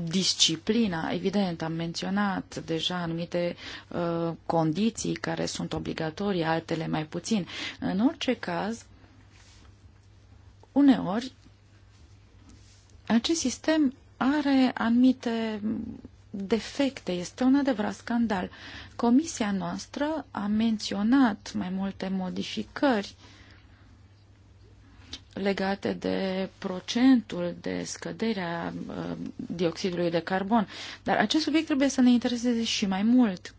disciplina, evident, am menționat deja anumite uh, condiții care sunt obligatorii, altele mai puțin. În orice caz, uneori, acest sistem are anumite defecte. Este un adevărat scandal. Comisia noastră a menționat mai multe modificări uh, legate de procentul de scădere a uh, dioxidului de carbon. Dar acest subiect trebuie să ne intereseze și mai mult.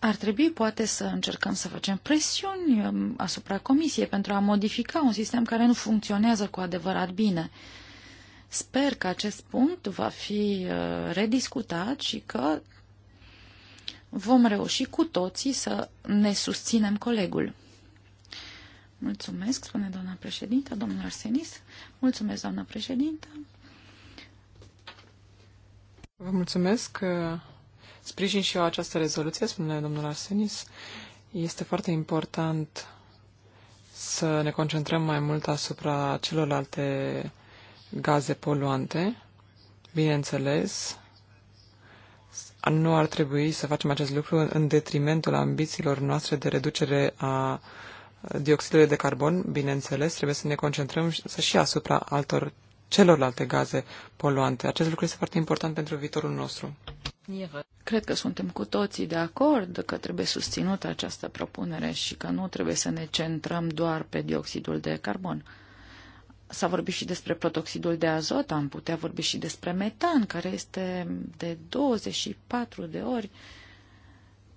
Ar trebui poate să încercăm să facem presiuni um, asupra Comisiei pentru a modifica un sistem care nu funcționează cu adevărat bine. Sper că acest punct va fi uh, rediscutat și că vom reuși cu toții să ne susținem colegul. Mulțumesc, spune doamna președintă, domnul Arsenis. Mulțumesc, doamna președintă. Vă mulțumesc. Sprijin și eu această rezoluție, spune domnul Arsenis. Este foarte important să ne concentrăm mai mult asupra celorlalte gaze poluante, bineînțeles, nu ar trebui să facem acest lucru în detrimentul ambițiilor noastre de reducere a dioxidului de carbon. Bineînțeles, trebuie să ne concentrăm să și asupra altor celorlalte gaze poluante. Acest lucru este foarte important pentru viitorul nostru. Cred că suntem cu toții de acord că trebuie susținută această propunere și că nu trebuie să ne centrăm doar pe dioxidul de carbon. S-a vorbit și despre protoxidul de azot, am putea vorbi și despre metan, care este de 24 de ori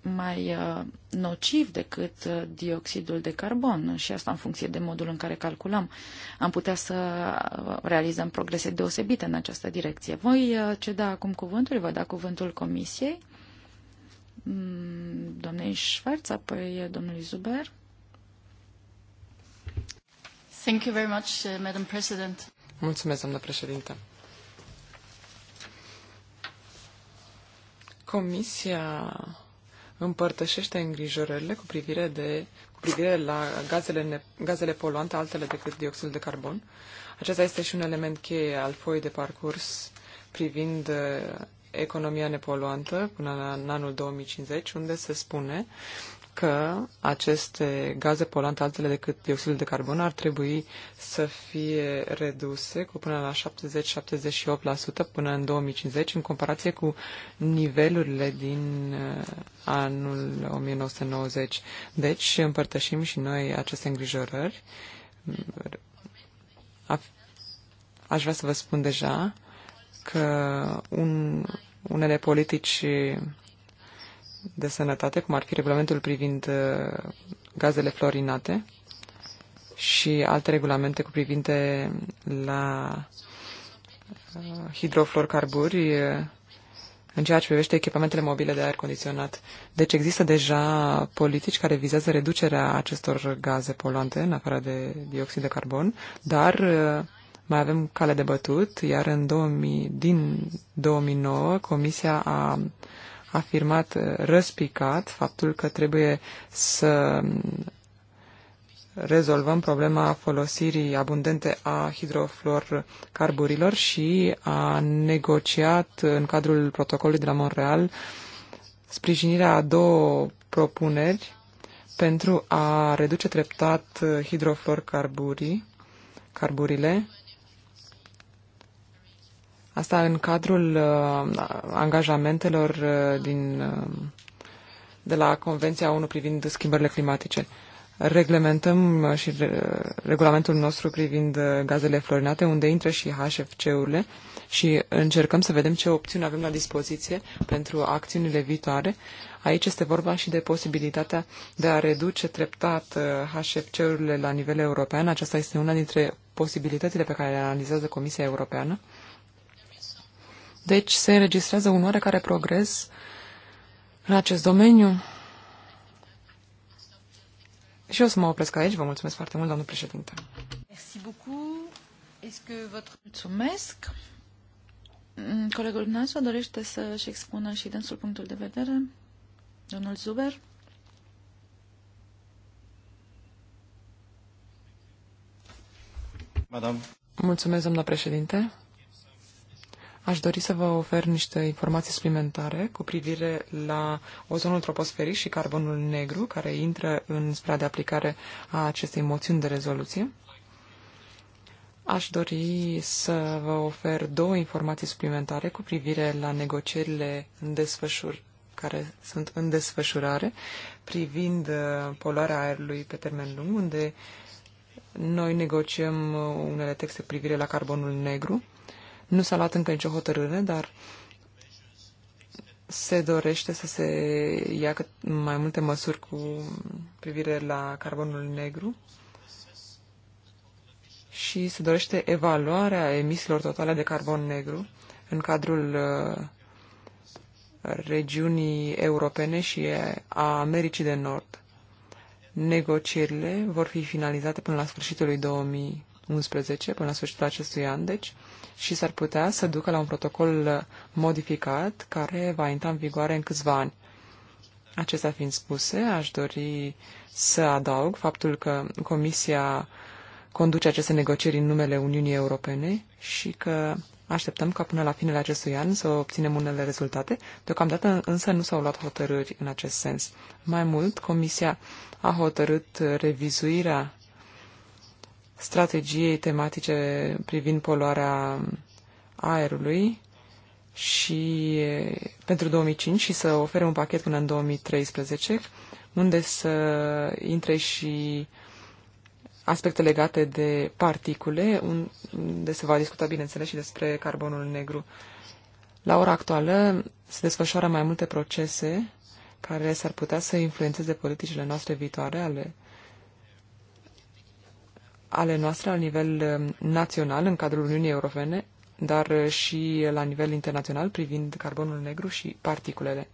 mai uh, nociv decât uh, dioxidul de carbon și asta în funcție de modul în care calculăm. Am putea să uh, realizăm progrese deosebite în această direcție. Voi ceda acum cuvântul, vă da cuvântul Comisiei, mm, doamnei Schwarz, apoi domnului Zuber. Thank you very much, uh, Madam President. Mulțumesc, doamnă președinte. Comisia împărtășește îngrijorările cu privire, de, cu privire la gazele, ne, gazele poluante, altele decât dioxidul de carbon. Acesta este și un element cheie al foii de parcurs privind uh, economia nepoluantă până la, în anul 2050, unde se spune că aceste gaze polante altele decât dioxidul de carbon ar trebui să fie reduse cu până la 70-78% până în 2050 în comparație cu nivelurile din uh, anul 1990. Deci împărtășim și noi aceste îngrijorări. Aș vrea să vă spun deja că un, unele politici de sănătate, cum ar fi regulamentul privind uh, gazele florinate și alte regulamente cu privinte la uh, hidroflorcarburi uh, în ceea ce privește echipamentele mobile de aer condiționat. Deci există deja politici care vizează reducerea acestor gaze poluante, în afară de dioxid de carbon, dar mai avem cale de bătut, iar în 2000, din 2009 Comisia a afirmat uh, răspicat faptul că trebuie să mm, rezolvăm problema folosirii abundente a hidrofluorcarburilor și a negociat în cadrul protocolului de la Montreal sprijinirea a două propuneri pentru a reduce treptat hidrofluorcarburii carburile Asta în cadrul uh, angajamentelor uh, din, uh, de la Convenția 1 privind schimbările climatice. Reglementăm uh, și uh, regulamentul nostru privind uh, gazele florinate, unde intră și HFC-urile și încercăm să vedem ce opțiuni avem la dispoziție pentru acțiunile viitoare. Aici este vorba și de posibilitatea de a reduce treptat HFC-urile la nivel european. Aceasta este una dintre posibilitățile pe care le analizează Comisia Europeană deci se înregistrează un oarecare progres în acest domeniu. Și eu să mă opresc aici. Vă mulțumesc foarte mult, domnul președinte. Merci beaucoup. Est-ce que votre... Mulțumesc. Mm, colegul Nasu dorește să-și expună și dânsul punctul de vedere? Domnul Zuber? Madame. Mulțumesc, doamna președinte. Aș dori să vă ofer niște informații suplimentare cu privire la ozonul troposferic și carbonul negru, care intră în sfera de aplicare a acestei moțiuni de rezoluție. Aș dori să vă ofer două informații suplimentare cu privire la negocierile în desfășur, care sunt în desfășurare privind uh, poluarea aerului pe termen lung, unde noi negociem uh, unele texte cu privire la carbonul negru nu s-a luat încă nicio hotărâre, dar se dorește să se ia mai multe măsuri cu privire la carbonul negru și se dorește evaluarea emisiilor totale de carbon negru în cadrul uh, regiunii europene și a Americii de Nord. Negocierile vor fi finalizate până la sfârșitul lui 2000, 2011, până la sfârșitul acestui an, deci, și s-ar putea să ducă la un protocol uh, modificat care va intra în vigoare în câțiva ani. Acestea fiind spuse, aș dori să adaug faptul că Comisia conduce aceste negocieri în numele Uniunii Europene și că așteptăm ca până la finele acestui an să obținem unele rezultate. Deocamdată însă nu s-au luat hotărâri în acest sens. Mai mult, Comisia a hotărât revizuirea strategiei tematice privind poluarea aerului și pentru 2005 și să ofere un pachet până în 2013, unde să intre și aspecte legate de particule, unde se va discuta, bineînțeles, și despre carbonul negru. La ora actuală se desfășoară mai multe procese care s-ar putea să influențeze politicile noastre viitoare ale ale noastre la nivel um, național în cadrul Uniunii Europene, dar uh, și la nivel internațional privind carbonul negru și particulele.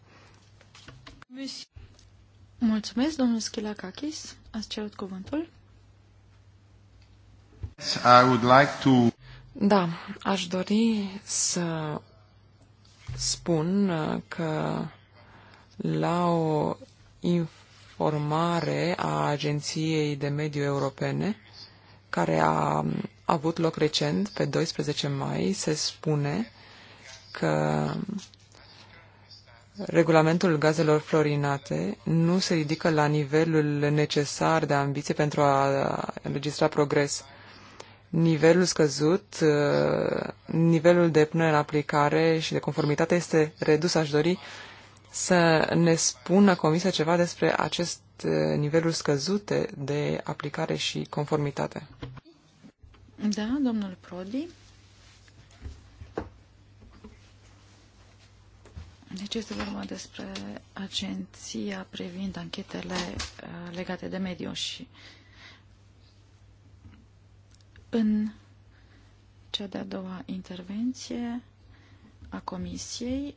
Mulțumesc, domnul Schilakakis. Ați cerut cuvântul? I would like to... Da, aș dori să spun uh, că la o informare a Agenției de Mediu Europene care a avut loc recent, pe 12 mai, se spune că regulamentul gazelor florinate nu se ridică la nivelul necesar de ambiție pentru a înregistra progres. Nivelul scăzut, nivelul de punere în aplicare și de conformitate este redus. Aș dori să ne spună Comisia ceva despre acest Uh, niveluri scăzute de aplicare și conformitate. Da, domnul Prodi. Deci este vorba despre agenția privind anchetele uh, legate de mediu și în cea de-a doua intervenție a comisiei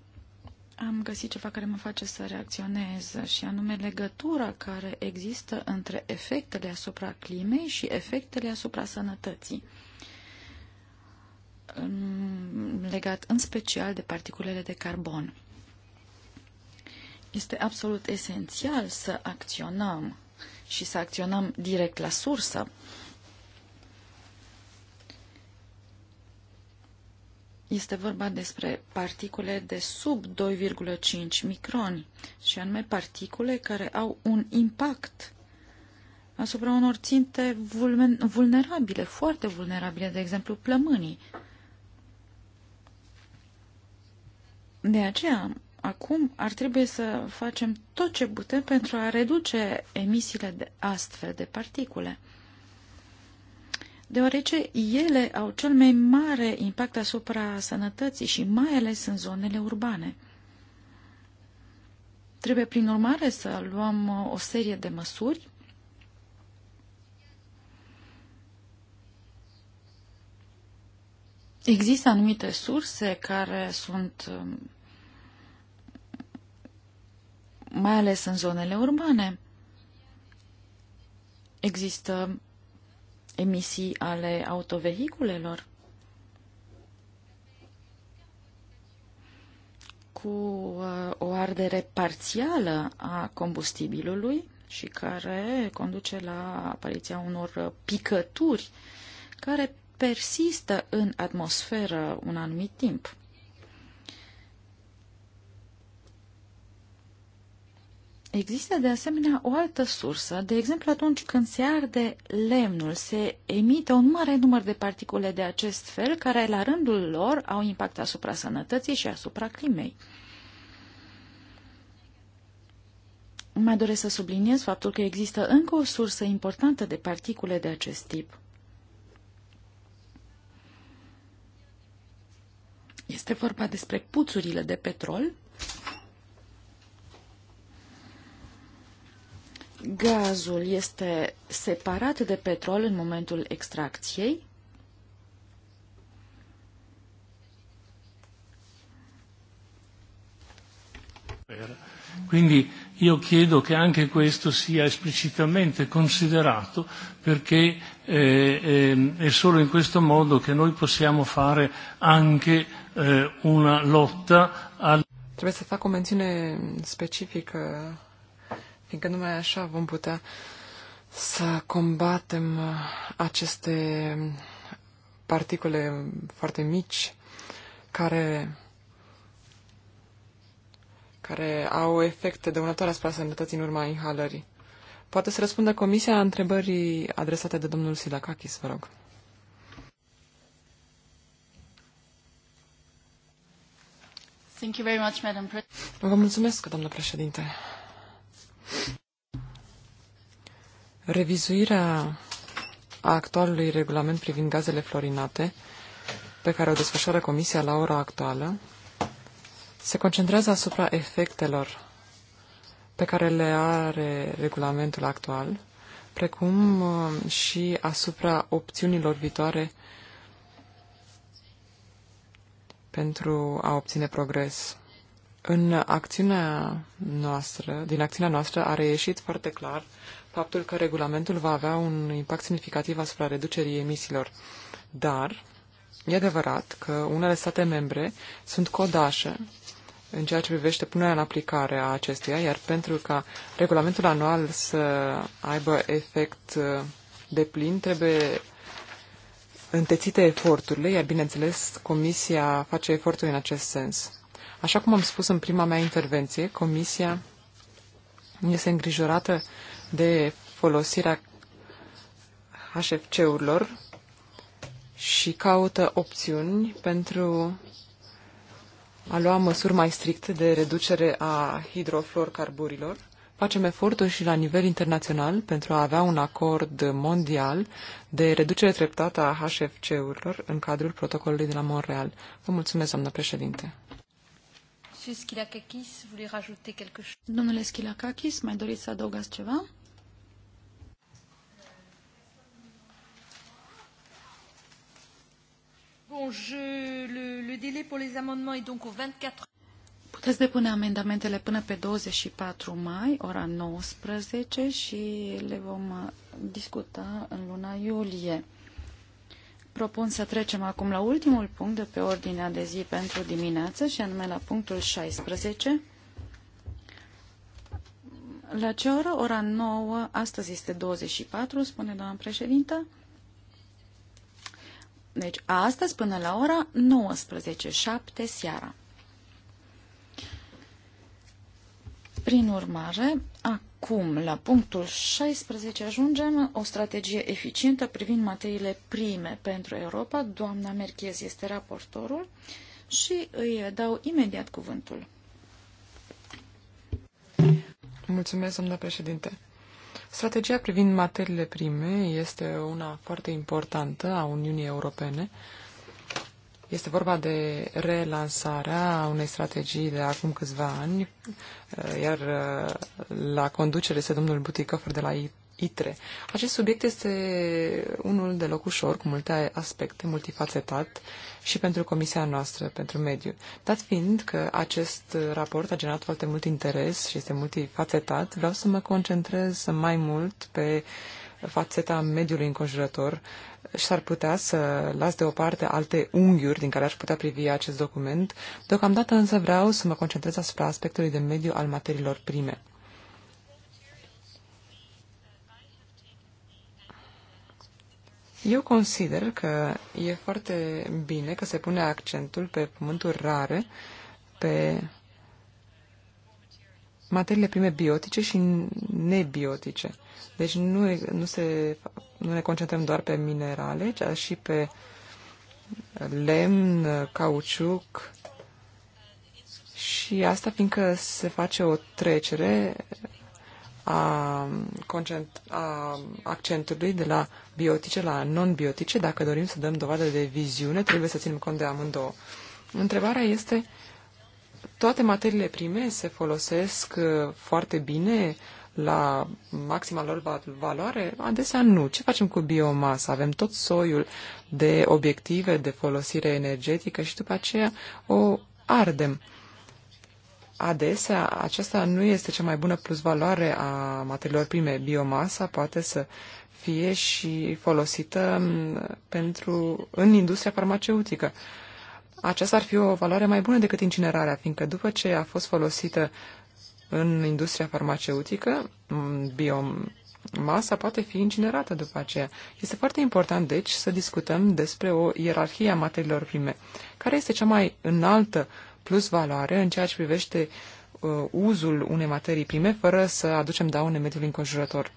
am găsit ceva care mă face să reacționez și anume legătura care există între efectele asupra climei și efectele asupra sănătății legat în special de particulele de carbon. Este absolut esențial să acționăm și să acționăm direct la sursă este vorba despre particule de sub 2,5 microni, și anume particule care au un impact asupra unor ținte vulnerabile, foarte vulnerabile, de exemplu plămânii. De aceea, acum ar trebui să facem tot ce putem pentru a reduce emisiile de astfel de particule deoarece ele au cel mai mare impact asupra sănătății și mai ales în zonele urbane. Trebuie, prin urmare, să luăm uh, o serie de măsuri Există anumite surse care sunt um, mai ales în zonele urbane. Există emisii ale autovehiculelor? Cu uh, o ardere parțială a combustibilului și care conduce la apariția unor picături care persistă în atmosferă un anumit timp. Există de asemenea o altă sursă. De exemplu, atunci când se arde lemnul, se emite un mare număr de particule de acest fel, care la rândul lor au impact asupra sănătății și asupra climei. Mai doresc să subliniez faptul că există încă o sursă importantă de particule de acest tip. Este vorba despre puțurile de petrol Gazul este separat de petrol în momentul extracției. Quindi io chiedo che anche questo sia esplicitamente considerato perché eh, eh, è solo in questo modo che noi possiamo fare anche eh, una lotta al. Trebuie să fac o mențiune specifică fiindcă numai așa vom putea să combatem uh, aceste particule foarte mici care care au efecte dăunătoare asupra sănătății în urma inhalării. Poate să răspundă comisia întrebării adresate de domnul Silakakis, vă rog. Thank you very much, Madam Vă mulțumesc, doamnă președinte. Revizuirea a actualului regulament privind gazele florinate, pe care o desfășoară Comisia la ora actuală, se concentrează asupra efectelor pe care le are regulamentul actual, precum uh, și asupra opțiunilor viitoare pentru a obține progres. În acțiunea noastră, din acțiunea noastră a reieșit foarte clar faptul că regulamentul va avea un impact semnificativ asupra reducerii emisiilor. Dar e adevărat că unele state membre sunt codașe în ceea ce privește punerea în aplicare a acestuia, iar pentru ca regulamentul anual să aibă efect uh, de plin, trebuie întețite eforturile, iar bineînțeles Comisia face eforturi în acest sens. Așa cum am spus în prima mea intervenție, Comisia este îngrijorată de folosirea HFC-urilor și caută opțiuni pentru a lua măsuri mai stricte de reducere a hidrofluorcarburilor. Facem eforturi și la nivel internațional pentru a avea un acord mondial de reducere treptată a HFC-urilor în cadrul protocolului de la Montreal. Vă mulțumesc, doamnă președinte. Monsieur Skilakakis, voulez rajouter quelque chose? Domnule Skilakakis, mai doriți să adăugați ceva? Bon, je, le, le délai pour les amendements est donc au 24 Puteți depune amendamentele până pe 24 mai, ora 19, și le vom discuta în luna iulie propun să trecem acum la ultimul punct de pe ordinea de zi pentru dimineață și anume la punctul 16. La ce oră? Ora 9, astăzi este 24, spune doamna președintă. Deci astăzi până la ora 19, 7 seara. Prin urmare, acum Acum, la punctul 16 ajungem, o strategie eficientă privind materiile prime pentru Europa. Doamna Merchez este raportorul și îi dau imediat cuvântul. Mulțumesc, doamna președinte. Strategia privind materiile prime este una foarte importantă a Uniunii Europene este vorba de relansarea unei strategii de acum câțiva ani, uh, iar uh, la conducere este domnul Buticofer de la ITRE. Acest subiect este unul de loc ușor, cu multe aspecte, multifacetat și pentru comisia noastră, pentru mediu. Dat fiind că acest raport a generat foarte mult interes și este multifacetat, vreau să mă concentrez mai mult pe uh, fațeta mediului înconjurător și s-ar putea să las deoparte alte unghiuri din care aș putea privi acest document. Deocamdată însă vreau să mă concentrez asupra aspectului de mediu al materiilor prime. Eu consider că e foarte bine că se pune accentul pe pământuri rare, pe materiile prime biotice și nebiotice. Deci nu, nu, se, nu ne concentrăm doar pe minerale, ci și pe lemn, cauciuc și asta fiindcă se face o trecere a, a accentului de la biotice la non-biotice. Dacă dorim să dăm dovadă de viziune, trebuie să ținem cont de amândouă. Întrebarea este toate materiile prime se folosesc uh, foarte bine la maxima lor valoare? Adesea nu. Ce facem cu biomasa? Avem tot soiul de obiective de folosire energetică și după aceea o ardem. Adesea, aceasta nu este cea mai bună plusvaloare a materiilor prime. Biomasa poate să fie și folosită mm, pentru, în industria farmaceutică aceasta ar fi o valoare mai bună decât incinerarea, fiindcă după ce a fost folosită în industria farmaceutică, biomasa poate fi incinerată după aceea. Este foarte important, deci, să discutăm despre o ierarhie a materiilor prime. Care este cea mai înaltă plus valoare în ceea ce privește uh, uzul unei materii prime fără să aducem daune mediului înconjurător?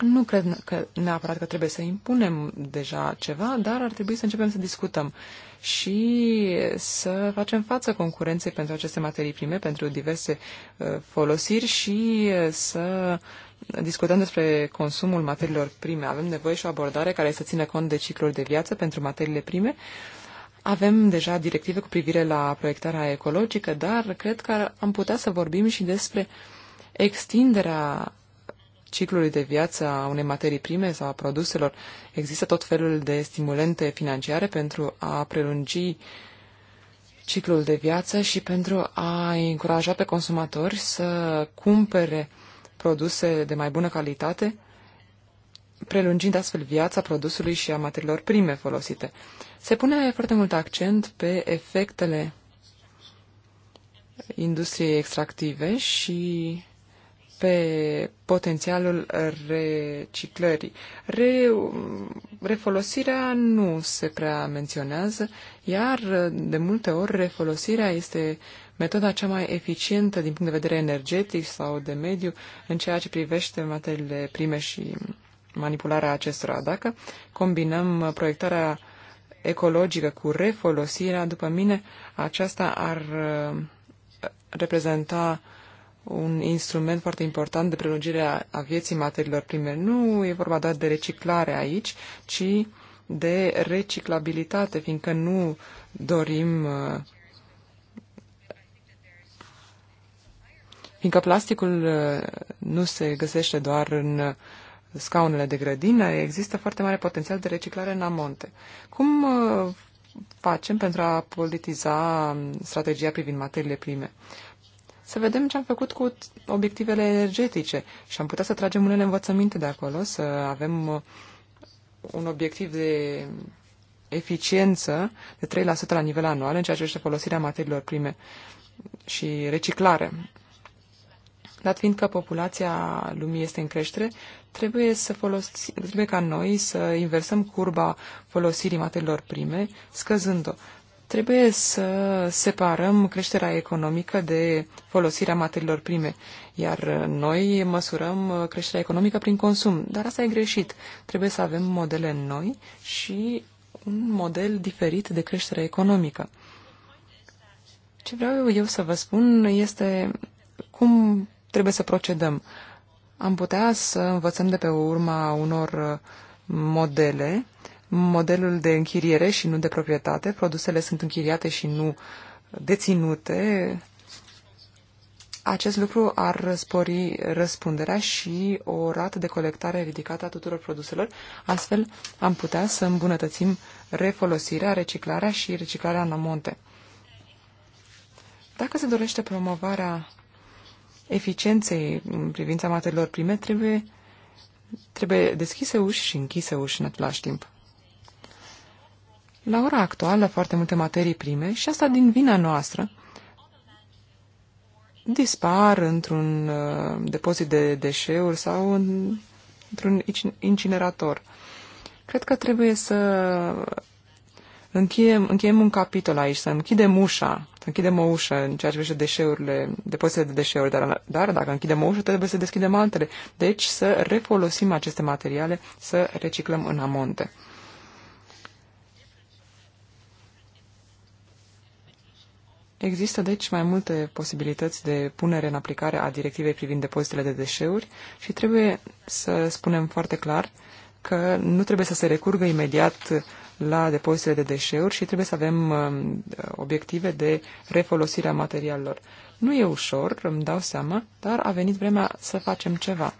Nu cred că neapărat că trebuie să impunem deja ceva, dar ar trebui să începem să discutăm și să facem față concurenței pentru aceste materii prime, pentru diverse uh, folosiri și uh, să discutăm despre consumul materiilor prime. Avem nevoie și o abordare care să țină cont de ciclul de viață pentru materiile prime. Avem deja directive cu privire la proiectarea ecologică, dar cred că am putea să vorbim și despre extinderea ciclului de viață a unei materii prime sau a produselor, există tot felul de stimulente financiare pentru a prelungi ciclul de viață și pentru a încuraja pe consumatori să cumpere produse de mai bună calitate, prelungind astfel viața produsului și a materiilor prime folosite. Se pune foarte mult accent pe efectele industriei extractive și pe potențialul reciclării. Re, refolosirea nu se prea menționează, iar de multe ori refolosirea este metoda cea mai eficientă din punct de vedere energetic sau de mediu în ceea ce privește materiile prime și manipularea acestora. Dacă combinăm proiectarea ecologică cu refolosirea, după mine, aceasta ar reprezenta uh, un instrument foarte important de prelungire a, a vieții materiilor prime. Nu e vorba doar de reciclare aici, ci de reciclabilitate, fiindcă nu dorim uh, fiindcă plasticul uh, nu se găsește doar în uh, scaunele de grădină, există foarte mare potențial de reciclare în amonte. Cum facem pentru a politiza um, strategia privind materiile prime? să vedem ce am făcut cu obiectivele energetice și am putea să tragem unele învățăminte de acolo, să avem uh, un obiectiv de eficiență de 3% la nivel anual în ceea ce este folosirea materiilor prime și reciclare. Dat fiind că populația lumii este în creștere, trebuie, să folosi, trebuie ca noi să inversăm curba folosirii materiilor prime, scăzând-o. Trebuie să separăm creșterea economică de folosirea materiilor prime, iar noi măsurăm creșterea economică prin consum. Dar asta e greșit. Trebuie să avem modele noi și un model diferit de creștere economică. Ce vreau eu să vă spun este cum trebuie să procedăm. Am putea să învățăm de pe urma unor modele modelul de închiriere și nu de proprietate. Produsele sunt închiriate și nu deținute. Acest lucru ar spori răspunderea și o rată de colectare ridicată a tuturor produselor. Astfel am putea să îmbunătățim refolosirea, reciclarea și reciclarea în amonte. Dacă se dorește promovarea eficienței în privința materiilor prime, trebuie, trebuie deschise uși și închise uși în același timp la ora actuală foarte multe materii prime și asta din vina noastră dispar într-un uh, depozit de deșeuri sau în, într-un incinerator. Cred că trebuie să încheiem, încheiem un capitol aici, să închidem ușa, să închidem o ușă în ceea ce privește deșeurile, depozitele de deșeuri, dar, dar dacă închidem o ușă, trebuie să deschidem altele. Deci să refolosim aceste materiale, să reciclăm în amonte. Există, deci, mai multe posibilități de punere în aplicare a directivei privind depozitele de deșeuri și trebuie să spunem foarte clar că nu trebuie să se recurgă imediat la depozitele de deșeuri și trebuie să avem uh, obiective de refolosire a materialelor. Nu e ușor, îmi dau seama, dar a venit vremea să facem ceva.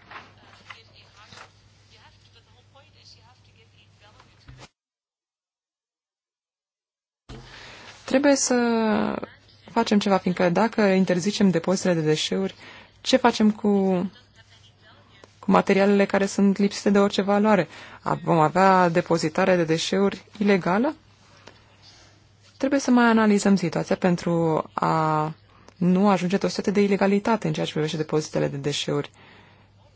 Trebuie să facem ceva, fiindcă dacă interzicem depozitele de deșeuri, ce facem cu, cu materialele care sunt lipsite de orice valoare? Vom avea depozitare de deșeuri ilegală? Trebuie să mai analizăm situația pentru a nu ajunge tot de ilegalitate în ceea ce privește depozitele de deșeuri.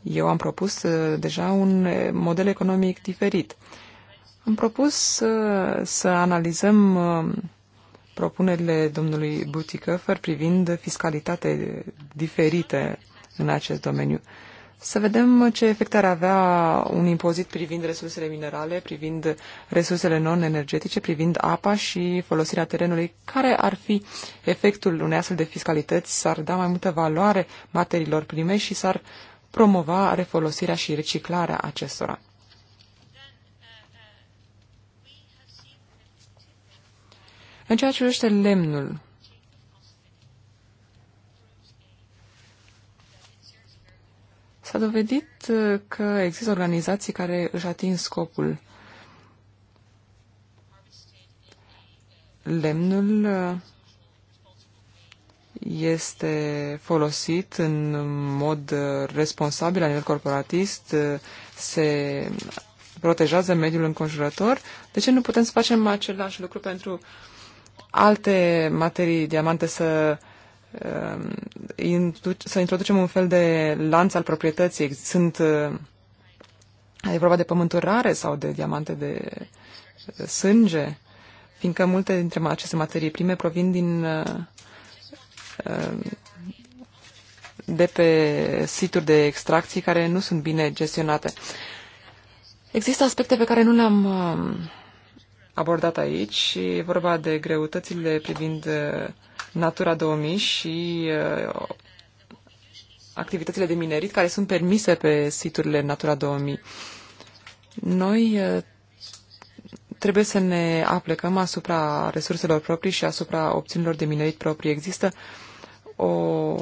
Eu am propus uh, deja un eh, model economic diferit. Am propus să, uh, să analizăm uh, propunerile domnului Butiköfer privind fiscalitate diferite în acest domeniu. Să vedem ce efect ar avea un impozit privind resursele minerale, privind resursele non-energetice, privind apa și folosirea terenului. Care ar fi efectul unei astfel de fiscalități? S-ar da mai multă valoare materiilor prime și s-ar promova refolosirea și reciclarea acestora. În ceea ce privește lemnul, s-a dovedit uh, că există organizații care își ating scopul. Lemnul uh, este folosit în mod uh, responsabil la nivel corporatist, se protejează mediul înconjurător. De ce nu putem să facem același lucru pentru uh, alte materii diamante să um, să introducem un fel de lanț al proprietății. Sunt uh, e vorba de pământuri rare sau de diamante de uh, sânge, fiindcă multe dintre aceste materii prime provin din uh, de pe situri de extracții care nu sunt bine gestionate. Există aspecte pe care nu le-am um, abordat aici. E vorba de greutățile privind uh, Natura 2000 și uh, activitățile de minerit care sunt permise pe siturile Natura 2000. Noi uh, trebuie să ne aplecăm asupra resurselor proprii și asupra opțiunilor de minerit proprii. Există o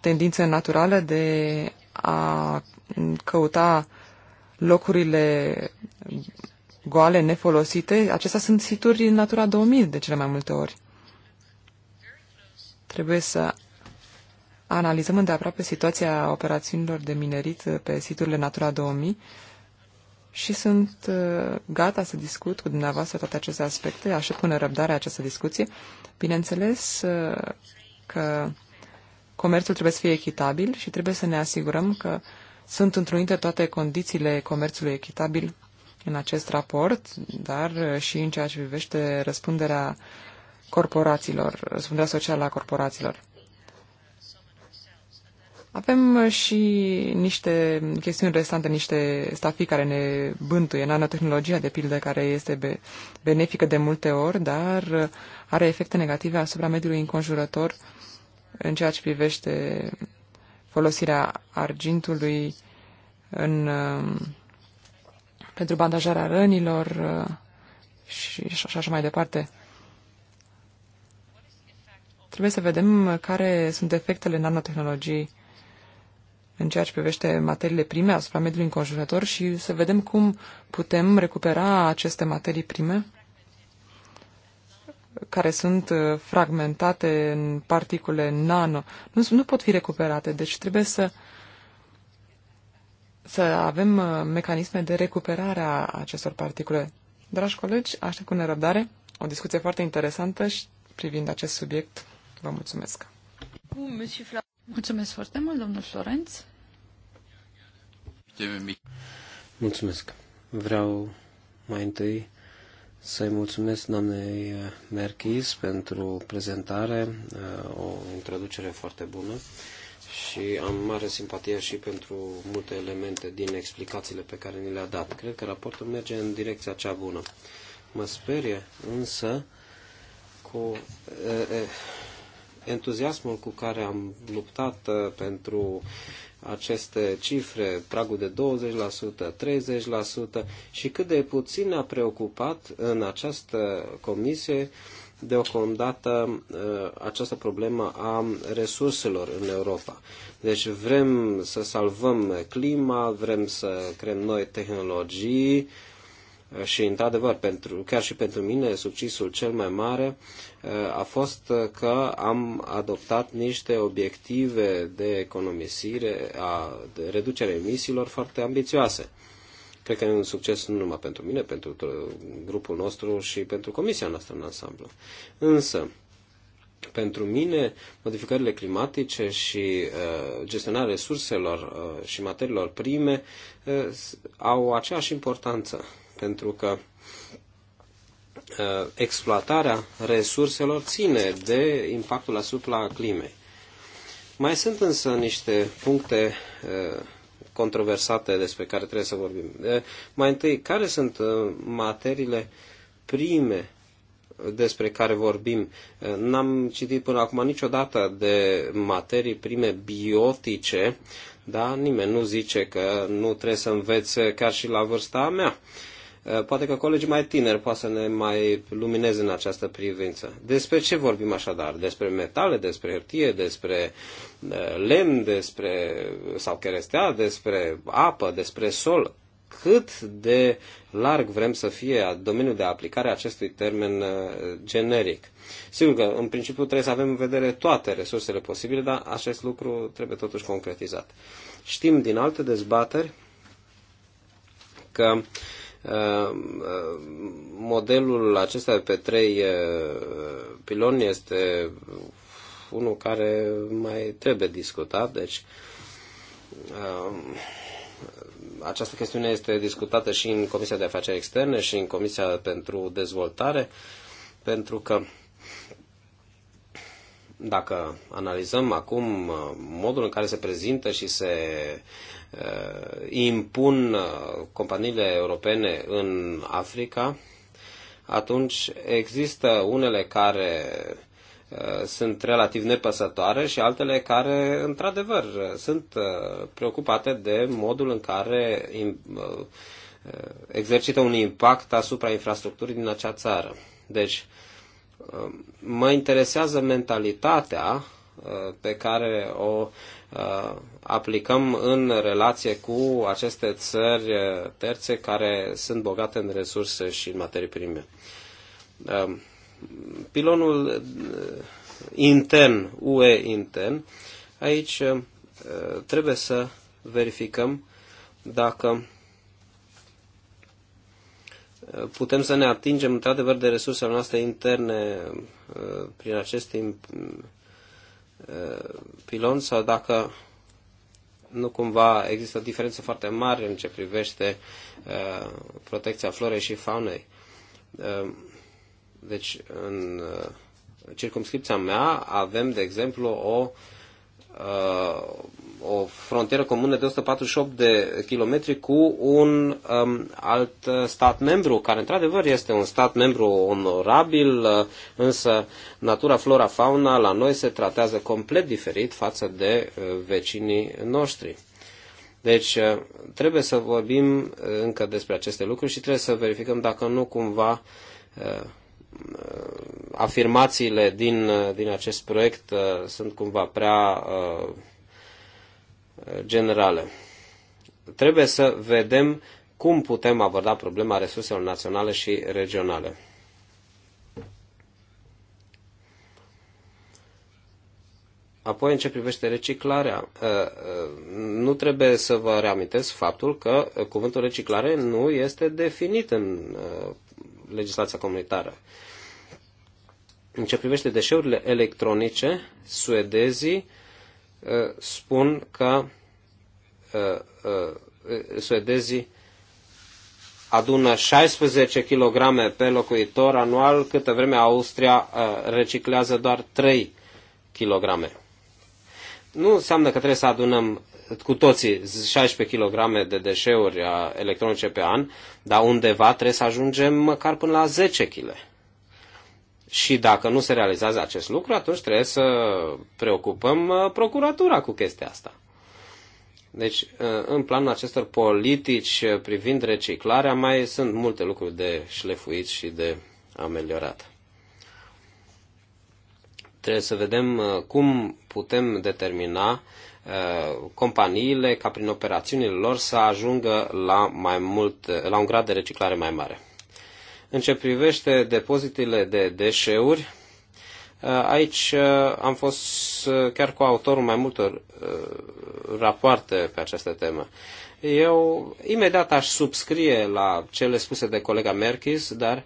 tendință naturală de a căuta locurile goale, nefolosite, acestea sunt situri în Natura 2000 de cele mai multe ori. Trebuie să analizăm îndeaproape situația operațiunilor de minerit pe siturile Natura 2000 și sunt uh, gata să discut cu dumneavoastră toate aceste aspecte, aștept până răbdarea această discuție. Bineînțeles uh, că comerțul trebuie să fie echitabil și trebuie să ne asigurăm că sunt întrunite toate condițiile comerțului echitabil în acest raport, dar și în ceea ce privește răspunderea corporațiilor, răspunderea socială a corporațiilor. Avem și niște chestiuni restante, niște stafii care ne bântuie, nanotehnologia, de pildă, care este benefică de multe ori, dar are efecte negative asupra mediului înconjurător în ceea ce privește folosirea argintului în pentru bandajarea rănilor uh, și, și așa și mai departe. Trebuie să vedem uh, care sunt efectele nanotehnologiei în ceea ce privește materiile prime asupra mediului înconjurător și să vedem cum putem recupera aceste materii prime care sunt uh, fragmentate în particule nano. Nu, nu pot fi recuperate, deci trebuie să uh, să avem uh, mecanisme de recuperare a acestor particule. Dragi colegi, aștept cu nerăbdare o discuție foarte interesantă și privind acest subiect. Vă mulțumesc! Mulțumesc foarte mult, domnul Florenț. Mulțumesc. Vreau mai întâi să-i mulțumesc doamnei Merchis pentru prezentare, uh, o introducere foarte bună și am mare simpatie și pentru multe elemente din explicațiile pe care ni le-a dat. Cred că raportul merge în direcția cea bună. Mă sperie însă cu entuziasmul cu care am luptat pentru aceste cifre, pragul de 20%, 30% și cât de puțin a preocupat în această comisie uh, deocamdată uh, această problemă a resurselor în Europa. Deci vrem să salvăm clima, vrem să creăm noi tehnologii uh, și, într-adevăr, pentru, chiar și pentru mine, succesul cel mai mare uh, a fost că am adoptat niște obiective de economisire, a, de reducere emisiilor foarte ambițioase cred că e un succes nu numai pentru mine, pentru grupul nostru și pentru comisia noastră în ansamblu. Însă, pentru mine, modificările climatice și uh, gestionarea resurselor uh, și materiilor prime uh, au aceeași importanță, pentru că uh, exploatarea resurselor ține de impactul asupra climei. Mai sunt însă niște puncte uh, controversate despre care trebuie să vorbim. Mai întâi, care sunt materiile prime despre care vorbim. N-am citit până acum niciodată de materii prime biotice, dar Nimeni nu zice că nu trebuie să înveți chiar și la vârsta mea. Uh, Eh, poate că colegii mai tineri poate să ne mai lumineze în această privință. Despre ce vorbim așadar? Despre metale, despre hârtie, despre eh, lemn, despre sau cherestea, despre apă, despre sol. Cât de larg vrem să fie domeniul de aplicare a acestui termen eh, generic. Sigur că, în principiu, trebuie să avem în vedere toate resursele posibile, dar acest lucru trebuie totuși concretizat. Știm din alte dezbateri că uh, Modelul acesta pe trei eh, piloni este unul care mai trebuie discutat, deci eh, această chestiune este discutată și în Comisia de Afaceri Externe și în Comisia pentru Dezvoltare, pentru că dacă analizăm acum eh, modul în care se prezintă și se Uh, impun uh, companiile europene în Africa, atunci există unele care uh, sunt relativ nepăsătoare și altele care, într-adevăr, sunt preocupate de modul în care exercită un impact asupra infrastructurii din acea țară. Deci, mă interesează mentalitatea pe care o Uh, aplicăm în relație cu aceste țări uh, terțe care sunt bogate în resurse și în materii prime. Uh, pilonul intern, UE intern, aici trebuie să verificăm dacă putem să ne atingem într-adevăr de resursele noastre interne prin acest pilon sau dacă nu cumva există diferențe foarte mari în ce privește uh, protecția florei și faunei. Uh, deci, în uh, circumscripția mea avem, de exemplu, o o frontieră comună de 148 de kilometri cu un um, alt stat membru, care într-adevăr este un stat membru onorabil, uh, însă natura, flora, fauna la noi se tratează complet diferit față de uh, vecinii noștri. Deci uh, trebuie să vorbim uh, încă despre aceste lucruri și trebuie să verificăm dacă nu cumva afirmațiile din, din acest proiect uh, sunt cumva prea uh, generale. Trebuie să vedem cum putem aborda problema resurselor naționale și regionale. Apoi, în ce privește reciclarea, uh, uh, nu trebuie să vă reamintesc faptul că uh, cuvântul reciclare nu este definit în legislația comunitară. În ce privește deșeurile electronice, suedezii Uh, spun că uh, uh, suedezii adună 16 kg pe locuitor anual, câtă vreme Austria reciclează doar 3 kg. Nu înseamnă că trebuie să adunăm cu toții 16 kg de deșeuri electronice pe an, dar undeva trebuie să ajungem măcar până la 10 kg. Și dacă nu se realizează acest lucru, atunci trebuie să preocupăm uh, procuratura cu chestia asta. Deci, uh, în planul acestor politici uh, privind reciclarea, mai sunt multe lucruri de șlefuit și de ameliorat. Trebuie să vedem cum putem determina companiile ca prin operațiunile lor să ajungă la, mai mult, la un grad de reciclare mai mare. În ce privește depozitele de deșeuri, uh, aici uh, am fost uh, chiar cu autorul mai multor rapoarte pe această temă. Eu imediat aș subscrie la cele spuse de colega Merkis, dar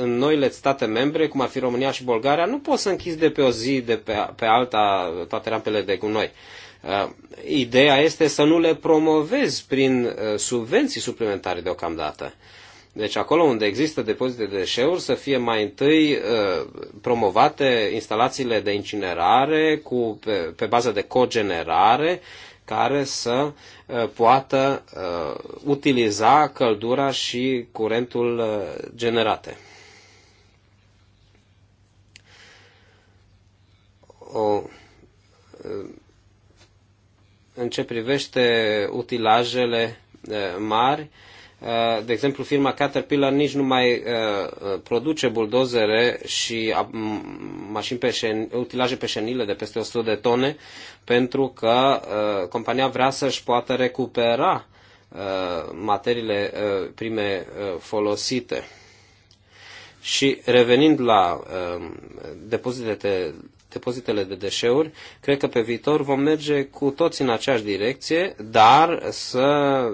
în noile state membre, cum ar fi România și Bulgaria, nu poți să închizi de pe o zi, de pe, pe alta, toate rampele de gunoi. Uh, Ideea este să nu le promovezi prin uh, subvenții suplimentare deocamdată. Deci acolo unde există depozite de deșeuri să fie mai întâi uh, promovate instalațiile de incinerare cu, pe, pe bază de cogenerare care să uh, poată uh, utiliza căldura și curentul uh, generate. O, uh, în ce privește utilajele eh, mari, eh, de exemplu, firma Caterpillar nici nu mai eh, produce buldozere și mașini pe șen, utilaje pe șenile de peste 100 de tone, pentru că compania vrea să-și poată recupera materiile prime folosite. Și revenind la depozitele depozitele de deșeuri. Cred că pe viitor vom merge cu toți în aceeași direcție, dar să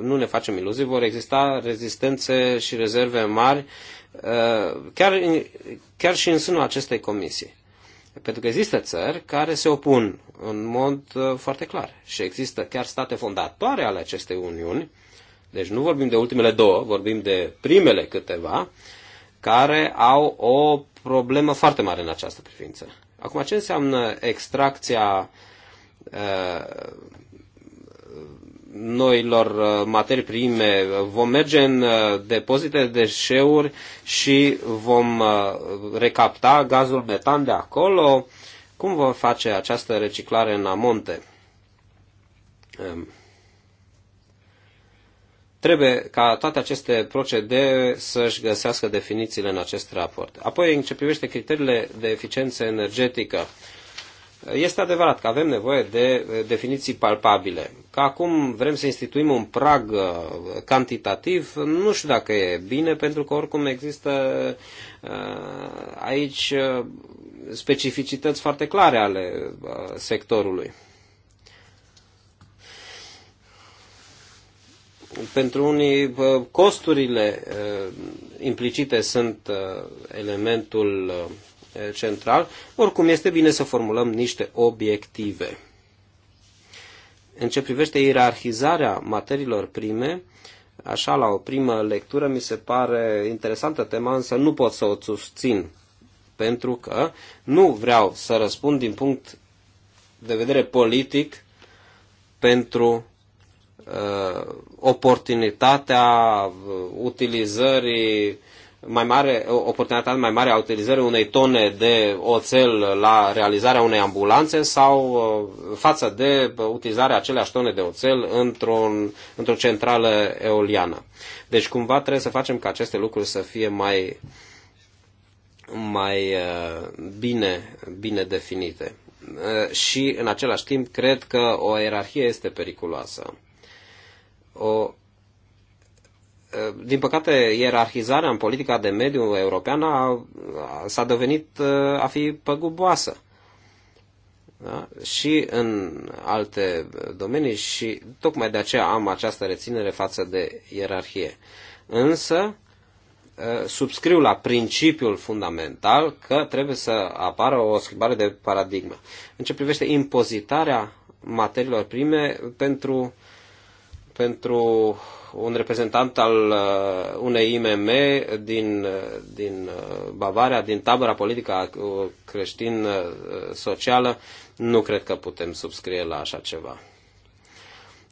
nu ne facem iluzii, vor exista rezistențe și rezerve mari uh, chiar, chiar și în sânul acestei comisii. Pentru că există țări care se opun în mod uh, foarte clar și există chiar state fondatoare ale acestei uniuni, deci nu vorbim de ultimele două, vorbim de primele câteva, care au o problemă foarte mare în această privință. Acum, ce înseamnă extracția uh, noilor uh, materii prime? Vom merge în uh, depozite de deșeuri și vom uh, recapta gazul metan de acolo? Cum vom face această reciclare în amonte? Um, Trebuie ca toate aceste procedee să-și găsească definițiile în acest raport. Apoi, în ce privește criteriile de eficiență energetică, este adevărat că avem nevoie de eh, definiții palpabile. Că acum vrem să instituim un prag eh, cantitativ, nu știu dacă e bine, pentru că oricum există eh, aici specificități foarte clare ale sectorului. Pentru unii, costurile uh, implicite sunt uh, elementul uh, central. Oricum, este bine să formulăm niște obiective. În ce privește ierarhizarea materiilor prime, așa la o primă lectură mi se pare interesantă tema, însă nu pot să o susțin, pentru că nu vreau să răspund din punct de vedere politic pentru Uh, oportunitatea uh, utilizării mai mare, oportunitatea mai mare a utilizării unei tone de oțel la realizarea unei ambulanțe sau uh, față de utilizarea aceleași tone de oțel într-un, într-o centrală eoliană. Deci cumva trebuie să facem ca aceste lucruri să fie mai, mai bine, bine definite. Și în același timp cred că o ierarhie este periculoasă o din păcate, ierarhizarea în politica de mediu europeană s-a devenit a fi păguboasă. Da? Și în alte domenii și tocmai de aceea am această reținere față de ierarhie. Însă, subscriu la principiul fundamental că trebuie să apară o schimbare de paradigmă. În ce privește impozitarea materiilor prime pentru uh, pentru un reprezentant al uh, unei IMM din, uh, din uh, Bavaria, din tabăra politică creștin-socială, nu cred că putem subscrie la așa ceva.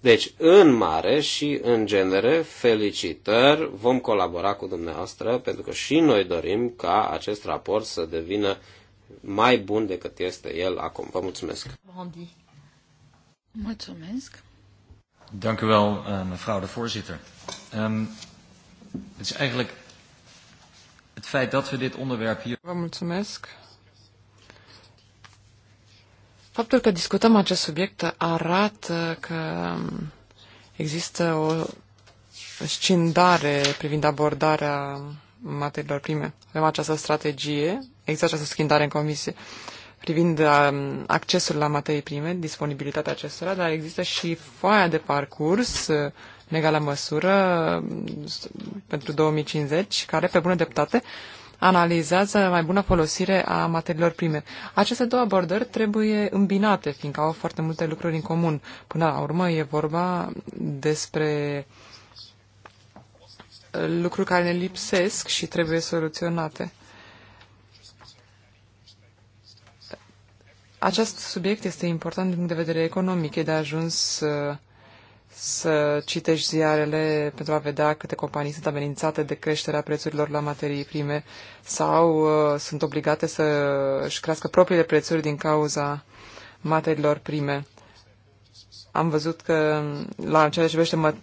Deci, în mare și în genere, felicitări, vom colabora cu dumneavoastră, pentru că și noi dorim ca acest raport să devină mai bun decât este el acum. Vă mulțumesc! Mulțumesc! Dank u wel, uh, mevrouw de voorzitter. Um, het is eigenlijk het feit dat we dit onderwerp hier... Vă mulțumesc. Faptul că discutăm acest subiect arată că mm, există o scindare privind abordarea materiilor prime. Avem această strategie, există această scindare în comisie. Uh, privind um, accesul la materii prime, disponibilitatea acestora, dar există și foaia de parcurs uh, în egală măsură um, pentru 2050, care, pe bună dreptate, analizează mai bună folosire a materiilor prime. Aceste două abordări trebuie îmbinate, fiindcă au foarte multe lucruri în comun. Până la urmă e vorba despre uh, lucruri care ne lipsesc și trebuie soluționate. Acest subiect este important din punct de vedere economic. E de ajuns să, uh, să citești ziarele pentru a vedea câte companii sunt amenințate de creșterea prețurilor la materii prime sau uh, sunt obligate să își crească propriile prețuri din cauza materiilor prime. Am văzut că la ceea ce privește mă,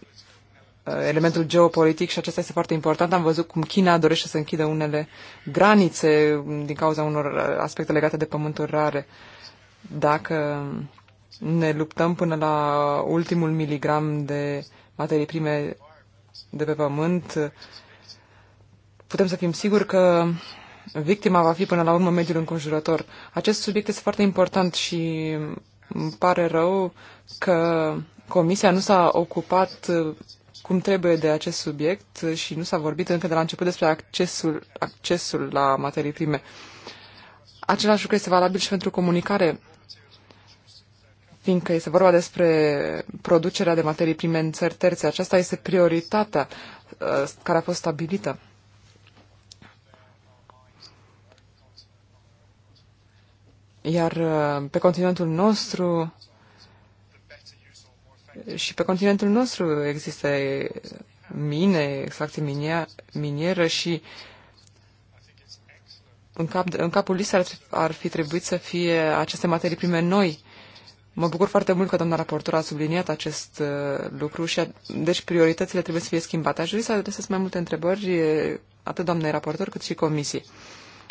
uh, elementul geopolitic și acesta este foarte important. Am văzut cum China dorește să închidă unele granițe um, din cauza unor uh, aspecte legate de pământuri rare. Uh, dacă ne luptăm până la ultimul miligram de materii prime de pe pământ, putem să fim siguri că victima va fi până la urmă mediul înconjurător. Acest subiect este foarte important și îmi pare rău că Comisia nu s-a ocupat cum trebuie de acest subiect și nu s-a vorbit încă de la început despre accesul, accesul la materii prime. Același lucru este valabil și pentru comunicare fiindcă este vorba despre producerea de materii prime în țări terțe. Aceasta este prioritatea uh, care a fost stabilită. Iar uh, pe continentul nostru și pe continentul nostru există mine, exact minia, minieră și în, cap, în capul listei ar, ar fi trebuit să fie aceste materii prime noi Mă bucur foarte mult că doamna raportor a subliniat acest uh, lucru și a, deci prioritățile trebuie să fie schimbate. Aș vrea să adresez mai multe întrebări atât doamnei raportor cât și comisiei.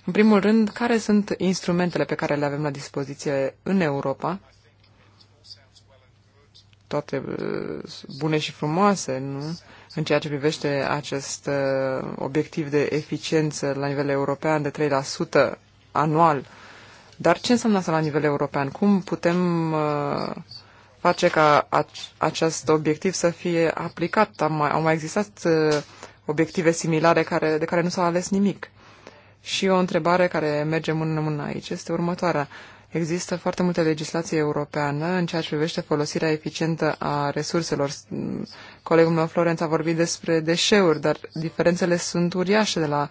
În primul rând, care sunt instrumentele pe care le avem la dispoziție în Europa? Toate uh, bune și frumoase, nu? În ceea ce privește acest uh, obiectiv de eficiență la nivel european de 3% anual dar ce înseamnă asta la nivel european? Cum putem uh, face ca acest obiectiv să fie aplicat? Au mai, existat uh, obiective similare care, de care nu s-a ales nimic. Și o întrebare care merge mână în mână aici este următoarea. Există foarte multe legislație europeană în ceea ce privește folosirea eficientă a resurselor. Colegul meu Florenț a vorbit despre deșeuri, dar diferențele sunt uriașe de la,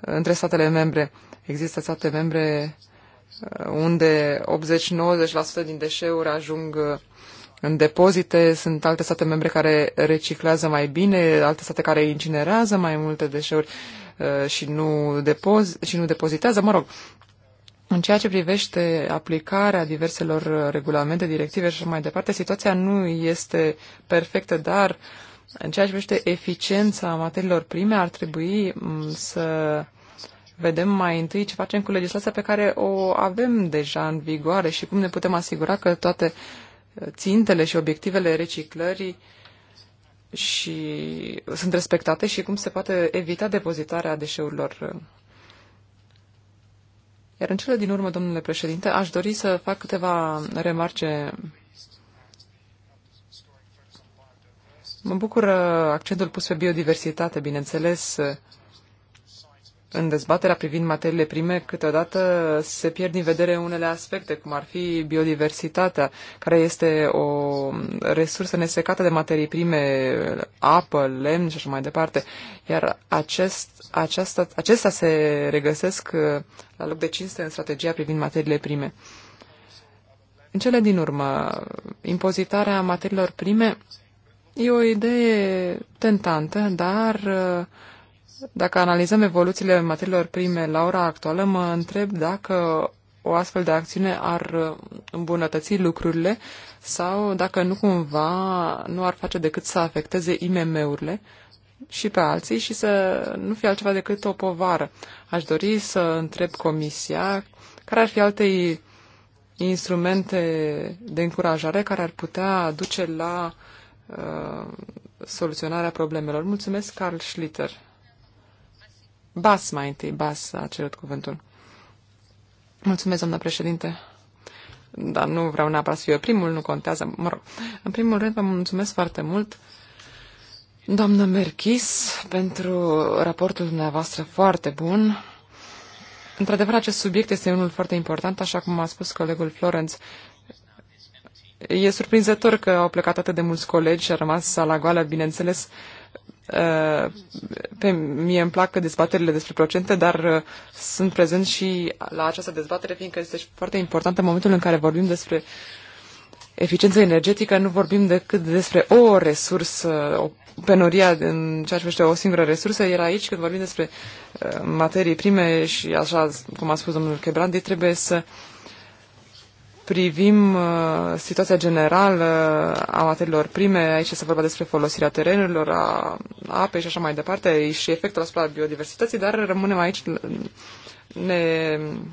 între statele membre. Există state membre uh, unde 80-90% din deșeuri ajung uh, în depozite, sunt alte state membre care reciclează mai bine, alte state care incinerează mai multe deșeuri uh, și nu, depoz- și nu depozitează. Mă rog, în ceea ce privește aplicarea diverselor regulamente, directive și așa mai departe, situația nu este perfectă, dar în ceea ce privește eficiența materiilor prime, ar trebui mm, să vedem mai întâi ce facem cu legislația pe care o avem deja în vigoare și cum ne putem asigura că toate uh, țintele și obiectivele reciclării și sunt respectate și cum se poate evita depozitarea deșeurilor. Iar în cele din urmă, domnule președinte, aș dori să fac câteva remarce. Mă bucură accentul pus pe biodiversitate, bineînțeles, în dezbaterea privind materiile prime, câteodată se pierd din vedere unele aspecte, cum ar fi biodiversitatea, care este o resursă nesecată de materii prime, apă, lemn și așa mai departe. Iar acest, aceasta, acestea se regăsesc uh, la loc de cinste în strategia privind materiile prime. În cele din urmă, impozitarea materiilor prime e o idee tentantă, dar uh, dacă analizăm evoluțiile materiilor prime la ora actuală, mă întreb dacă o astfel de acțiune ar îmbunătăți lucrurile sau dacă nu cumva nu ar face decât să afecteze IMM-urile și pe alții și să nu fie altceva decât o povară. Aș dori să întreb Comisia care ar fi alte instrumente de încurajare care ar putea duce la uh, soluționarea problemelor. Mulțumesc, Carl Schlitter. Bas mai întâi, Bas a cerut cuvântul. Mulțumesc, doamnă președinte. Dar nu vreau neapărat să fiu eu primul, nu contează. Mă rog, în primul rând vă mulțumesc foarte mult, doamnă Merchis, pentru raportul dumneavoastră foarte bun. Într-adevăr, acest subiect este unul foarte important, așa cum a spus colegul Florenț. E surprinzător că au plecat atât de mulți colegi și a rămas sala goală, bineînțeles, uh, Uh, pe mie îmi plac dezbaterile despre procente, dar uh, sunt prezent și la această dezbatere, fiindcă este și foarte importantă în momentul în care vorbim despre eficiență energetică, nu vorbim decât despre o resursă, o penoria în ceea ce privește o singură resursă, iar aici când vorbim despre uh, materii prime și așa cum a spus domnul Chebrandi, trebuie să uh, privim uh, situația generală a materiilor prime, aici se vorba despre folosirea terenurilor, a apei și așa mai departe, și efectul asupra biodiversității, dar rămânem aici, ne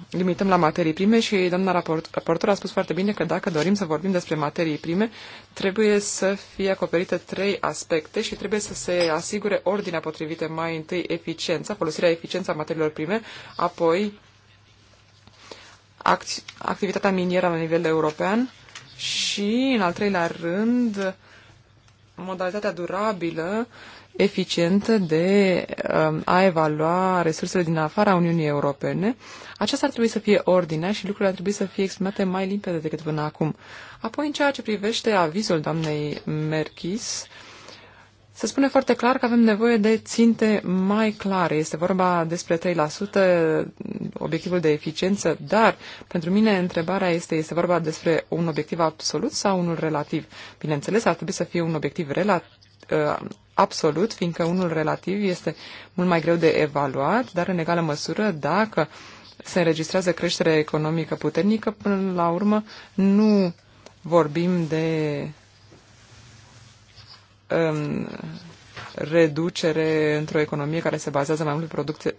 limităm la materii prime și doamna raport, raportor a spus foarte bine că dacă dorim să vorbim despre materii prime, trebuie să fie acoperite trei aspecte și trebuie să se asigure ordinea potrivită, mai întâi eficiența, folosirea eficiența materiilor prime, apoi activitatea minieră la nivel european și, în al treilea rând, modalitatea durabilă, eficientă de um, a evalua resursele din afara Uniunii Europene. Aceasta ar trebui să fie ordinea și lucrurile ar trebui să fie exprimate mai limpede decât până acum. Apoi, în ceea ce privește avizul doamnei Merchis, uh, se spune foarte clar că avem nevoie de ținte mai clare. Este vorba despre 3%, obiectivul de eficiență, dar pentru mine întrebarea este, este vorba despre un obiectiv absolut sau unul relativ? Bineînțeles, ar trebui să fie un obiectiv uh, absolut, fiindcă unul relativ este mult mai greu de evaluat, dar în egală măsură, dacă se înregistrează creștere economică puternică, până la urmă nu vorbim de um, reducere într-o economie care se bazează mai mult pe producție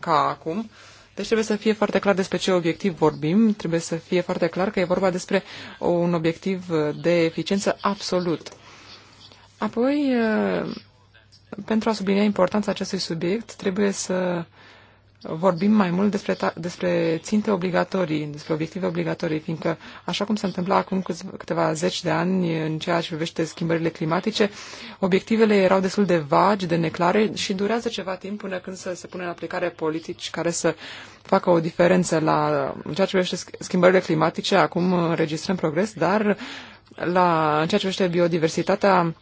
ca acum. Deci trebuie să fie foarte clar despre ce obiectiv vorbim, trebuie să fie foarte clar că e vorba despre un obiectiv de eficiență absolut. Apoi, pentru a sublinia importanța acestui subiect, trebuie să vorbim mai mult despre, despre ținte obligatorii, despre obiective obligatorii, fiindcă, așa cum se întâmpla acum câteva zeci de ani în ceea ce privește schimbările climatice, obiectivele erau destul de vagi, de neclare și durează ceva timp până când să se pune în aplicare politici care să facă o diferență la ceea ce privește schimbările climatice. Acum înregistrăm progres, dar la, în ceea ce privește biodiversitatea,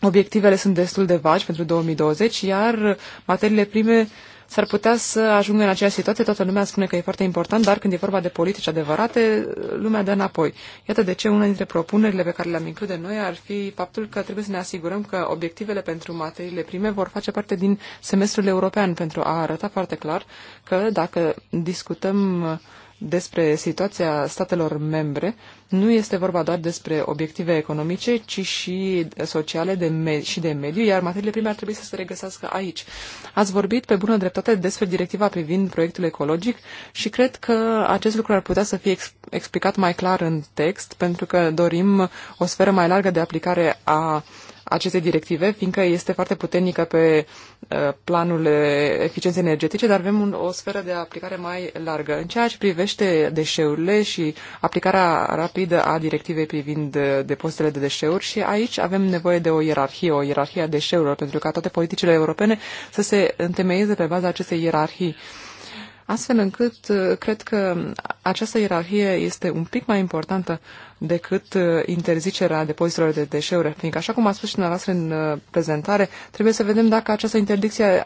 obiectivele sunt destul de vagi pentru 2020, iar materiile prime s-ar putea să ajungă în aceeași situație. Toată lumea spune că e foarte important, dar când e vorba de politici adevărate, lumea dă înapoi. Iată de ce una dintre propunerile pe care le-am include noi ar fi faptul că trebuie să ne asigurăm că obiectivele pentru materiile prime vor face parte din semestrul european pentru a arăta foarte clar că dacă discutăm uh, despre situația statelor membre, nu este vorba doar despre obiective economice, ci și sociale de me- și de mediu, iar materiile prime ar trebui să se regăsească aici. Ați vorbit pe bună dreptate despre directiva privind proiectul ecologic și cred că acest lucru ar putea să fie ex- explicat mai clar în text, pentru că dorim o sferă mai largă de aplicare a uh, acestei directive, fiindcă este foarte puternică pe uh, planul eficienței energetice, dar avem un, o sferă de aplicare mai largă. În ceea ce privește deșeurile și aplicarea rapidă a directivei privind uh, depozitele de deșeuri și aici avem nevoie de o ierarhie, o ierarhie a deșeurilor, pentru ca toate politicile europene să se întemeieze pe baza acestei ierarhii astfel încât uh, cred că această ierarhie este un pic mai importantă decât uh, interzicerea depozitelor de deșeuri, fiindcă, așa cum a spus și dumneavoastră în uh, prezentare, trebuie să vedem dacă această interdicție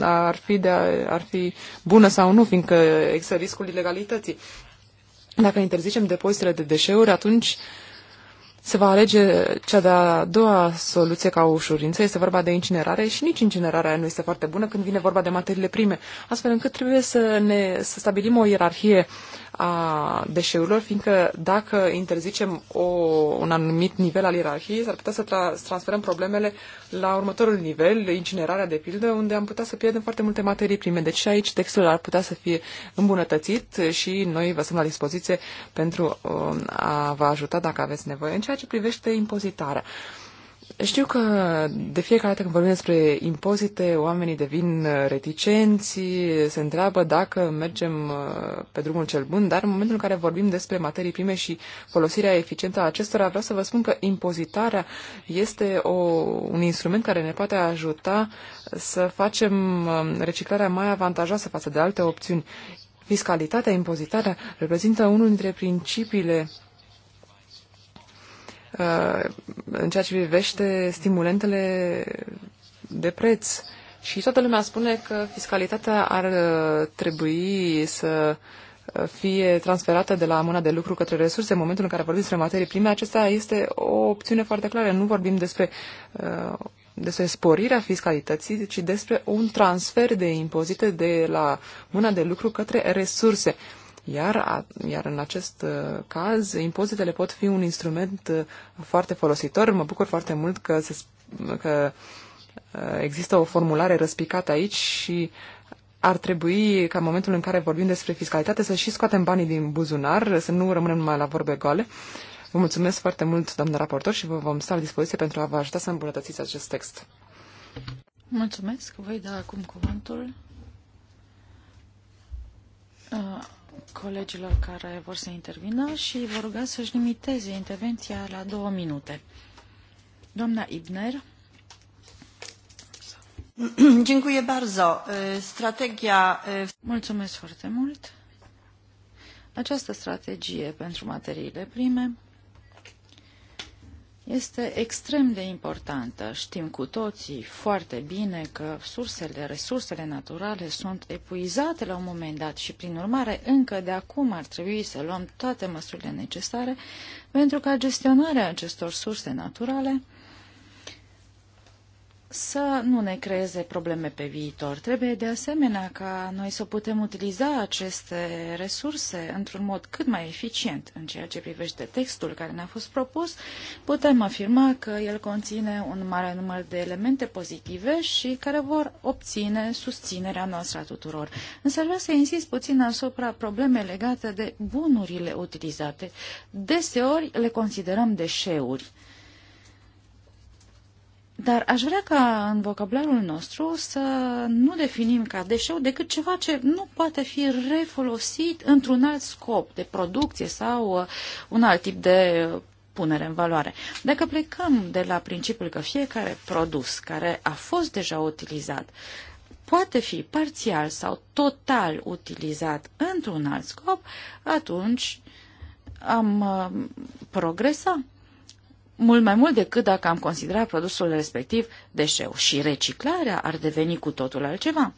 ar fi, de, ar fi bună sau nu, fiindcă există riscul ilegalității. Dacă interzicem depozitele de deșeuri, atunci uh, se va alege cea de-a doua soluție ca o ușurință, este vorba de incinerare și nici incinerarea nu este foarte bună când vine vorba de materiile prime, astfel încât trebuie să, ne, să stabilim o ierarhie a deșeurilor, fiindcă dacă interzicem o, un anumit nivel al ierarhiei, s-ar putea să tra- transferăm problemele la următorul nivel, incinerarea de pildă, unde am putea să pierdem foarte multe materii prime. Deci și aici textul ar putea să fie îmbunătățit și noi vă sunt la dispoziție pentru um, a vă ajuta dacă aveți nevoie. În ceea ce privește impozitarea, uh, știu că de fiecare dată când vorbim despre impozite, oamenii devin uh, reticenți, se întreabă dacă mergem uh, pe drumul cel bun, dar în momentul în care vorbim despre materii prime și folosirea eficientă a acestora, vreau să vă spun că impozitarea este o, un instrument care ne poate ajuta să facem um, reciclarea mai avantajoasă față de alte opțiuni. Fiscalitatea, impozitarea reprezintă unul dintre principiile în ceea ce privește stimulentele de preț. Și toată lumea spune că fiscalitatea ar uh, trebui să uh, fie transferată de la mâna de lucru către resurse. În momentul în care vorbim despre materii prime, acesta este o opțiune foarte clară. Nu vorbim despre, uh, despre sporirea fiscalității, ci despre un transfer de impozite de la mâna de lucru către resurse. Iar, a, iar în acest uh, caz, impozitele pot fi un instrument uh, foarte folositor. Mă bucur foarte mult că, se, că uh, există o formulare răspicată aici și ar trebui ca în momentul în care vorbim despre fiscalitate să și scoatem banii din buzunar, să nu rămânem numai la vorbe goale. Vă mulțumesc foarte mult, doamnă raportor, și vă vom sta la dispoziție pentru a vă ajuta să îmbunătățiți acest text. Mulțumesc. Voi da acum cuvântul colegilor care vor să intervină și vă ruga să-și limiteze intervenția la două minute. Doamna Ibner. Dziękuję bardzo. Strategia... Mulțumesc foarte mult. Această strategie pentru materiile prime este extrem de importantă. Știm cu toții foarte bine că sursele, resursele naturale sunt epuizate la un moment dat și, prin urmare, încă de acum ar trebui să luăm toate măsurile necesare pentru ca gestionarea acestor surse naturale să nu ne creeze probleme pe viitor. Trebuie de asemenea ca noi să putem utiliza aceste resurse într-un mod cât mai eficient. În ceea ce privește textul care ne-a fost propus, putem afirma că el conține un mare număr de elemente pozitive și care vor obține susținerea noastră a tuturor. Însă vreau să insist puțin asupra probleme legate de bunurile utilizate. Deseori le considerăm deșeuri dar aș vrea ca în vocabularul nostru să nu definim ca deșeu decât ceva ce nu poate fi refolosit într-un alt scop de producție sau uh, un alt tip de punere în valoare. Dacă plecăm de la principiul că fiecare produs care a fost deja utilizat poate fi parțial sau total utilizat într-un alt scop, atunci am uh, progresat mult mai mult decât dacă am considerat produsul respectiv deșeu. Și reciclarea ar deveni cu totul altceva.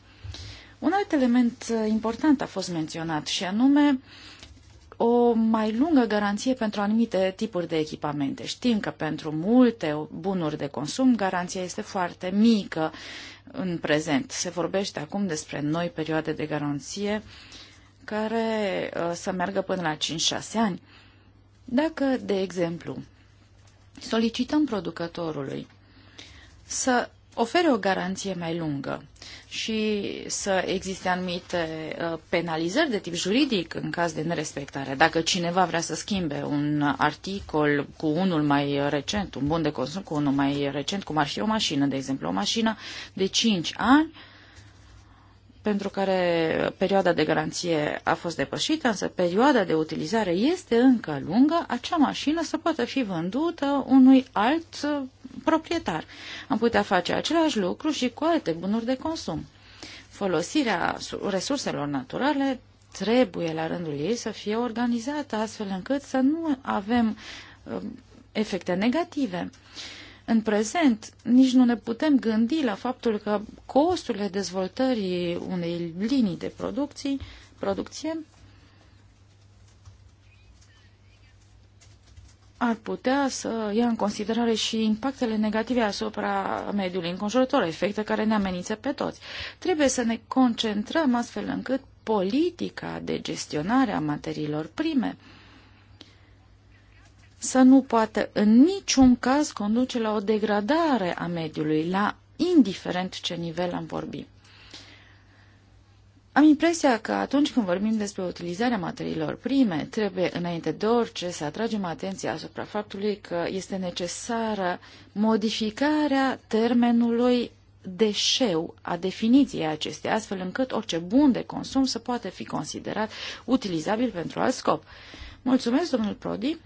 Un alt element uh, important a fost menționat și anume o mai lungă garanție pentru anumite tipuri de echipamente. Știm că pentru multe bunuri de consum garanția este foarte mică în prezent. Se vorbește acum despre noi perioade de garanție care uh, să meargă până la 5-6 ani. Dacă, de exemplu, solicităm producătorului să ofere o garanție mai lungă și să existe anumite uh, penalizări de tip juridic în caz de nerespectare. Dacă cineva vrea să schimbe un articol cu unul mai recent, un bun de consum cu unul mai recent, cum ar fi o mașină, de exemplu, o mașină de 5 ani, pentru care perioada de garanție a fost depășită, însă perioada de utilizare este încă lungă, acea mașină să poată fi vândută unui alt uh, proprietar. Am putea face același lucru și cu alte bunuri de consum. Folosirea resurselor naturale trebuie la rândul ei să fie organizată astfel încât să nu avem um, efecte negative. Uh, în prezent, nici nu ne putem gândi la faptul că costurile dezvoltării unei linii de producții, producție ar putea să ia în considerare și impactele negative asupra mediului înconjurător, efecte care ne amenință pe toți. Trebuie să ne concentrăm astfel încât politica de gestionare a materiilor prime să nu poată în niciun caz conduce la o degradare a mediului, la indiferent ce nivel am vorbi. Am impresia că atunci când vorbim despre utilizarea materiilor prime, trebuie înainte de orice să atragem atenția asupra faptului că este necesară modificarea termenului deșeu a definiției acestei, astfel încât orice bun de consum să poată fi considerat utilizabil pentru alt scop. Mulțumesc, domnul Prodi.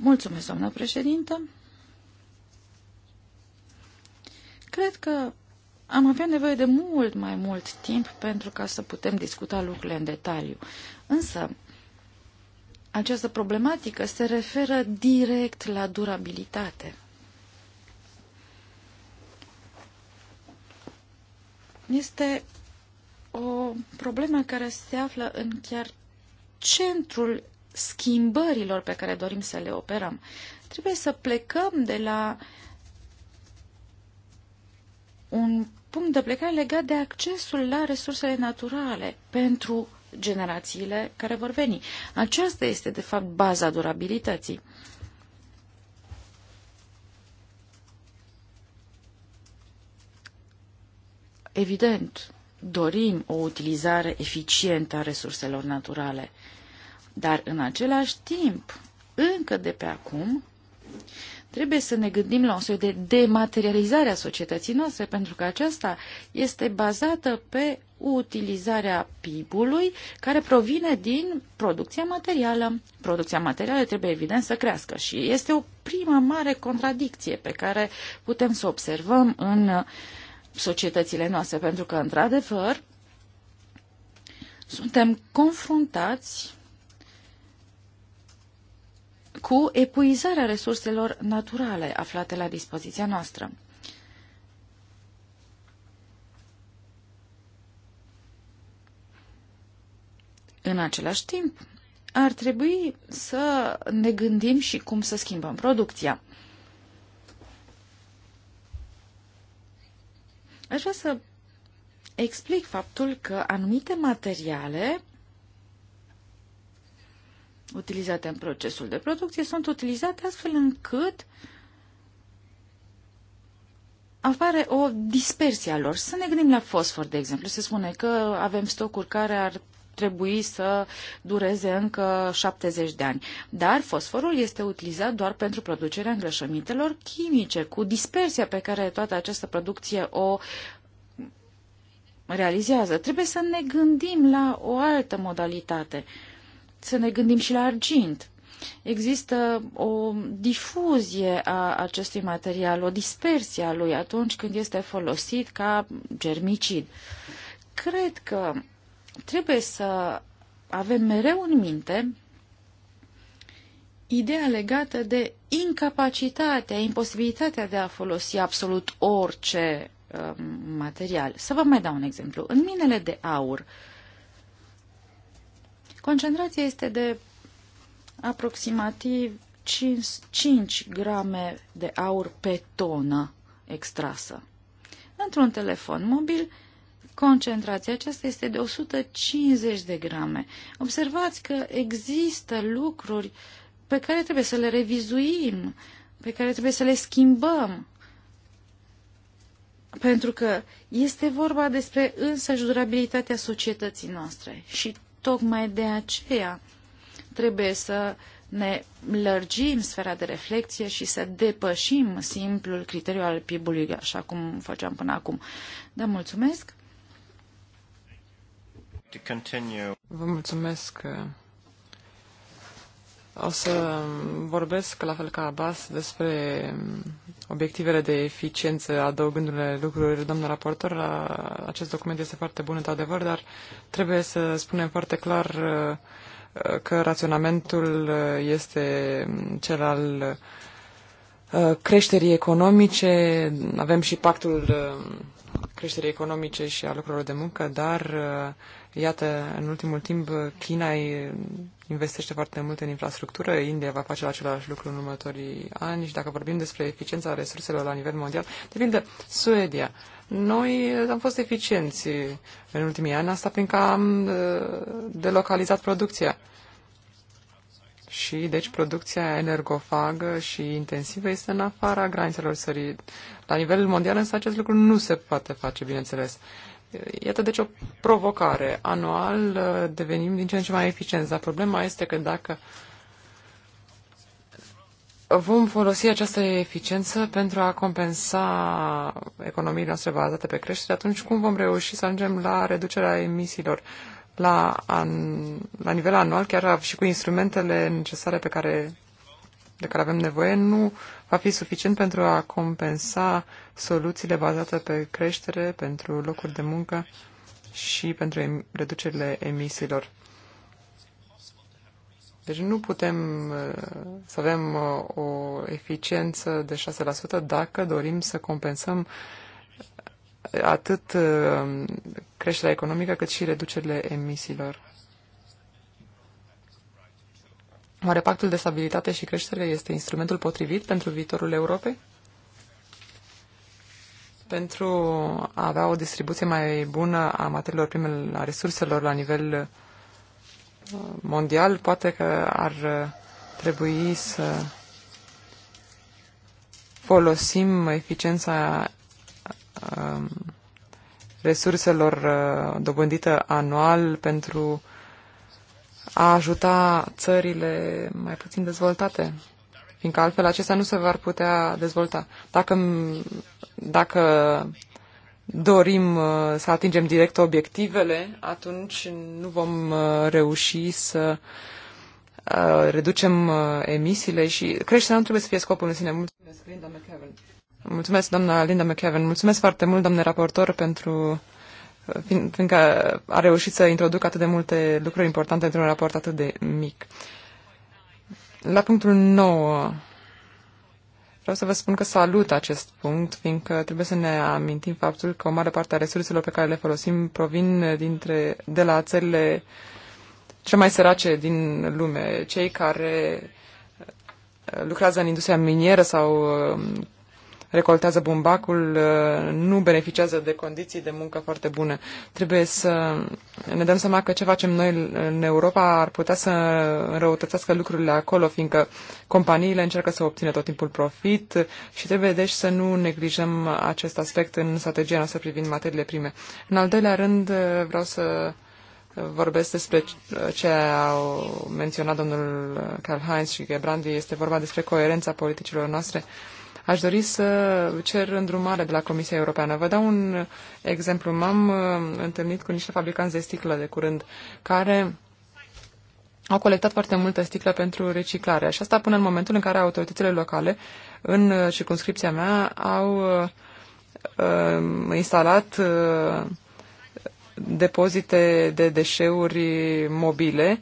Mulțumesc, doamnă președintă. Cred că am avea nevoie de mult mai mult timp pentru ca să putem discuta lucrurile în detaliu. Însă, această problematică se referă direct la durabilitate. Este o problemă care se află în chiar centrul schimbărilor pe care dorim să le operăm. Trebuie să plecăm de la un punct de plecare legat de accesul la resursele naturale pentru generațiile care vor veni. Aceasta este, de fapt, baza durabilității. Evident, dorim o utilizare eficientă a resurselor naturale – dar în același timp, încă de pe acum, trebuie să ne gândim la un soi de dematerializare a societății noastre, pentru că aceasta este bazată pe utilizarea PIB-ului care provine din producția materială. Producția materială trebuie evident să crească și este o prima mare contradicție pe care putem să observăm în societățile noastre, pentru că, într-adevăr, suntem confruntați cu epuizarea resurselor naturale aflate la dispoziția noastră. În același timp, ar trebui să ne gândim și cum să schimbăm producția. Aș vrea să explic faptul că anumite materiale utilizate în procesul de producție sunt utilizate astfel încât apare o dispersie a lor. Să ne gândim la fosfor, de exemplu. Se spune că avem stocuri care ar trebui să dureze încă 70 de ani. Dar fosforul este utilizat doar pentru producerea îngrășămintelor chimice, cu dispersia pe care toată această producție o realizează. Trebuie să ne gândim la o altă modalitate. Uh, să ne gândim și la argint. Există o difuzie a acestui material, o dispersie a lui atunci când este folosit ca germicid. Cred că trebuie să avem mereu în minte ideea legată de incapacitatea, imposibilitatea de a folosi absolut orice um, material. Să vă mai dau un exemplu. În minele de aur, uh, Concentrația este de aproximativ 5, 5 grame de aur pe tonă extrasă. Într-un telefon mobil, concentrația aceasta este de 150 de grame. Observați că există lucruri pe care trebuie să le revizuim, pe care trebuie să le schimbăm. Pentru că este vorba despre însăși durabilitatea societății noastre și Tocmai de aceea trebuie să ne lărgim sfera de reflexie și să depășim simplul criteriu al PIB-ului, așa cum făceam până acum. Da, mulțumesc! Vă mulțumesc o să vorbesc, la fel ca Abbas, despre obiectivele de eficiență, adăugându-le lucruri, domnul raportor. Acest document este foarte bun, într-adevăr, dar trebuie să spunem foarte clar că raționamentul este cel al creșterii economice. Avem și pactul creșterii economice și a lucrurilor de muncă, dar Iată, în ultimul timp, China investește foarte mult în infrastructură, India va face același lucru în următorii ani și dacă vorbim despre eficiența resurselor la nivel mondial, de pildă, Suedia. Noi am fost eficienți în ultimii ani, asta prin că am uh, delocalizat producția. Și, deci, producția energofagă și intensivă este în afara granițelor sării. La nivel mondial, însă, acest lucru nu se poate face, bineînțeles. Iată deci o provocare. Anual uh, devenim din ce în ce mai eficienți, dar problema este că dacă vom folosi această eficiență pentru a compensa economiile noastre bazate pe creștere, atunci cum vom reuși să ajungem la reducerea emisiilor la, an, la nivel anual, chiar și cu instrumentele necesare pe care, de care avem nevoie, nu va fi suficient pentru a compensa soluțiile bazate pe creștere pentru locuri de muncă și pentru reducerile emisiilor. Deci nu putem uh, să avem uh, o eficiență de 6% dacă dorim să compensăm atât uh, creșterea economică cât și reducerile emisiilor. Oare pactul de stabilitate și creștere este instrumentul potrivit pentru viitorul Europei? Pentru a avea o distribuție mai bună a materiilor prime, a resurselor la nivel uh, mondial, poate că ar uh, trebui să folosim eficiența um, resurselor uh, dobândită anual pentru a ajuta țările mai puțin dezvoltate, fiindcă altfel acestea nu se vor putea dezvolta. Dacă, dacă dorim uh, să atingem direct obiectivele, atunci nu vom uh, reuși să uh, reducem emisiile și creșterea nu trebuie să fie scopul în sine. Mulțumesc, Linda McKevin. Mulțumesc, doamna Linda McKevin. Mulțumesc foarte mult, doamne raportor, pentru fiindcă a reușit să introducă atât de multe lucruri importante într-un raport atât de mic. La punctul 9, vreau să vă spun că salut acest punct, fiindcă trebuie să ne amintim faptul că o mare parte a resurselor pe care le folosim provin dintre, de la țările cele mai sărace din lume, cei care lucrează în industria minieră sau recoltează bumbacul uh, nu beneficiază de condiții de muncă foarte bune. Trebuie să ne dăm seama că ce facem noi în Europa ar putea să înrăutățească lucrurile acolo, fiindcă companiile încearcă să obțină tot timpul profit și trebuie deci să nu neglijăm acest aspect în strategia noastră privind materiile prime. În al doilea rând uh, vreau să vorbesc despre ce au menționat domnul Karl Heinz și Gebrandi, este vorba despre coerența politicilor noastre. Uh, Aș dori să cer îndrumare de la Comisia Europeană. Vă dau un exemplu. M-am uh, întâlnit cu niște fabricanți de sticlă de curând care au colectat foarte multă sticlă pentru reciclare și asta până în momentul în care autoritățile locale în uh, circunscripția mea au uh, uh, instalat uh, depozite de deșeuri mobile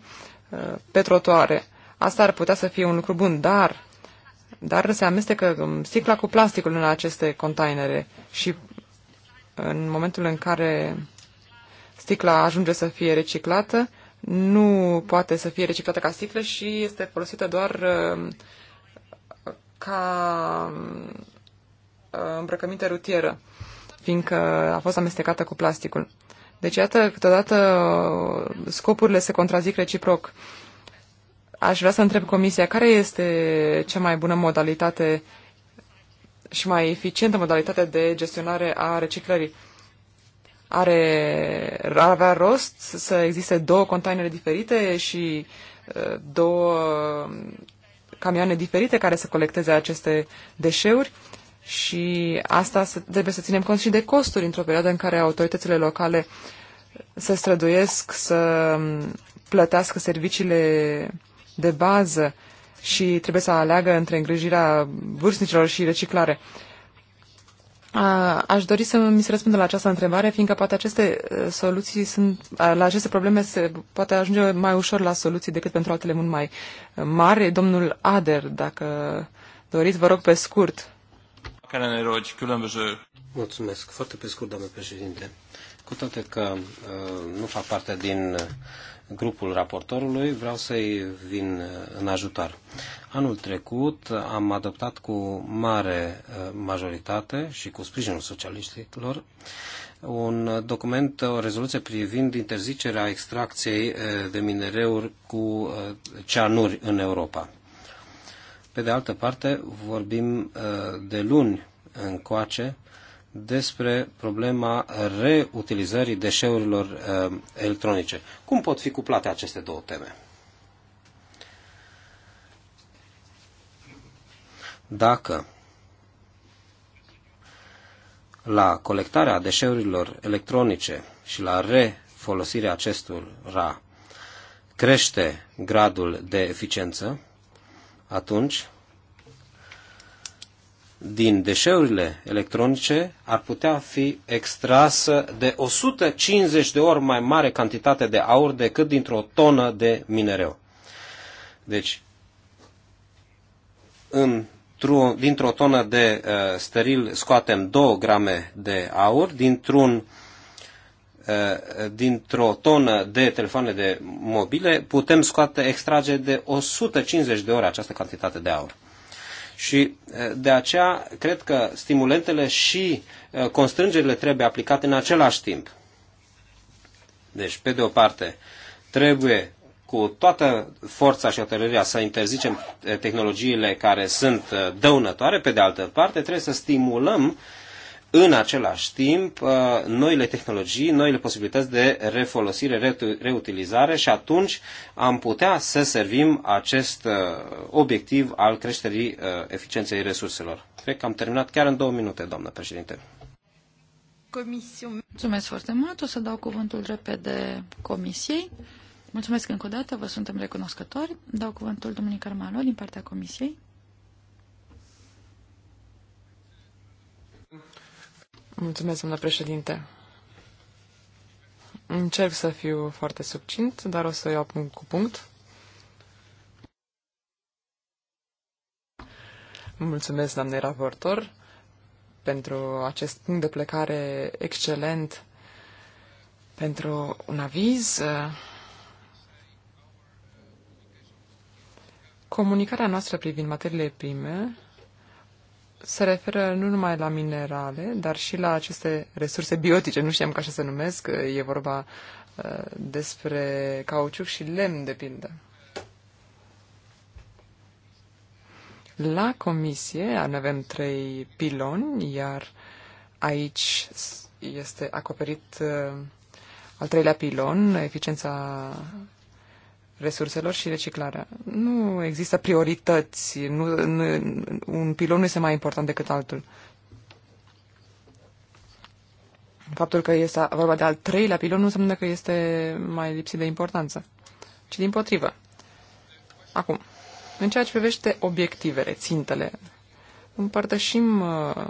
uh, pe trotuare. Asta ar putea să fie un lucru bun, dar dar se amestecă um, sticla cu plasticul în aceste containere și în momentul în care sticla ajunge să fie reciclată, nu poate să fie reciclată ca sticlă și este folosită doar um, ca um, îmbrăcăminte rutieră, fiindcă a fost amestecată cu plasticul. Deci, iată, câteodată uh, scopurile se contrazic reciproc. Aș vrea să întreb Comisia care este cea mai bună modalitate și mai eficientă modalitate de gestionare a reciclării. Are, ar avea rost să existe două containere diferite și uh, două um, camioane diferite care să colecteze aceste deșeuri și asta trebuie să ținem cont și de costuri într-o perioadă în care autoritățile locale se străduiesc să um, plătească serviciile de bază și trebuie să aleagă între îngrijirea vârstnicilor și reciclare. Aș dori să mi se răspundă la această întrebare, fiindcă poate aceste soluții sunt, la aceste probleme se poate ajunge mai ușor la soluții decât pentru altele mult mai mari. Domnul Ader, dacă doriți, vă rog pe scurt. Mulțumesc. Foarte pe scurt, doamne președinte. Cu toate că uh, nu fac parte din grupul raportorului, vreau să-i vin uh, în ajutor. Anul trecut am adoptat cu mare uh, majoritate și cu sprijinul socialiștilor un document, o rezoluție privind interzicerea extracției uh, de minereuri cu ceanuri în Europa. Pe de altă parte, vorbim de luni încoace despre problema reutilizării deșeurilor uh, electronice. Cum pot fi cuplate aceste două teme? Dacă la colectarea deșeurilor electronice și la refolosirea acestora crește gradul de eficiență, atunci din deșeurile electronice ar putea fi extrasă de 150 de ori mai mare cantitate de aur decât dintr-o tonă de minereu. Deci, în dintr-o tonă de uh, steril scoatem 2 grame de aur, dintr-un uh, dintr-o tonă de telefoane de mobile putem scoate, extrage de 150 de ori această cantitate de aur. Și de aceea cred că stimulentele și constrângerile trebuie aplicate în același timp. Deci, pe de o parte, trebuie cu toată forța și hotărârea să interzicem tehnologiile care sunt dăunătoare, pe de altă parte, trebuie să stimulăm în același timp uh, noile tehnologii, noile posibilități de refolosire, reutilizare și atunci am putea să servim acest uh, obiectiv al creșterii uh, eficienței resurselor. Cred că am terminat chiar în două minute, doamnă președinte. Comision. Mulțumesc foarte mult. O să dau cuvântul repede comisiei. Mulțumesc încă o dată, vă suntem recunoscători. Dau cuvântul domnului Carmalo din partea comisiei. Mulțumesc, domnule președinte. Încerc să fiu foarte subcint, dar o să iau punct cu punct. Mulțumesc, doamnei raportor, pentru acest punct de plecare excelent, pentru un aviz. Comunicarea noastră privind materiile prime se referă nu numai la minerale, dar și la aceste resurse biotice, nu știam că așa se numesc, e vorba uh, despre cauciuc și lemn, de pildă. La comisie avem trei piloni, iar aici este acoperit uh, al treilea pilon, eficiența resurselor și reciclarea. Nu există priorități, nu, nu, un pilon nu este mai important decât altul. Faptul că este vorba de al treilea pilon nu înseamnă că este mai lipsit de importanță, ci din potrivă. Acum, în ceea ce privește obiectivele, țintele, împărtășim uh,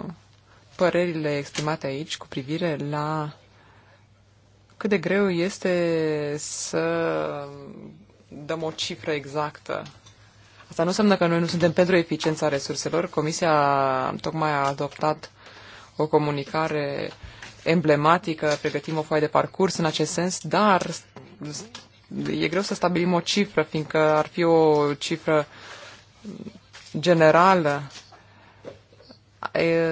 părerile exprimate aici cu privire la cât de greu este să dăm o cifră exactă. Asta nu înseamnă că noi nu suntem pentru eficiența resurselor. Comisia tocmai a adoptat o comunicare emblematică, pregătim o foaie de parcurs în acest sens, dar e greu să stabilim o cifră, fiindcă ar fi o cifră generală. E,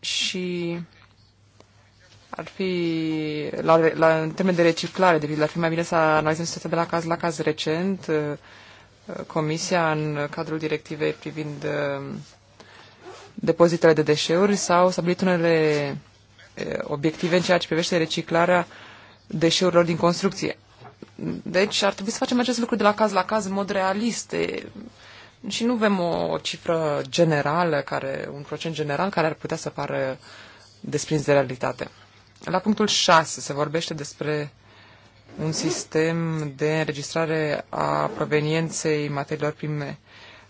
și ar fi, la, la, în termen de reciclare, de ar fi mai bine să analizăm situația de la caz la caz recent. Uh, Comisia, în cadrul directivei privind uh, depozitele de deșeuri, s-au stabilit unele uh, obiective în ceea ce privește reciclarea deșeurilor din construcție. Deci ar trebui să facem acest lucru de la caz la caz în mod realist și nu avem o cifră generală, care, un procent general care ar putea să pară desprins de realitate. La punctul 6 se vorbește despre un sistem de înregistrare a provenienței materiilor prime,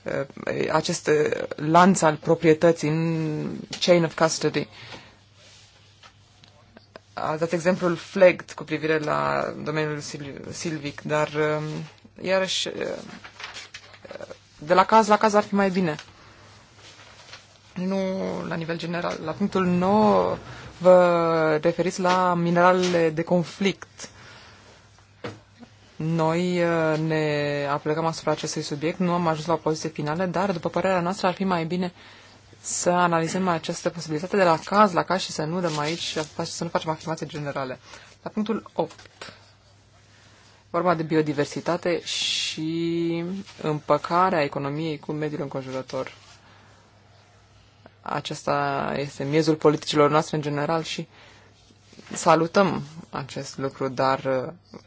eh, acest eh, lanț al proprietății în chain of custody. A dat exemplul flagged cu privire la domeniul silvic, dar eh, iarăși de la caz la caz ar fi mai bine. Nu la nivel general. La punctul 9 vă referiți la mineralele de conflict. Noi uh, ne aplicăm asupra acestui subiect, nu am ajuns la o poziție finală, dar, după părerea noastră, ar fi mai bine să analizăm această posibilitate de la caz la caz și să nu dăm aici și să nu facem afirmații generale. La punctul 8, vorba de biodiversitate și împăcarea economiei cu mediul înconjurător acesta este miezul politicilor noastre în general și salutăm acest lucru, dar uh,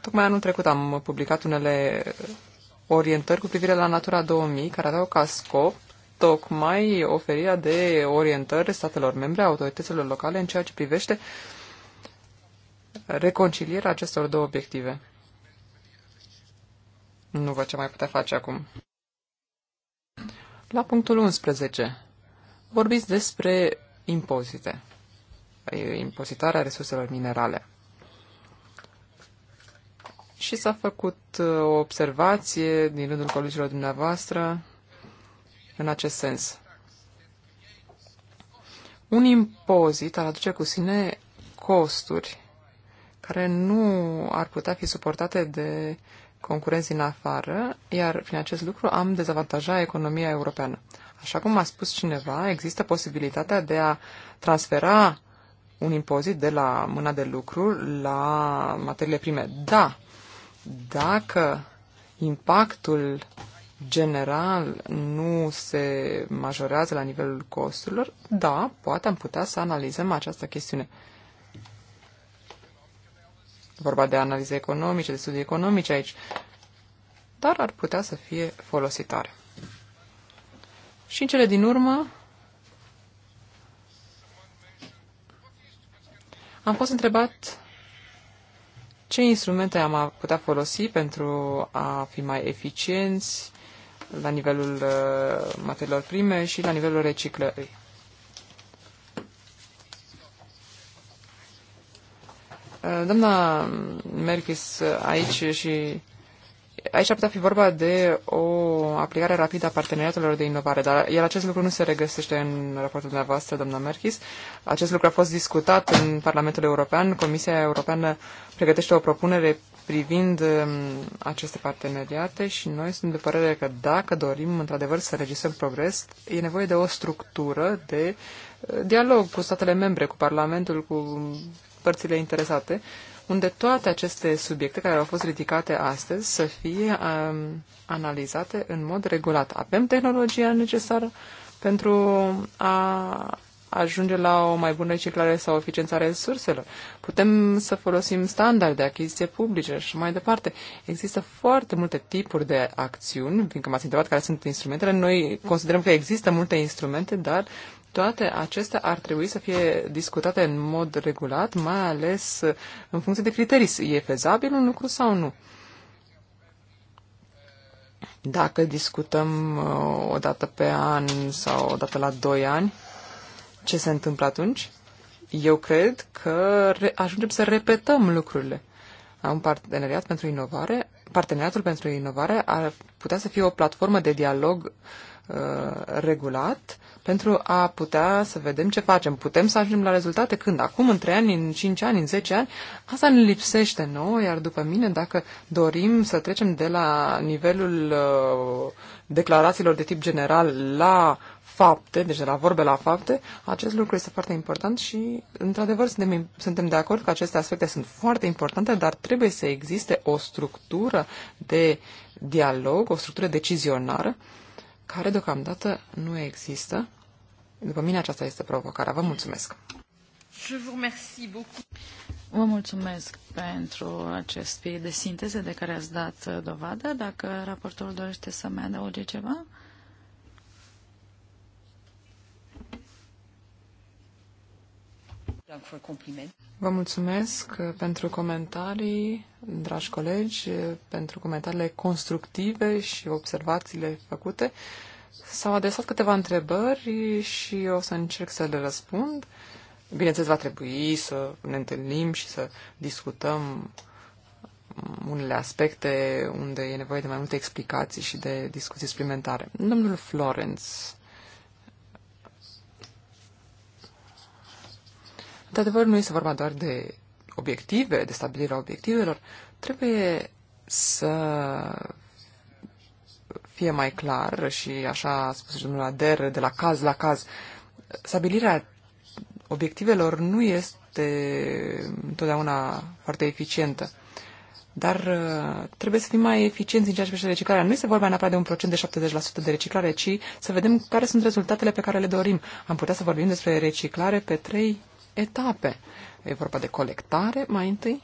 tocmai anul trecut am publicat unele orientări cu privire la Natura 2000, care aveau ca scop tocmai oferirea de orientări statelor membre, autorităților locale, în ceea ce privește reconcilierea acestor două obiective. Nu văd ce mai putea face acum. La punctul 11. Vorbiți despre impozite, impozitarea resurselor minerale. Și s-a făcut uh, o observație din rândul colegilor dumneavoastră în acest sens. Un impozit ar aduce cu sine costuri care nu ar putea fi suportate de concurenți în afară, iar prin acest lucru am dezavantaja economia europeană. Așa cum a spus cineva, există posibilitatea de a transfera un impozit de la mâna de lucru la materiile prime. Da, dacă impactul general nu se majorează la nivelul costurilor, da, poate am putea să analizăm această chestiune. Vorba de analize economice, de studii economice aici, dar ar putea să fie folositoare. Și în cele din urmă, am fost întrebat ce instrumente am putea folosi pentru a fi mai eficienți la nivelul uh, materiilor prime și la nivelul reciclării. Uh, doamna Merkis uh, aici și aici ar putea fi vorba de o aplicare rapidă a parteneriatelor de inovare, dar iar acest lucru nu se regăsește în raportul dumneavoastră, doamna Merchis. Acest lucru a fost discutat în Parlamentul European. Comisia Europeană pregătește o propunere privind um, aceste parteneriate și noi suntem de părere că dacă dorim într-adevăr să regisăm progres, e nevoie de o structură de uh, dialog cu statele membre, cu Parlamentul, cu părțile interesate unde toate aceste subiecte care au fost ridicate astăzi să fie um, analizate în mod regulat. Avem tehnologia necesară pentru a ajunge la o mai bună reciclare sau eficiența resurselor. Putem să folosim standarde, achiziție publice și mai departe. Există foarte multe tipuri de acțiuni, fiindcă m-ați întrebat care sunt instrumentele. Noi considerăm că există multe instrumente, dar toate acestea ar trebui să fie discutate în mod regulat, mai ales în funcție de criterii. E fezabil un lucru sau nu? Dacă discutăm uh, o dată pe an sau o dată la doi ani, ce se întâmplă atunci? Eu cred că ajungem să repetăm lucrurile. Am un parteneriat pentru inovare. Parteneriatul pentru inovare ar putea să fie o platformă de dialog uh, regulat pentru a putea să vedem ce facem. Putem să ajungem la rezultate când? Acum, în 3 ani, în 5 ani, în 10 ani? Asta ne lipsește nouă, iar după mine, dacă dorim să trecem de la nivelul uh, declarațiilor de tip general la fapte, deci de la vorbe la fapte, acest lucru este foarte important și, într-adevăr, suntem, suntem de acord că aceste aspecte sunt foarte importante, dar trebuie să existe o structură de dialog, o structură decizionară, care deocamdată nu există după mine aceasta este provocarea. Vă mulțumesc! Vă mulțumesc pentru acest spirit de sinteză de care ați dat uh, dovadă. Dacă raportorul dorește să mai adauge ceva? Vă mulțumesc uh, pentru comentarii, dragi colegi, uh, pentru comentariile constructive și observațiile făcute. S-au adresat câteva întrebări și eu o să încerc să le răspund. Bineînțeles, va trebui să ne întâlnim și să discutăm unele aspecte unde e nevoie de mai multe explicații și de discuții suplimentare. Domnul Florence, într-adevăr nu este vorba doar de obiective, de stabilirea obiectivelor, trebuie să fie mai clar și așa a spus domnul Ader, de la caz la caz, stabilirea obiectivelor nu este întotdeauna foarte eficientă. Dar uh, trebuie să fim mai eficienți în ceea ce privește reciclarea. Nu este vorba neapărat de un procent de 70% de reciclare, ci să vedem care sunt rezultatele pe care le dorim. Am putea să vorbim despre reciclare pe trei etape. E vorba de colectare mai întâi,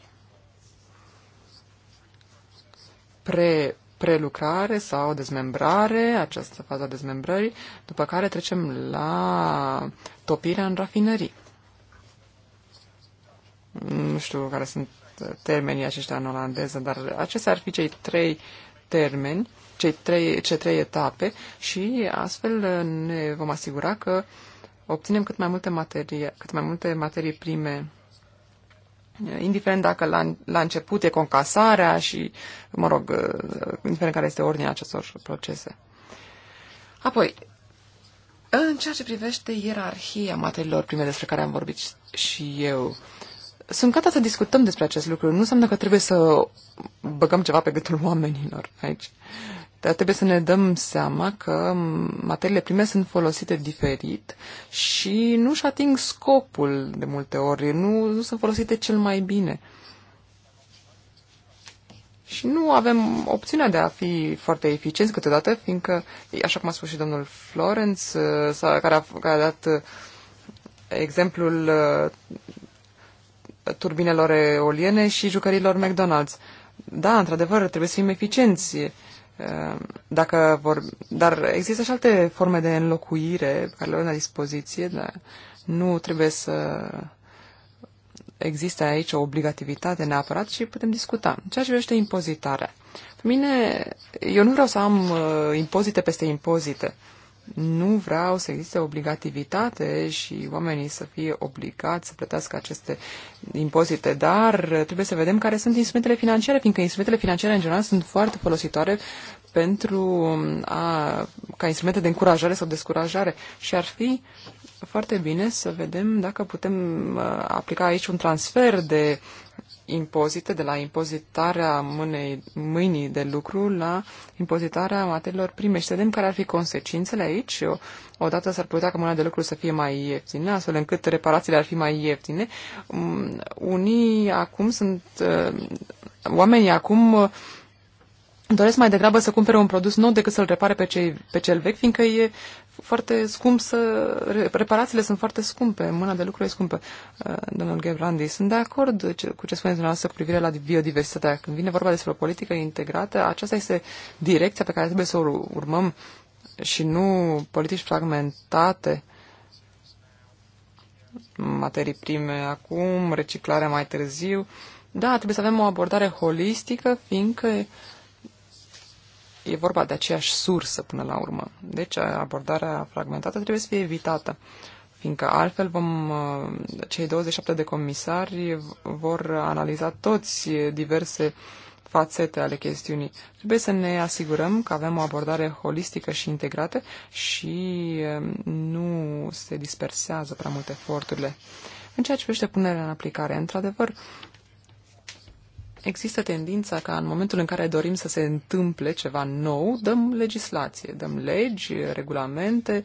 pre prelucrare sau dezmembrare, această fază a dezmembrării, după care trecem la topirea în rafinării. Nu știu care sunt termenii aceștia în olandeză, dar acestea ar fi cei trei termeni, cei trei, cei trei etape și astfel ne vom asigura că obținem cât mai multe materii, cât mai multe materii prime indiferent dacă la, la început e concasarea și, mă rog, uh, indiferent care este ordinea acestor procese. Apoi, în ceea ce privește ierarhia materiilor prime despre care am vorbit și eu, sunt gata să discutăm despre acest lucru. Nu înseamnă că trebuie să băgăm ceva pe gâtul oamenilor aici. Uh, dar trebuie să ne dăm seama că materiile prime sunt folosite diferit și nu-și ating scopul de multe ori, nu, nu sunt folosite cel mai bine. Și nu avem opțiunea de a fi foarte eficienți câteodată, fiindcă, așa cum a spus și domnul Florence, uh, care a, care a dat uh, exemplul uh, turbinelor eoliene și jucărilor McDonald's. Da, într-adevăr, trebuie să fim eficienți Ehm, dacă vor, dar există și alte forme de înlocuire pe care le avem la dispoziție, dar nu trebuie să există aici o obligativitate neapărat și putem discuta. Ceea ce privește impozitarea. Pe mine, eu nu vreau să am uh, impozite peste impozite. Uh, nu vreau să existe obligativitate și oamenii să fie obligați să plătească aceste impozite, dar trebuie să vedem care sunt instrumentele financiare, fiindcă instrumentele financiare în general sunt foarte folositoare pentru a, ca instrumente de încurajare sau descurajare și ar fi foarte bine să vedem dacă putem aplica aici un transfer de impozite, de la impozitarea mânei, mâinii de lucru la impozitarea materiilor prime. Și să vedem care ar fi consecințele aici. Odată s-ar putea ca mâna de lucru să fie mai ieftină, astfel încât reparațiile ar fi mai ieftine. Mm, unii acum sunt... Uh, oamenii acum uh, doresc mai degrabă să cumpere un produs nou decât să-l repare pe, cei, pe cel vechi, fiindcă e foarte scump să... Reparațiile sunt foarte scumpe, mâna de lucru e scumpă, uh, domnul Gebrandi. Sunt de acord cu ce spuneți dumneavoastră cu privire la biodiversitatea. Când vine vorba despre o politică integrată, aceasta este direcția pe care trebuie să o urmăm și nu politici fragmentate materii prime acum, reciclarea mai târziu. Da, trebuie să avem o abordare holistică, fiindcă uh, e vorba de aceeași sursă până la urmă. Deci abordarea fragmentată trebuie să fie evitată, fiindcă altfel vom, uh, cei 27 de comisari vor analiza toți diverse fațete ale chestiunii. Trebuie să ne asigurăm că avem o abordare holistică și integrată și uh, nu se dispersează prea multe eforturile. În ceea ce privește punerea în aplicare, într-adevăr, există tendința ca în momentul în care dorim să se întâmple ceva nou, dăm legislație, dăm legi, regulamente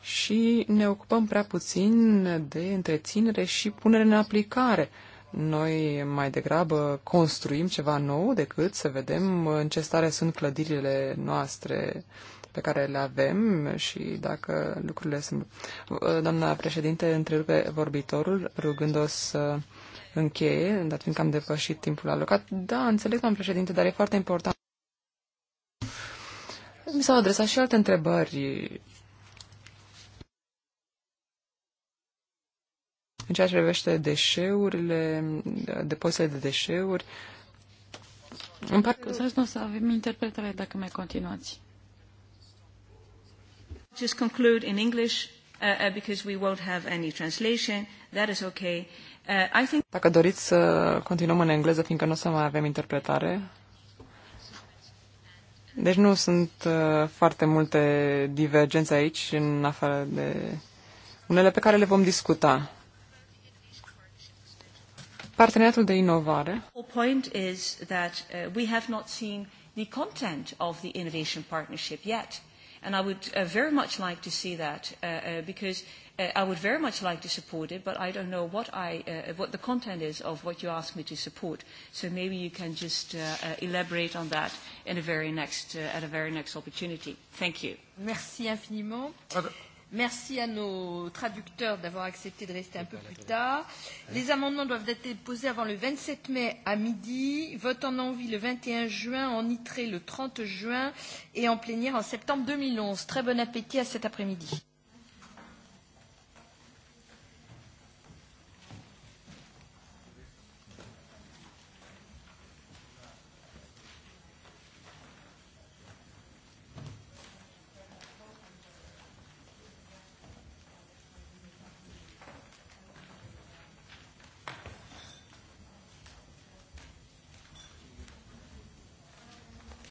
și ne ocupăm prea puțin de întreținere și punere în aplicare. Noi mai degrabă construim ceva nou decât să vedem în ce stare sunt clădirile noastre pe care le avem și dacă lucrurile sunt... Doamna președinte, întrerupe vorbitorul rugându-o să încheie, dat fiindcă am depășit timpul alocat. Da, înțeleg, doamnă președinte, dar e foarte important. Mi s-au adresat și alte întrebări în ceea ce privește deșeurile, depozitele de deșeuri. Îmi pare că... Nu să avem interpretare dacă mai continuați. Just conclude in English uh, uh, because we won't have any translation. That is okay. Uh, Dacă doriți să continuăm în engleză, fiindcă nu o să mai avem interpretare. Deci nu sunt uh, foarte multe divergențe aici, în afară de unele pe care le vom discuta. Parteneriatul de inovare. point is that uh, we have not seen the content of the innovation partnership yet. And I would uh, very much like to see that uh, uh, because uh, I would very much like to support it, but I don't know what, I, uh, uh what the content is of what you asked me to support. So maybe you can just uh, uh, elaborate on that in a very next, uh, at a very next opportunity. Thank you. Merci infiniment. Merci à nos traducteurs d'avoir accepté de rester un peu plus tard. Les amendements doivent être déposés avant le 27 mai à midi, vote en envie le 21 juin, en ITRE le 30 juin et en plénière en septembre 2011. Très bon appétit à cet après-midi.